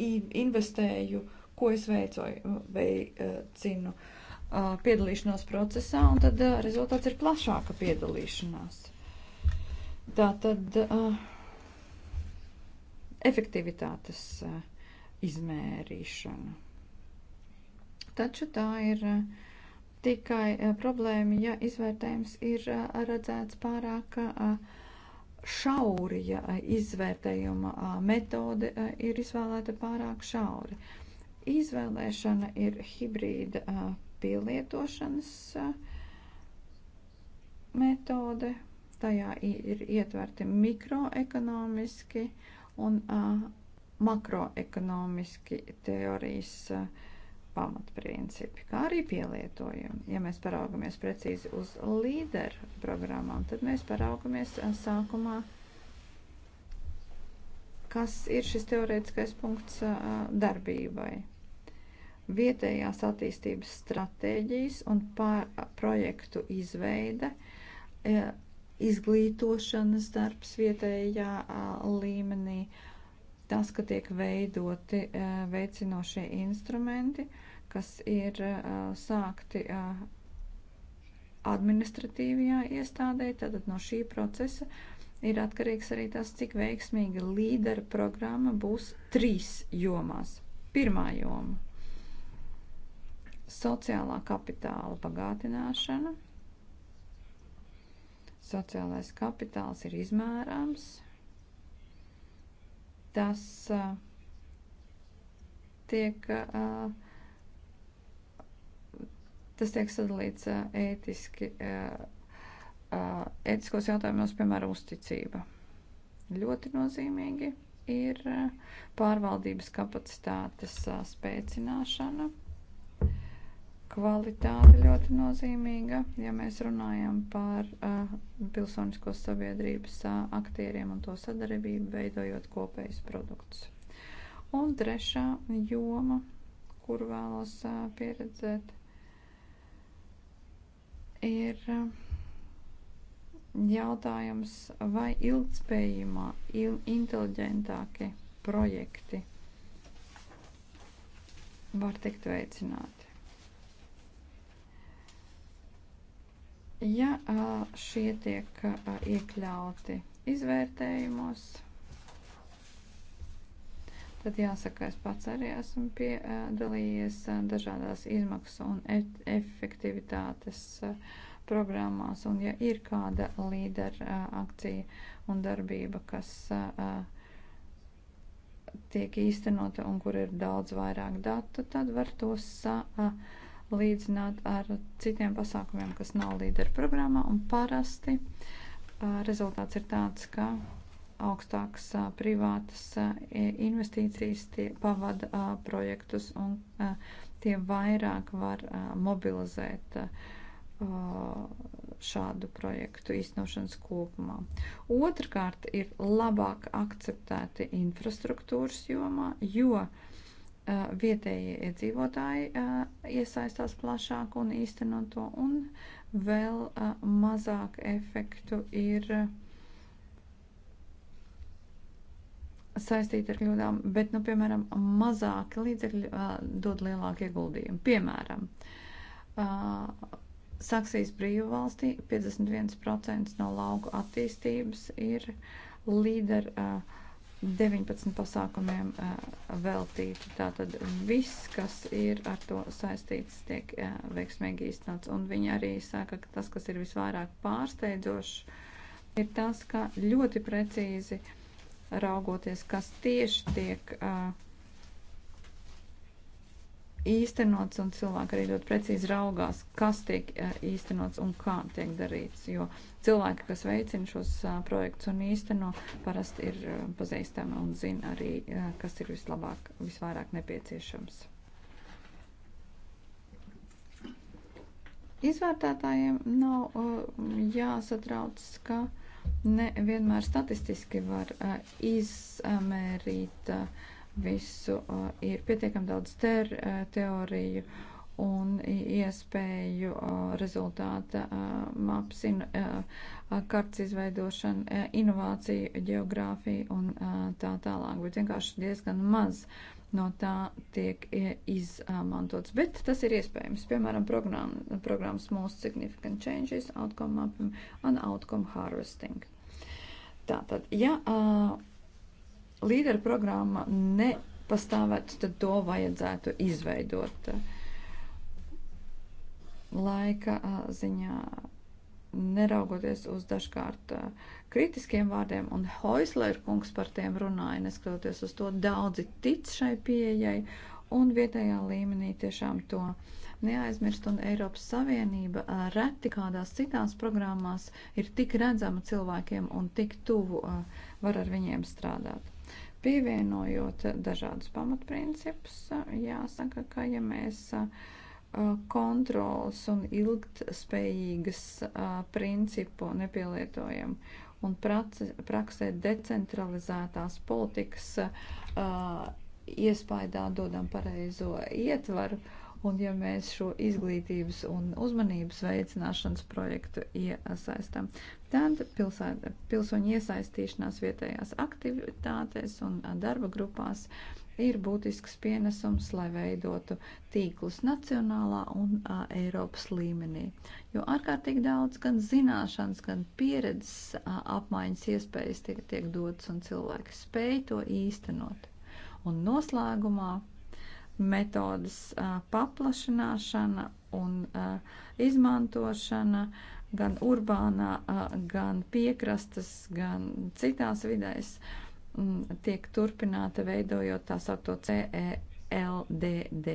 i, investēju, ko es veicoju, veicinu. Uh, piedalīšanos procesā, un tad rezultāts ir plašāka piedalīšanās. Tā tad efektivitātes izmērīšana. Taču tā ir tikai problēma, ja izvērtējums ir redzēts pārāk šauri, ja izvērtējuma metode ir izvēlēta pārāk šauri. Izvēlēšana ir hibrīda pielietošanas metode. Tajā ir ietverti mikroekonomiski un makroekonomiski teorijas pamatprincipi, kā arī pielietojumi. Ja mēs paraugamies precīzi uz līderu programmām, tad mēs paraugamies sākumā kas ir šis teorētiskais punkts darbībai vietējās attīstības stratēģijas un projektu izveide, e, izglītošanas darbs vietējā līmenī, tas, ka tiek veidoti e, veicinošie instrumenti, kas ir e, sākti administratīvajā iestādē, tad no šī procesa ir atkarīgs arī tas, cik veiksmīga līdera programma būs trīs jomās. Pirmā joma Sociālā kapitāla pagātināšana. Sociālais kapitāls ir izmērāms. Tas uh, tiek, uh, tas tiek sadalīts uh, ētiski, uh, uh, ētiskos jautājumos, piemēram, uzticība. Ļoti nozīmīgi ir uh, pārvaldības kapacitātes spēcināšana kvalitāte ļoti nozīmīga, ja mēs runājam par uh, pilsonisko sabiedrības uh, aktieriem un to sadarbību, veidojot kopējus produktus. Un trešā joma, kuru vēlos uh, pieredzēt, ir uh, jautājums, vai ilgspējumā, il inteliģentāki projekti var tikt veicināti Ja šie tiek iekļauti izvērtējumos, tad jāsaka, es pats arī esmu piedalījies dažādās izmaksu un e, efektivitātes programmās, un ja ir kāda līdera akcija un darbība, kas tiek īstenota un kur ir daudz vairāk datu, tad var tos. Uh, līdzināt ar citiem pasākumiem, kas nav līderu programmā, un parasti rezultāts ir tāds, ka augstākas privātas investīcijas tie pavada projektus un tie vairāk var mobilizēt šādu projektu īstenošanas kopumā. Otrkārt ir labāk akceptēti infrastruktūras jomā, jo uh, vietējie iedzīvotāji iesaistās plašāk un īstenot to, un vēl mazāk efektu ir saistīti ar kļūdām, bet, nu, piemēram, mazāki līdzekļi dod lielāku ieguldījumu. Piemēram, Saksijas brīvu valstī 51% no lauku attīstības ir līderi 19 pasākumiem eh, veltīti. Tātad viss, kas ir ar to saistīts, tiek eh, veiksmīgi īstenots. Un viņi arī saka, ka tas, kas ir visvairāk pārsteidzošs, ir tas, ka ļoti precīzi raugoties, kas tieši tiek uh, īstenots, un cilvēki arī ļoti precīzi raugās, kas tiek e, īstenots un kā tiek darīts. Jo cilvēki, kas veicina šos e, projektus un īsteno, parasti ir e, pazīstami un zina arī, kas ir vislabāk, visvairāk nepieciešams. Izvērtētājiem nav jāsatrauc, ka ne vienmēr statistiski var izmērīt uh, visu uh, ir pietiekami daudz ter, uh, teoriju un iespēju uh, rezultāta uh, maps, in, uh, karts izveidošana, uh, inovāciju, geogrāfija un uh, tā tālāk, bet vienkārši diezgan maz no tā tiek izmantots. Bet tas ir iespējams. Piemēram, program, programmas Most Significant Changes, Outcome Mapping un Outcome Harvesting. Tātad, ja uh, līderu programma nepastāvētu, tad to vajadzētu izveidot laika ziņā, neraugoties uz dažkārt kritiskiem vārdiem, un Hoislēra kungs par tiem runāja, neskatoties uz to, daudzi tic šai pieejai, un vietējā līmenī tiešām to neaizmirst, un Eiropas Savienība reti kādās citās programmās ir tik redzama cilvēkiem un tik tuvu var ar viņiem strādāt. Pievienojot dažādus pamatprincipus, jāsaka, ka ja mēs kontrols un ilgtspējīgas principu nepielietojam un praksē decentralizētās politikas iespaidā dodam pareizo ietvaru, Un ja mēs šo izglītības un uzmanības veicināšanas projektu iesaistam, tad pilsēta, pilsoņu iesaistīšanās vietējās aktivitātēs un darba grupās ir būtisks pienesums, lai veidotu tīklus nacionālā un a, Eiropas līmenī. Jo ārkārtīgi daudz gan zināšanas, gan pieredzes a, apmaiņas iespējas tiek, tiek dotas un cilvēki spēj to īstenot. Un noslēgumā metodas paplašināšana un izmantošana gan urbānā, gan piekrastas, gan citās vidēs tiek turpināta veidojot tā saucamo CELDD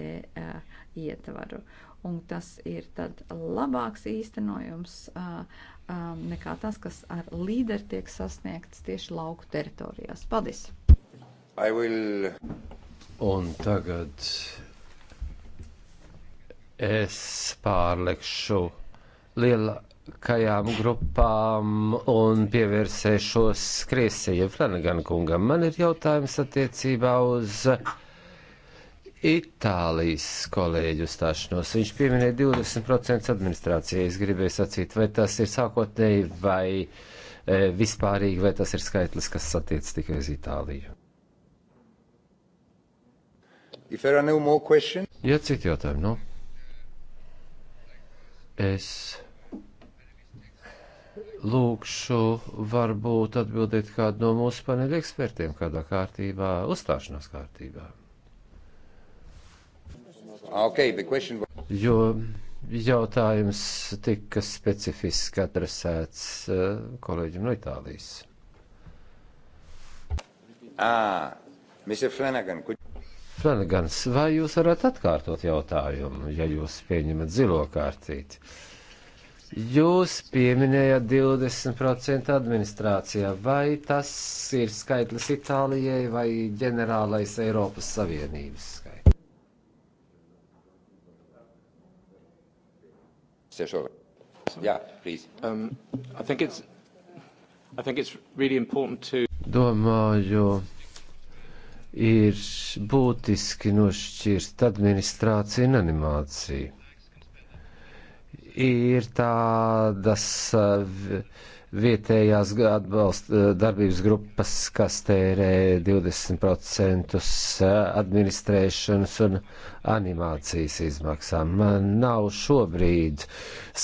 ietvaru. Un tas ir tad labāks īstenojums nekā tas, kas ar līderi tiek sasniegts tieši lauku teritorijās. Paldies! I will... Un tagad es pārlekšu lielākajām grupām un pievērsēšos Kriesējiem Flanagan kungam. Man ir jautājums attiecībā uz. Itālijas kolēģu stāšanos. Viņš pieminēja 20% administrācijai. Es gribēju sacīt, vai tas ir sākotnēji vai e, vispārīgi, vai tas ir skaitlis, kas attiec tikai uz Itāliju. No question... Ja citi jautājumi nav, nu, no? es lūkšu varbūt atbildēt kādu no mūsu paneļa ekspertiem kādā kārtībā, uzstāšanās kārtībā. Okay, question... Jo jautājums tika specifiski adresēts eh, kolēģim no Itālijas. Ah, Mr. Flanagan, could... Flanagans, vai jūs varat atkārtot jautājumu, ja jūs pieņemat zilo kārtīti? Jūs pieminējāt 20% administrācijā, vai tas ir skaitlis Itālijai vai ģenerālais Eiropas Savienības skaitlis? Yeah, um, I think it's, I think it's really important to... Domāju, ir būtiski nošķirst administrāciju un animāciju. Ir tādas eh, vietējās atbalsta eh, darbības grupas, kas tērē 20% eh, administrēšanas un animācijas izmaksām. Man nav šobrīd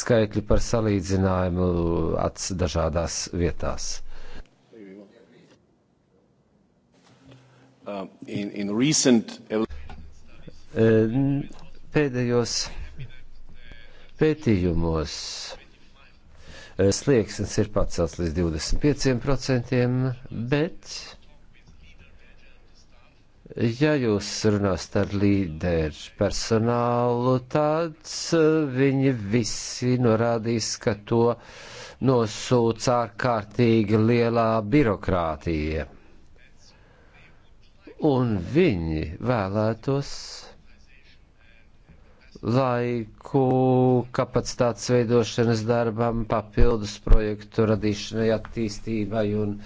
skaitļi par salīdzinājumu dažādās vietās. Uh, in, in recent... Uh, pēdējos pētījumos uh, slieksnis ir pacelts līdz 25%, bet ja jūs runāsat ar līderu personālu, tad uh, viņi visi norādīs, ka to nosūc ārkārtīgi lielā birokrātija un viņi vēlētos laiku kapacitātes veidošanas darbam, papildus projektu radīšanai, attīstībai un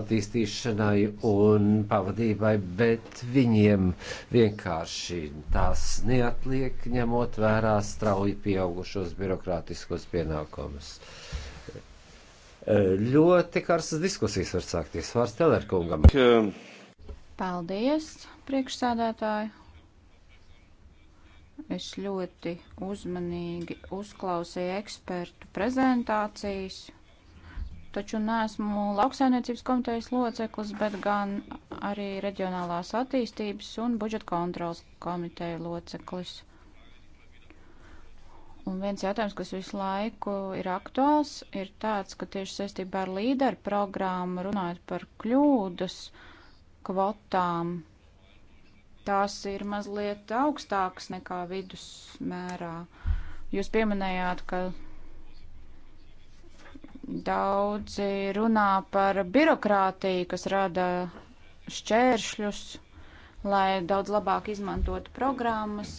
attīstīšanai un pavadībai, bet viņiem vienkārši tās neatliek, ņemot vērā strauji pieaugušos birokrātiskos pienākumus. Ļoti karstas diskusijas var sākties. Vārds Telerkungam. Um. Paldies, priekšsēdētāji! Es ļoti uzmanīgi uzklausīju ekspertu prezentācijas, taču neesmu lauksainiecības komitejas loceklis, bet gan arī reģionālās attīstības un budžeta kontrolas komiteja loceklis. Un viens jautājums, kas visu laiku ir aktuāls, ir tāds, ka tieši saistībā ar līderu programmu runājot par kļūdas, uh, kvotām. Tās ir mazliet augstākas nekā vidusmērā. Jūs pieminējāt, ka daudzi runā par birokrātiju, kas rada šķēršļus, lai daudz labāk izmantotu programmas.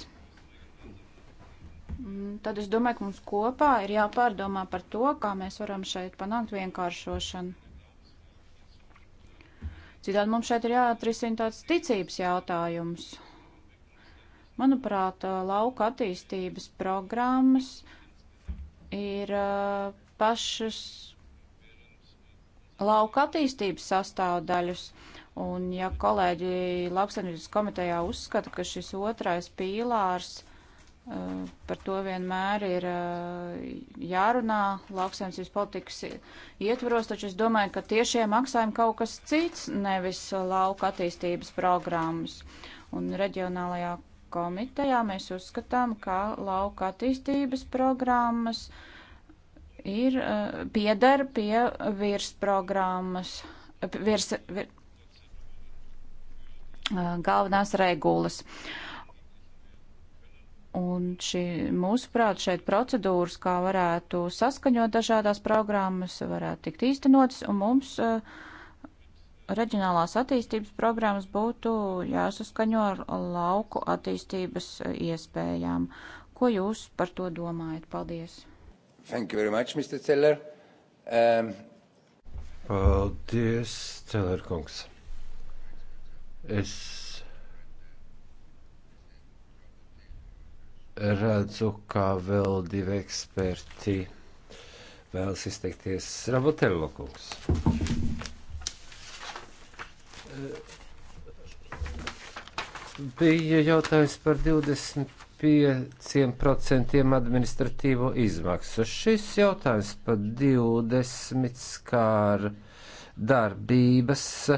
Mm, tad es domāju, ka mums kopā ir jāpārdomā par to, kā mēs varam šeit panākt vienkāršošanu. Citādi mums šeit ir jāatrisina tāds ticības jautājums. Manuprāt, lauka attīstības programmas ir pašas lauka attīstības sastāvdaļas. Un ja kolēģi lauksaimniecības komitejā uzskata, ka šis otrais pīlārs – Eh, par to vienmēr ir eh, jārunā lauksainsības politikas ietvaros, taču es domāju, ka tiešie maksājumi kaut kas cits, nevis lauka attīstības programmas. Un reģionālajā komitejā mēs uzskatām, ka lauka attīstības programmas ir eh, piedara pie virs programmas, virs, virs galvenās regulas. Uh, Un šī, mūsuprāt, šeit procedūras, kā varētu saskaņot dažādās programmas, varētu tikt īstenotas, un mums uh, reģionālās attīstības programmas būtu jāsaskaņo ar lauku attīstības eh, iespējām. Ko jūs par to domājat? Paldies! Thank you very much, Mr. Celler. Um... Paldies, Celler kungs. Es redzu, kā vēl divi eksperti vēlas izteikties. Rabotello kungs. Bija jautājums par 25% administratīvo izmaksu. Šis jautājums par 20 skār darbības uh,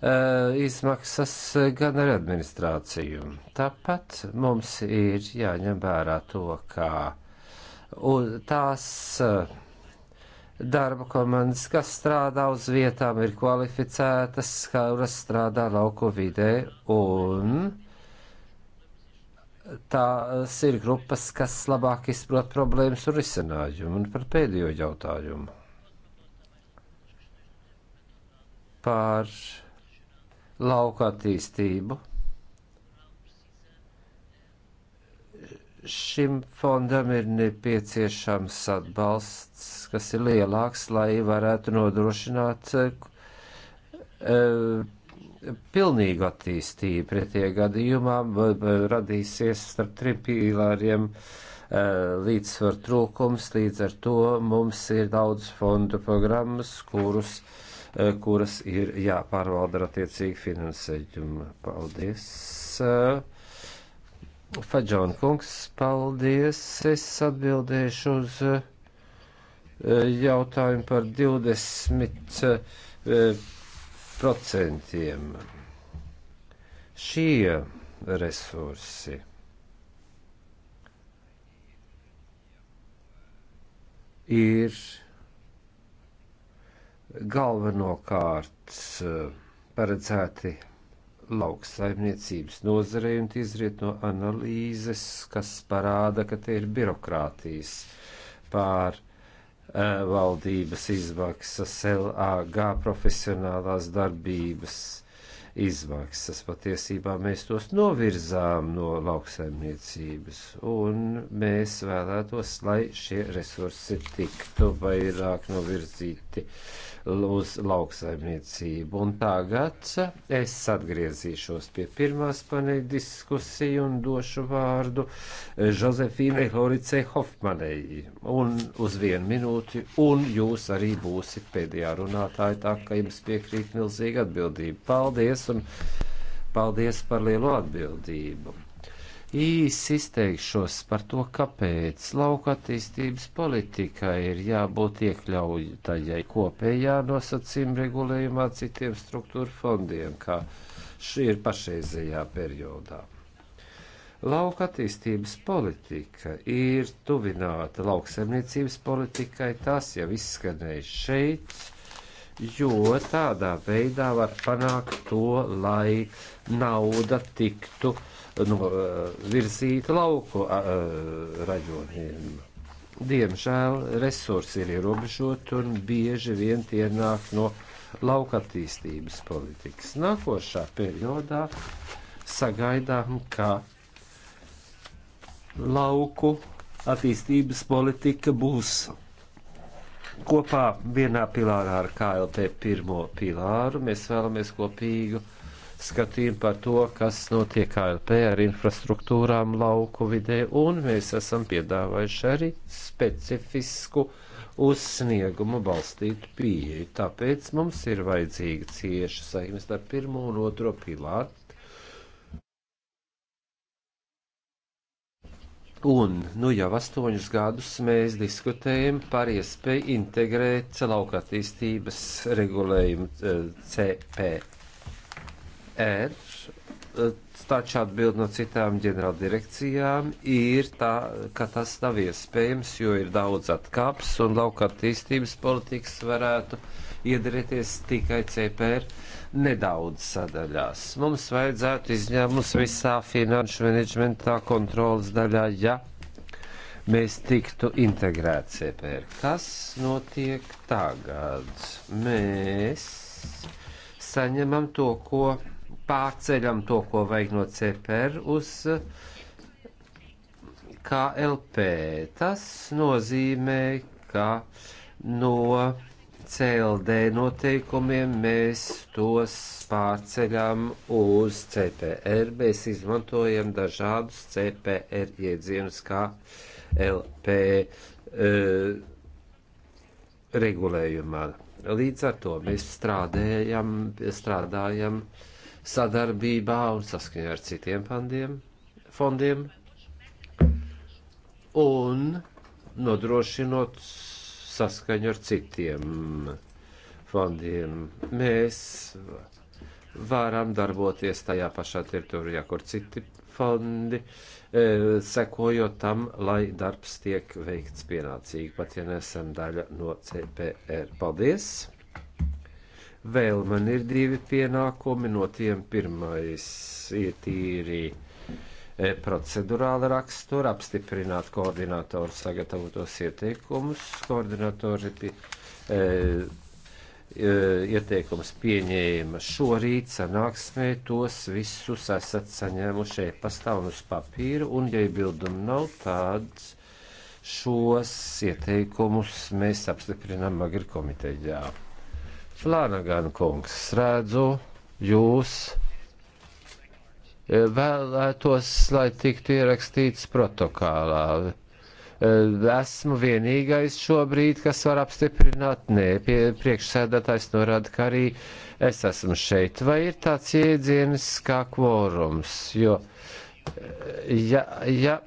Eh, izmaksas, gan ar administrāciju. Tāpat mums ir jāņem vērā to, ka tās eh, darba komandas, kas strādā uz vietām, ir kvalificētas, kuras strādā lauku vidē, un tās ir grupas, kas labāk izprot problēmas un risinājumu. Un par pēdējo jautājumu. Par lauka attīstību. Šim fondam ir nepieciešams atbalsts, kas ir lielāks, lai varētu nodrošināt uh, pilnīgu attīstību. Pretējā gadījumā eh, radīsies starp trim pīlāriem eh, līdzsvar trūkums, līdz ar to mums ir daudz fondu programmas, kurus uh, Eh, kuras ir jāpārvalda ar attiecīgu finansējumu. Paldies! Eh, Fadžona kungs, paldies! Es atbildēšu uz eh, jautājumu par 20 procentiem. Šie resursi ir galvenokārt eh, paredzēti lauksaimniecības nozarei un izriet no analīzes, kas parāda, ka te ir birokrātijas pār uh, valdības izmaksas, LAG profesionālās darbības izmaksas. Patiesībā mēs tos novirzām no lauksaimniecības, un mēs vēlētos, lai šie resursi tiktu vairāk novirzīti uz lauksaimniecību. Un tagad es atgriezīšos pie pirmās paneļa diskusiju un došu vārdu Žozefīnai Horicei Hofmanei. Un uz vienu minūti, un jūs arī būsit pēdējā runātāja, tā ka jums piekrīt milzīga atbildība. Paldies, un paldies par lielo atbildību īsi izteikšos par to, kāpēc lauka attīstības politika ir jābūt iekļautajai kopējā nosacījuma regulējumā citiem struktūra fondiem, kā šī ir pašreizējā periodā. Lauka attīstības politika ir tuvināta lauksaimniecības politikai, tas jau izskanēja šeit, jo tādā veidā var panākt to, lai nauda tiktu uh, no nu, uh, virzīta lauku rajoniem. Diemžēl resursi ir ierobežoti un bieži vien tie nāk no lauka attīstības politikas. Nākošā periodā sagaidām, ka lauku attīstības politika būs kopā vienā pilārā ar KLP pirmo pilāru. Mēs vēlamies kopīgu skatījumu par to, kas notiek ALP ar infrastruktūrām lauku vidē, un mēs esam piedāvājuši arī specifisku uz sniegumu balstītu pieeju. Tāpēc mums ir vajadzīga cieša saikne starp pirmo un otro pilāru. Un nu jau astoņus gadus mēs diskutējam par iespēju integrēt lauka attīstības regulējumu eh, CPR ECR taču atbild no citām ģenerāldirekcijām ir tā, ka tas nav iespējams, jo ir daudz atkāps un lauka attīstības politikas varētu iedarēties tikai CPR nedaudz sadaļās. Mums vajadzētu izņēmums visā finanšu menedžmentā kontrolas daļā, ja mēs tiktu integrēti CPR. Kas notiek tagad? Mēs saņemam to, ko pārceļam to, ko vajag no CPR uz eh, KLP. Tas nozīmē, ka no CLD noteikumiem mēs tos pārceļam uz CPR. Mēs izmantojam dažādus CPR iedzienus kā LP e, eh, regulējumā. Līdz ar to mēs strādējam, strādājam e, sadarbībā un saskaņā ar citiem pandiem, fondiem un nodrošinot saskaņu ar citiem fondiem. Mēs varam darboties tajā pašā teritorijā, kur citi fondi, e, sekojot tam, lai darbs tiek veikts pienācīgi, pat ja nesam daļa no CPR. Paldies! Vēl man ir divi pienākumi, no tiem pirmais ir tīri e, procedurāla rakstura, apstiprināt koordinatoru sagatavotos ieteikumus. Koordinatori pie, e, e, ieteikums pieņēma šorīt sanāksmē, tos visus esat saņēmuši e-pastā un uz papīra, un, ja iebildumu nav, tāds šos ieteikumus mēs apstiprinām Magri komitejā. Flanagan kungs, redzu, jūs eh, vēlētos, lai tiktu ierakstīts protokālā. Eh, esmu vienīgais šobrīd, kas var apstiprināt. Nē, pie, priekšsēdētājs norāda, ka arī es esmu šeit. Vai ir tāds jēdziens kā kvorums? Jo, eh, ja, ja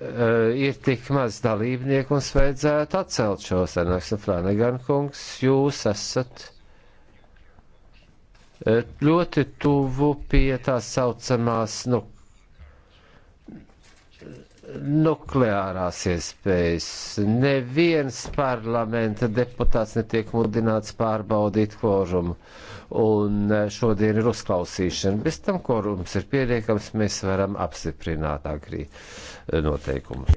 Eh, ir tik maz dalībnieku, mums vajadzētu atcelt šo sanāksmi. Flanagan kungs, jūs esat eh, ļoti tuvu pie tā saucamās nu, nukleārās iespējas. Neviens parlamenta deputāts netiek mudināts pārbaudīt kvorumu un e, šodien ir uzklausīšana. Bez tam, ko mums ir pietiekams, mēs varam apstiprināt agrī e, noteikumus.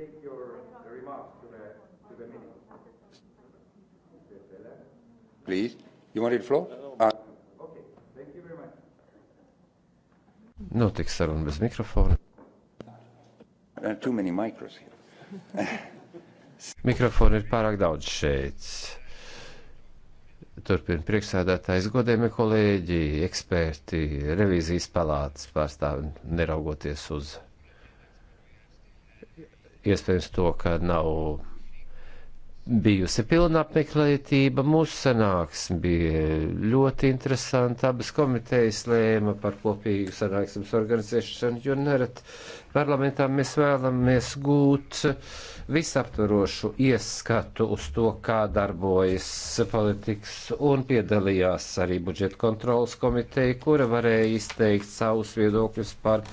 Please, you want it floor? Uh. Okay, thank you very much. Notiks nu, saruna bez mikrofona. Uh, too many micros here. Mikrofonu ir pārāk daudz šeit. Turpina priekšsēdētājs godējumi kolēģi, eksperti, revīzijas palātas pārstāvi, neraugoties uz iespējams to, ka nav bijusi pilna apmeklētība. Mūsu sanāksme bija ļoti interesanta. Abas komitejas lēma par kopīgu sanāksmes organizēšanu, jo nerad parlamentā mēs vēlamies gūt visaptvarošu ieskatu uz to, kā darbojas politikas un piedalījās arī budžeta kontrolas komiteja, kura varēja izteikt savus viedokļus par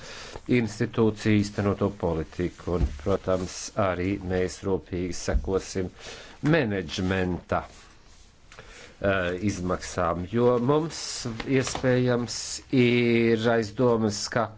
institūciju īstenoto politiku. Un, protams, arī mēs rūpīgi sekosim menedžmenta eh, izmaksām, jo mums iespējams ir aizdomas, ka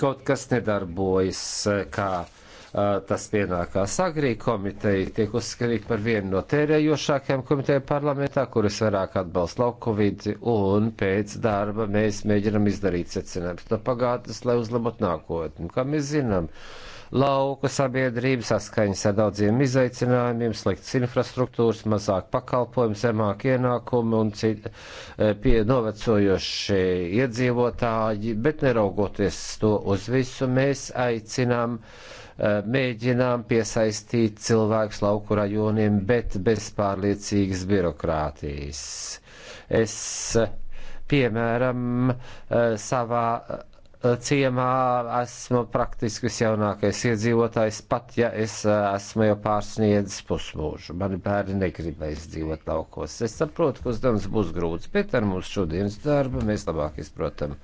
kaut kas nedarbojas, eh, kā eh, tas pienākās agrī komiteja, tiek uzskatīta par vienu no tērējošākajām komitejām parlamentā, kuras vairāk atbalsta laukovīdzi, un pēc darba mēs mēģinam izdarīt secinājumus no pagātnes, lai uzlabotu nākotni. Kā mēs zinām, uh, lauku sabiedrību saskaņas ar daudziem izaicinājumiem, slikts infrastruktūras, mazāk pakalpojumu, zemāk ienākumu un cit, e, pie novecojoši iedzīvotāji, bet neraugoties to uz visu, mēs aicinām e, mēģinām piesaistīt cilvēkus lauku rajoniem, bet bez pārliecīgas birokrātijas. Es, piemēram, e, savā ciemā esmu praktiski visjaunākais iedzīvotājs, pat ja es eh, esmu jau pārsniedzis pusmūžu. Mani bērni negribēs dzīvot laukos. Es saprotu, ka uzdevums būs grūts, bet ar mūsu šodienas darbu mēs labāk izprotam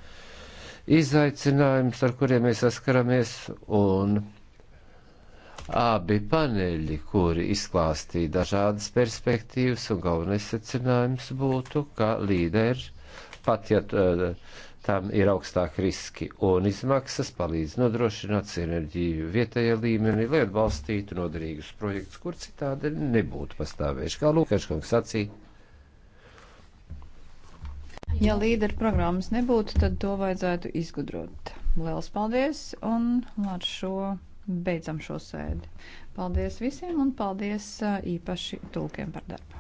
izaicinājumus, ar kuriem mēs saskaramies, un abi paneļi, kuri izklāstīja dažādas perspektīvas, un galvenais secinājums būtu, ka līderi, pat ja uh, tam ir augstāki riski un izmaksas, palīdz nodrošināt sinerģiju vietējā līmenī, lai atbalstītu noderīgus projektus, kur citādi nebūtu pastāvējuši. Kā Lukaškungs sacīja, Ja līderu programmas nebūtu, tad to vajadzētu izgudrot. Lielas paldies un ar šo beidzam šo sēdi. Paldies visiem un paldies īpaši tulkiem par darbu.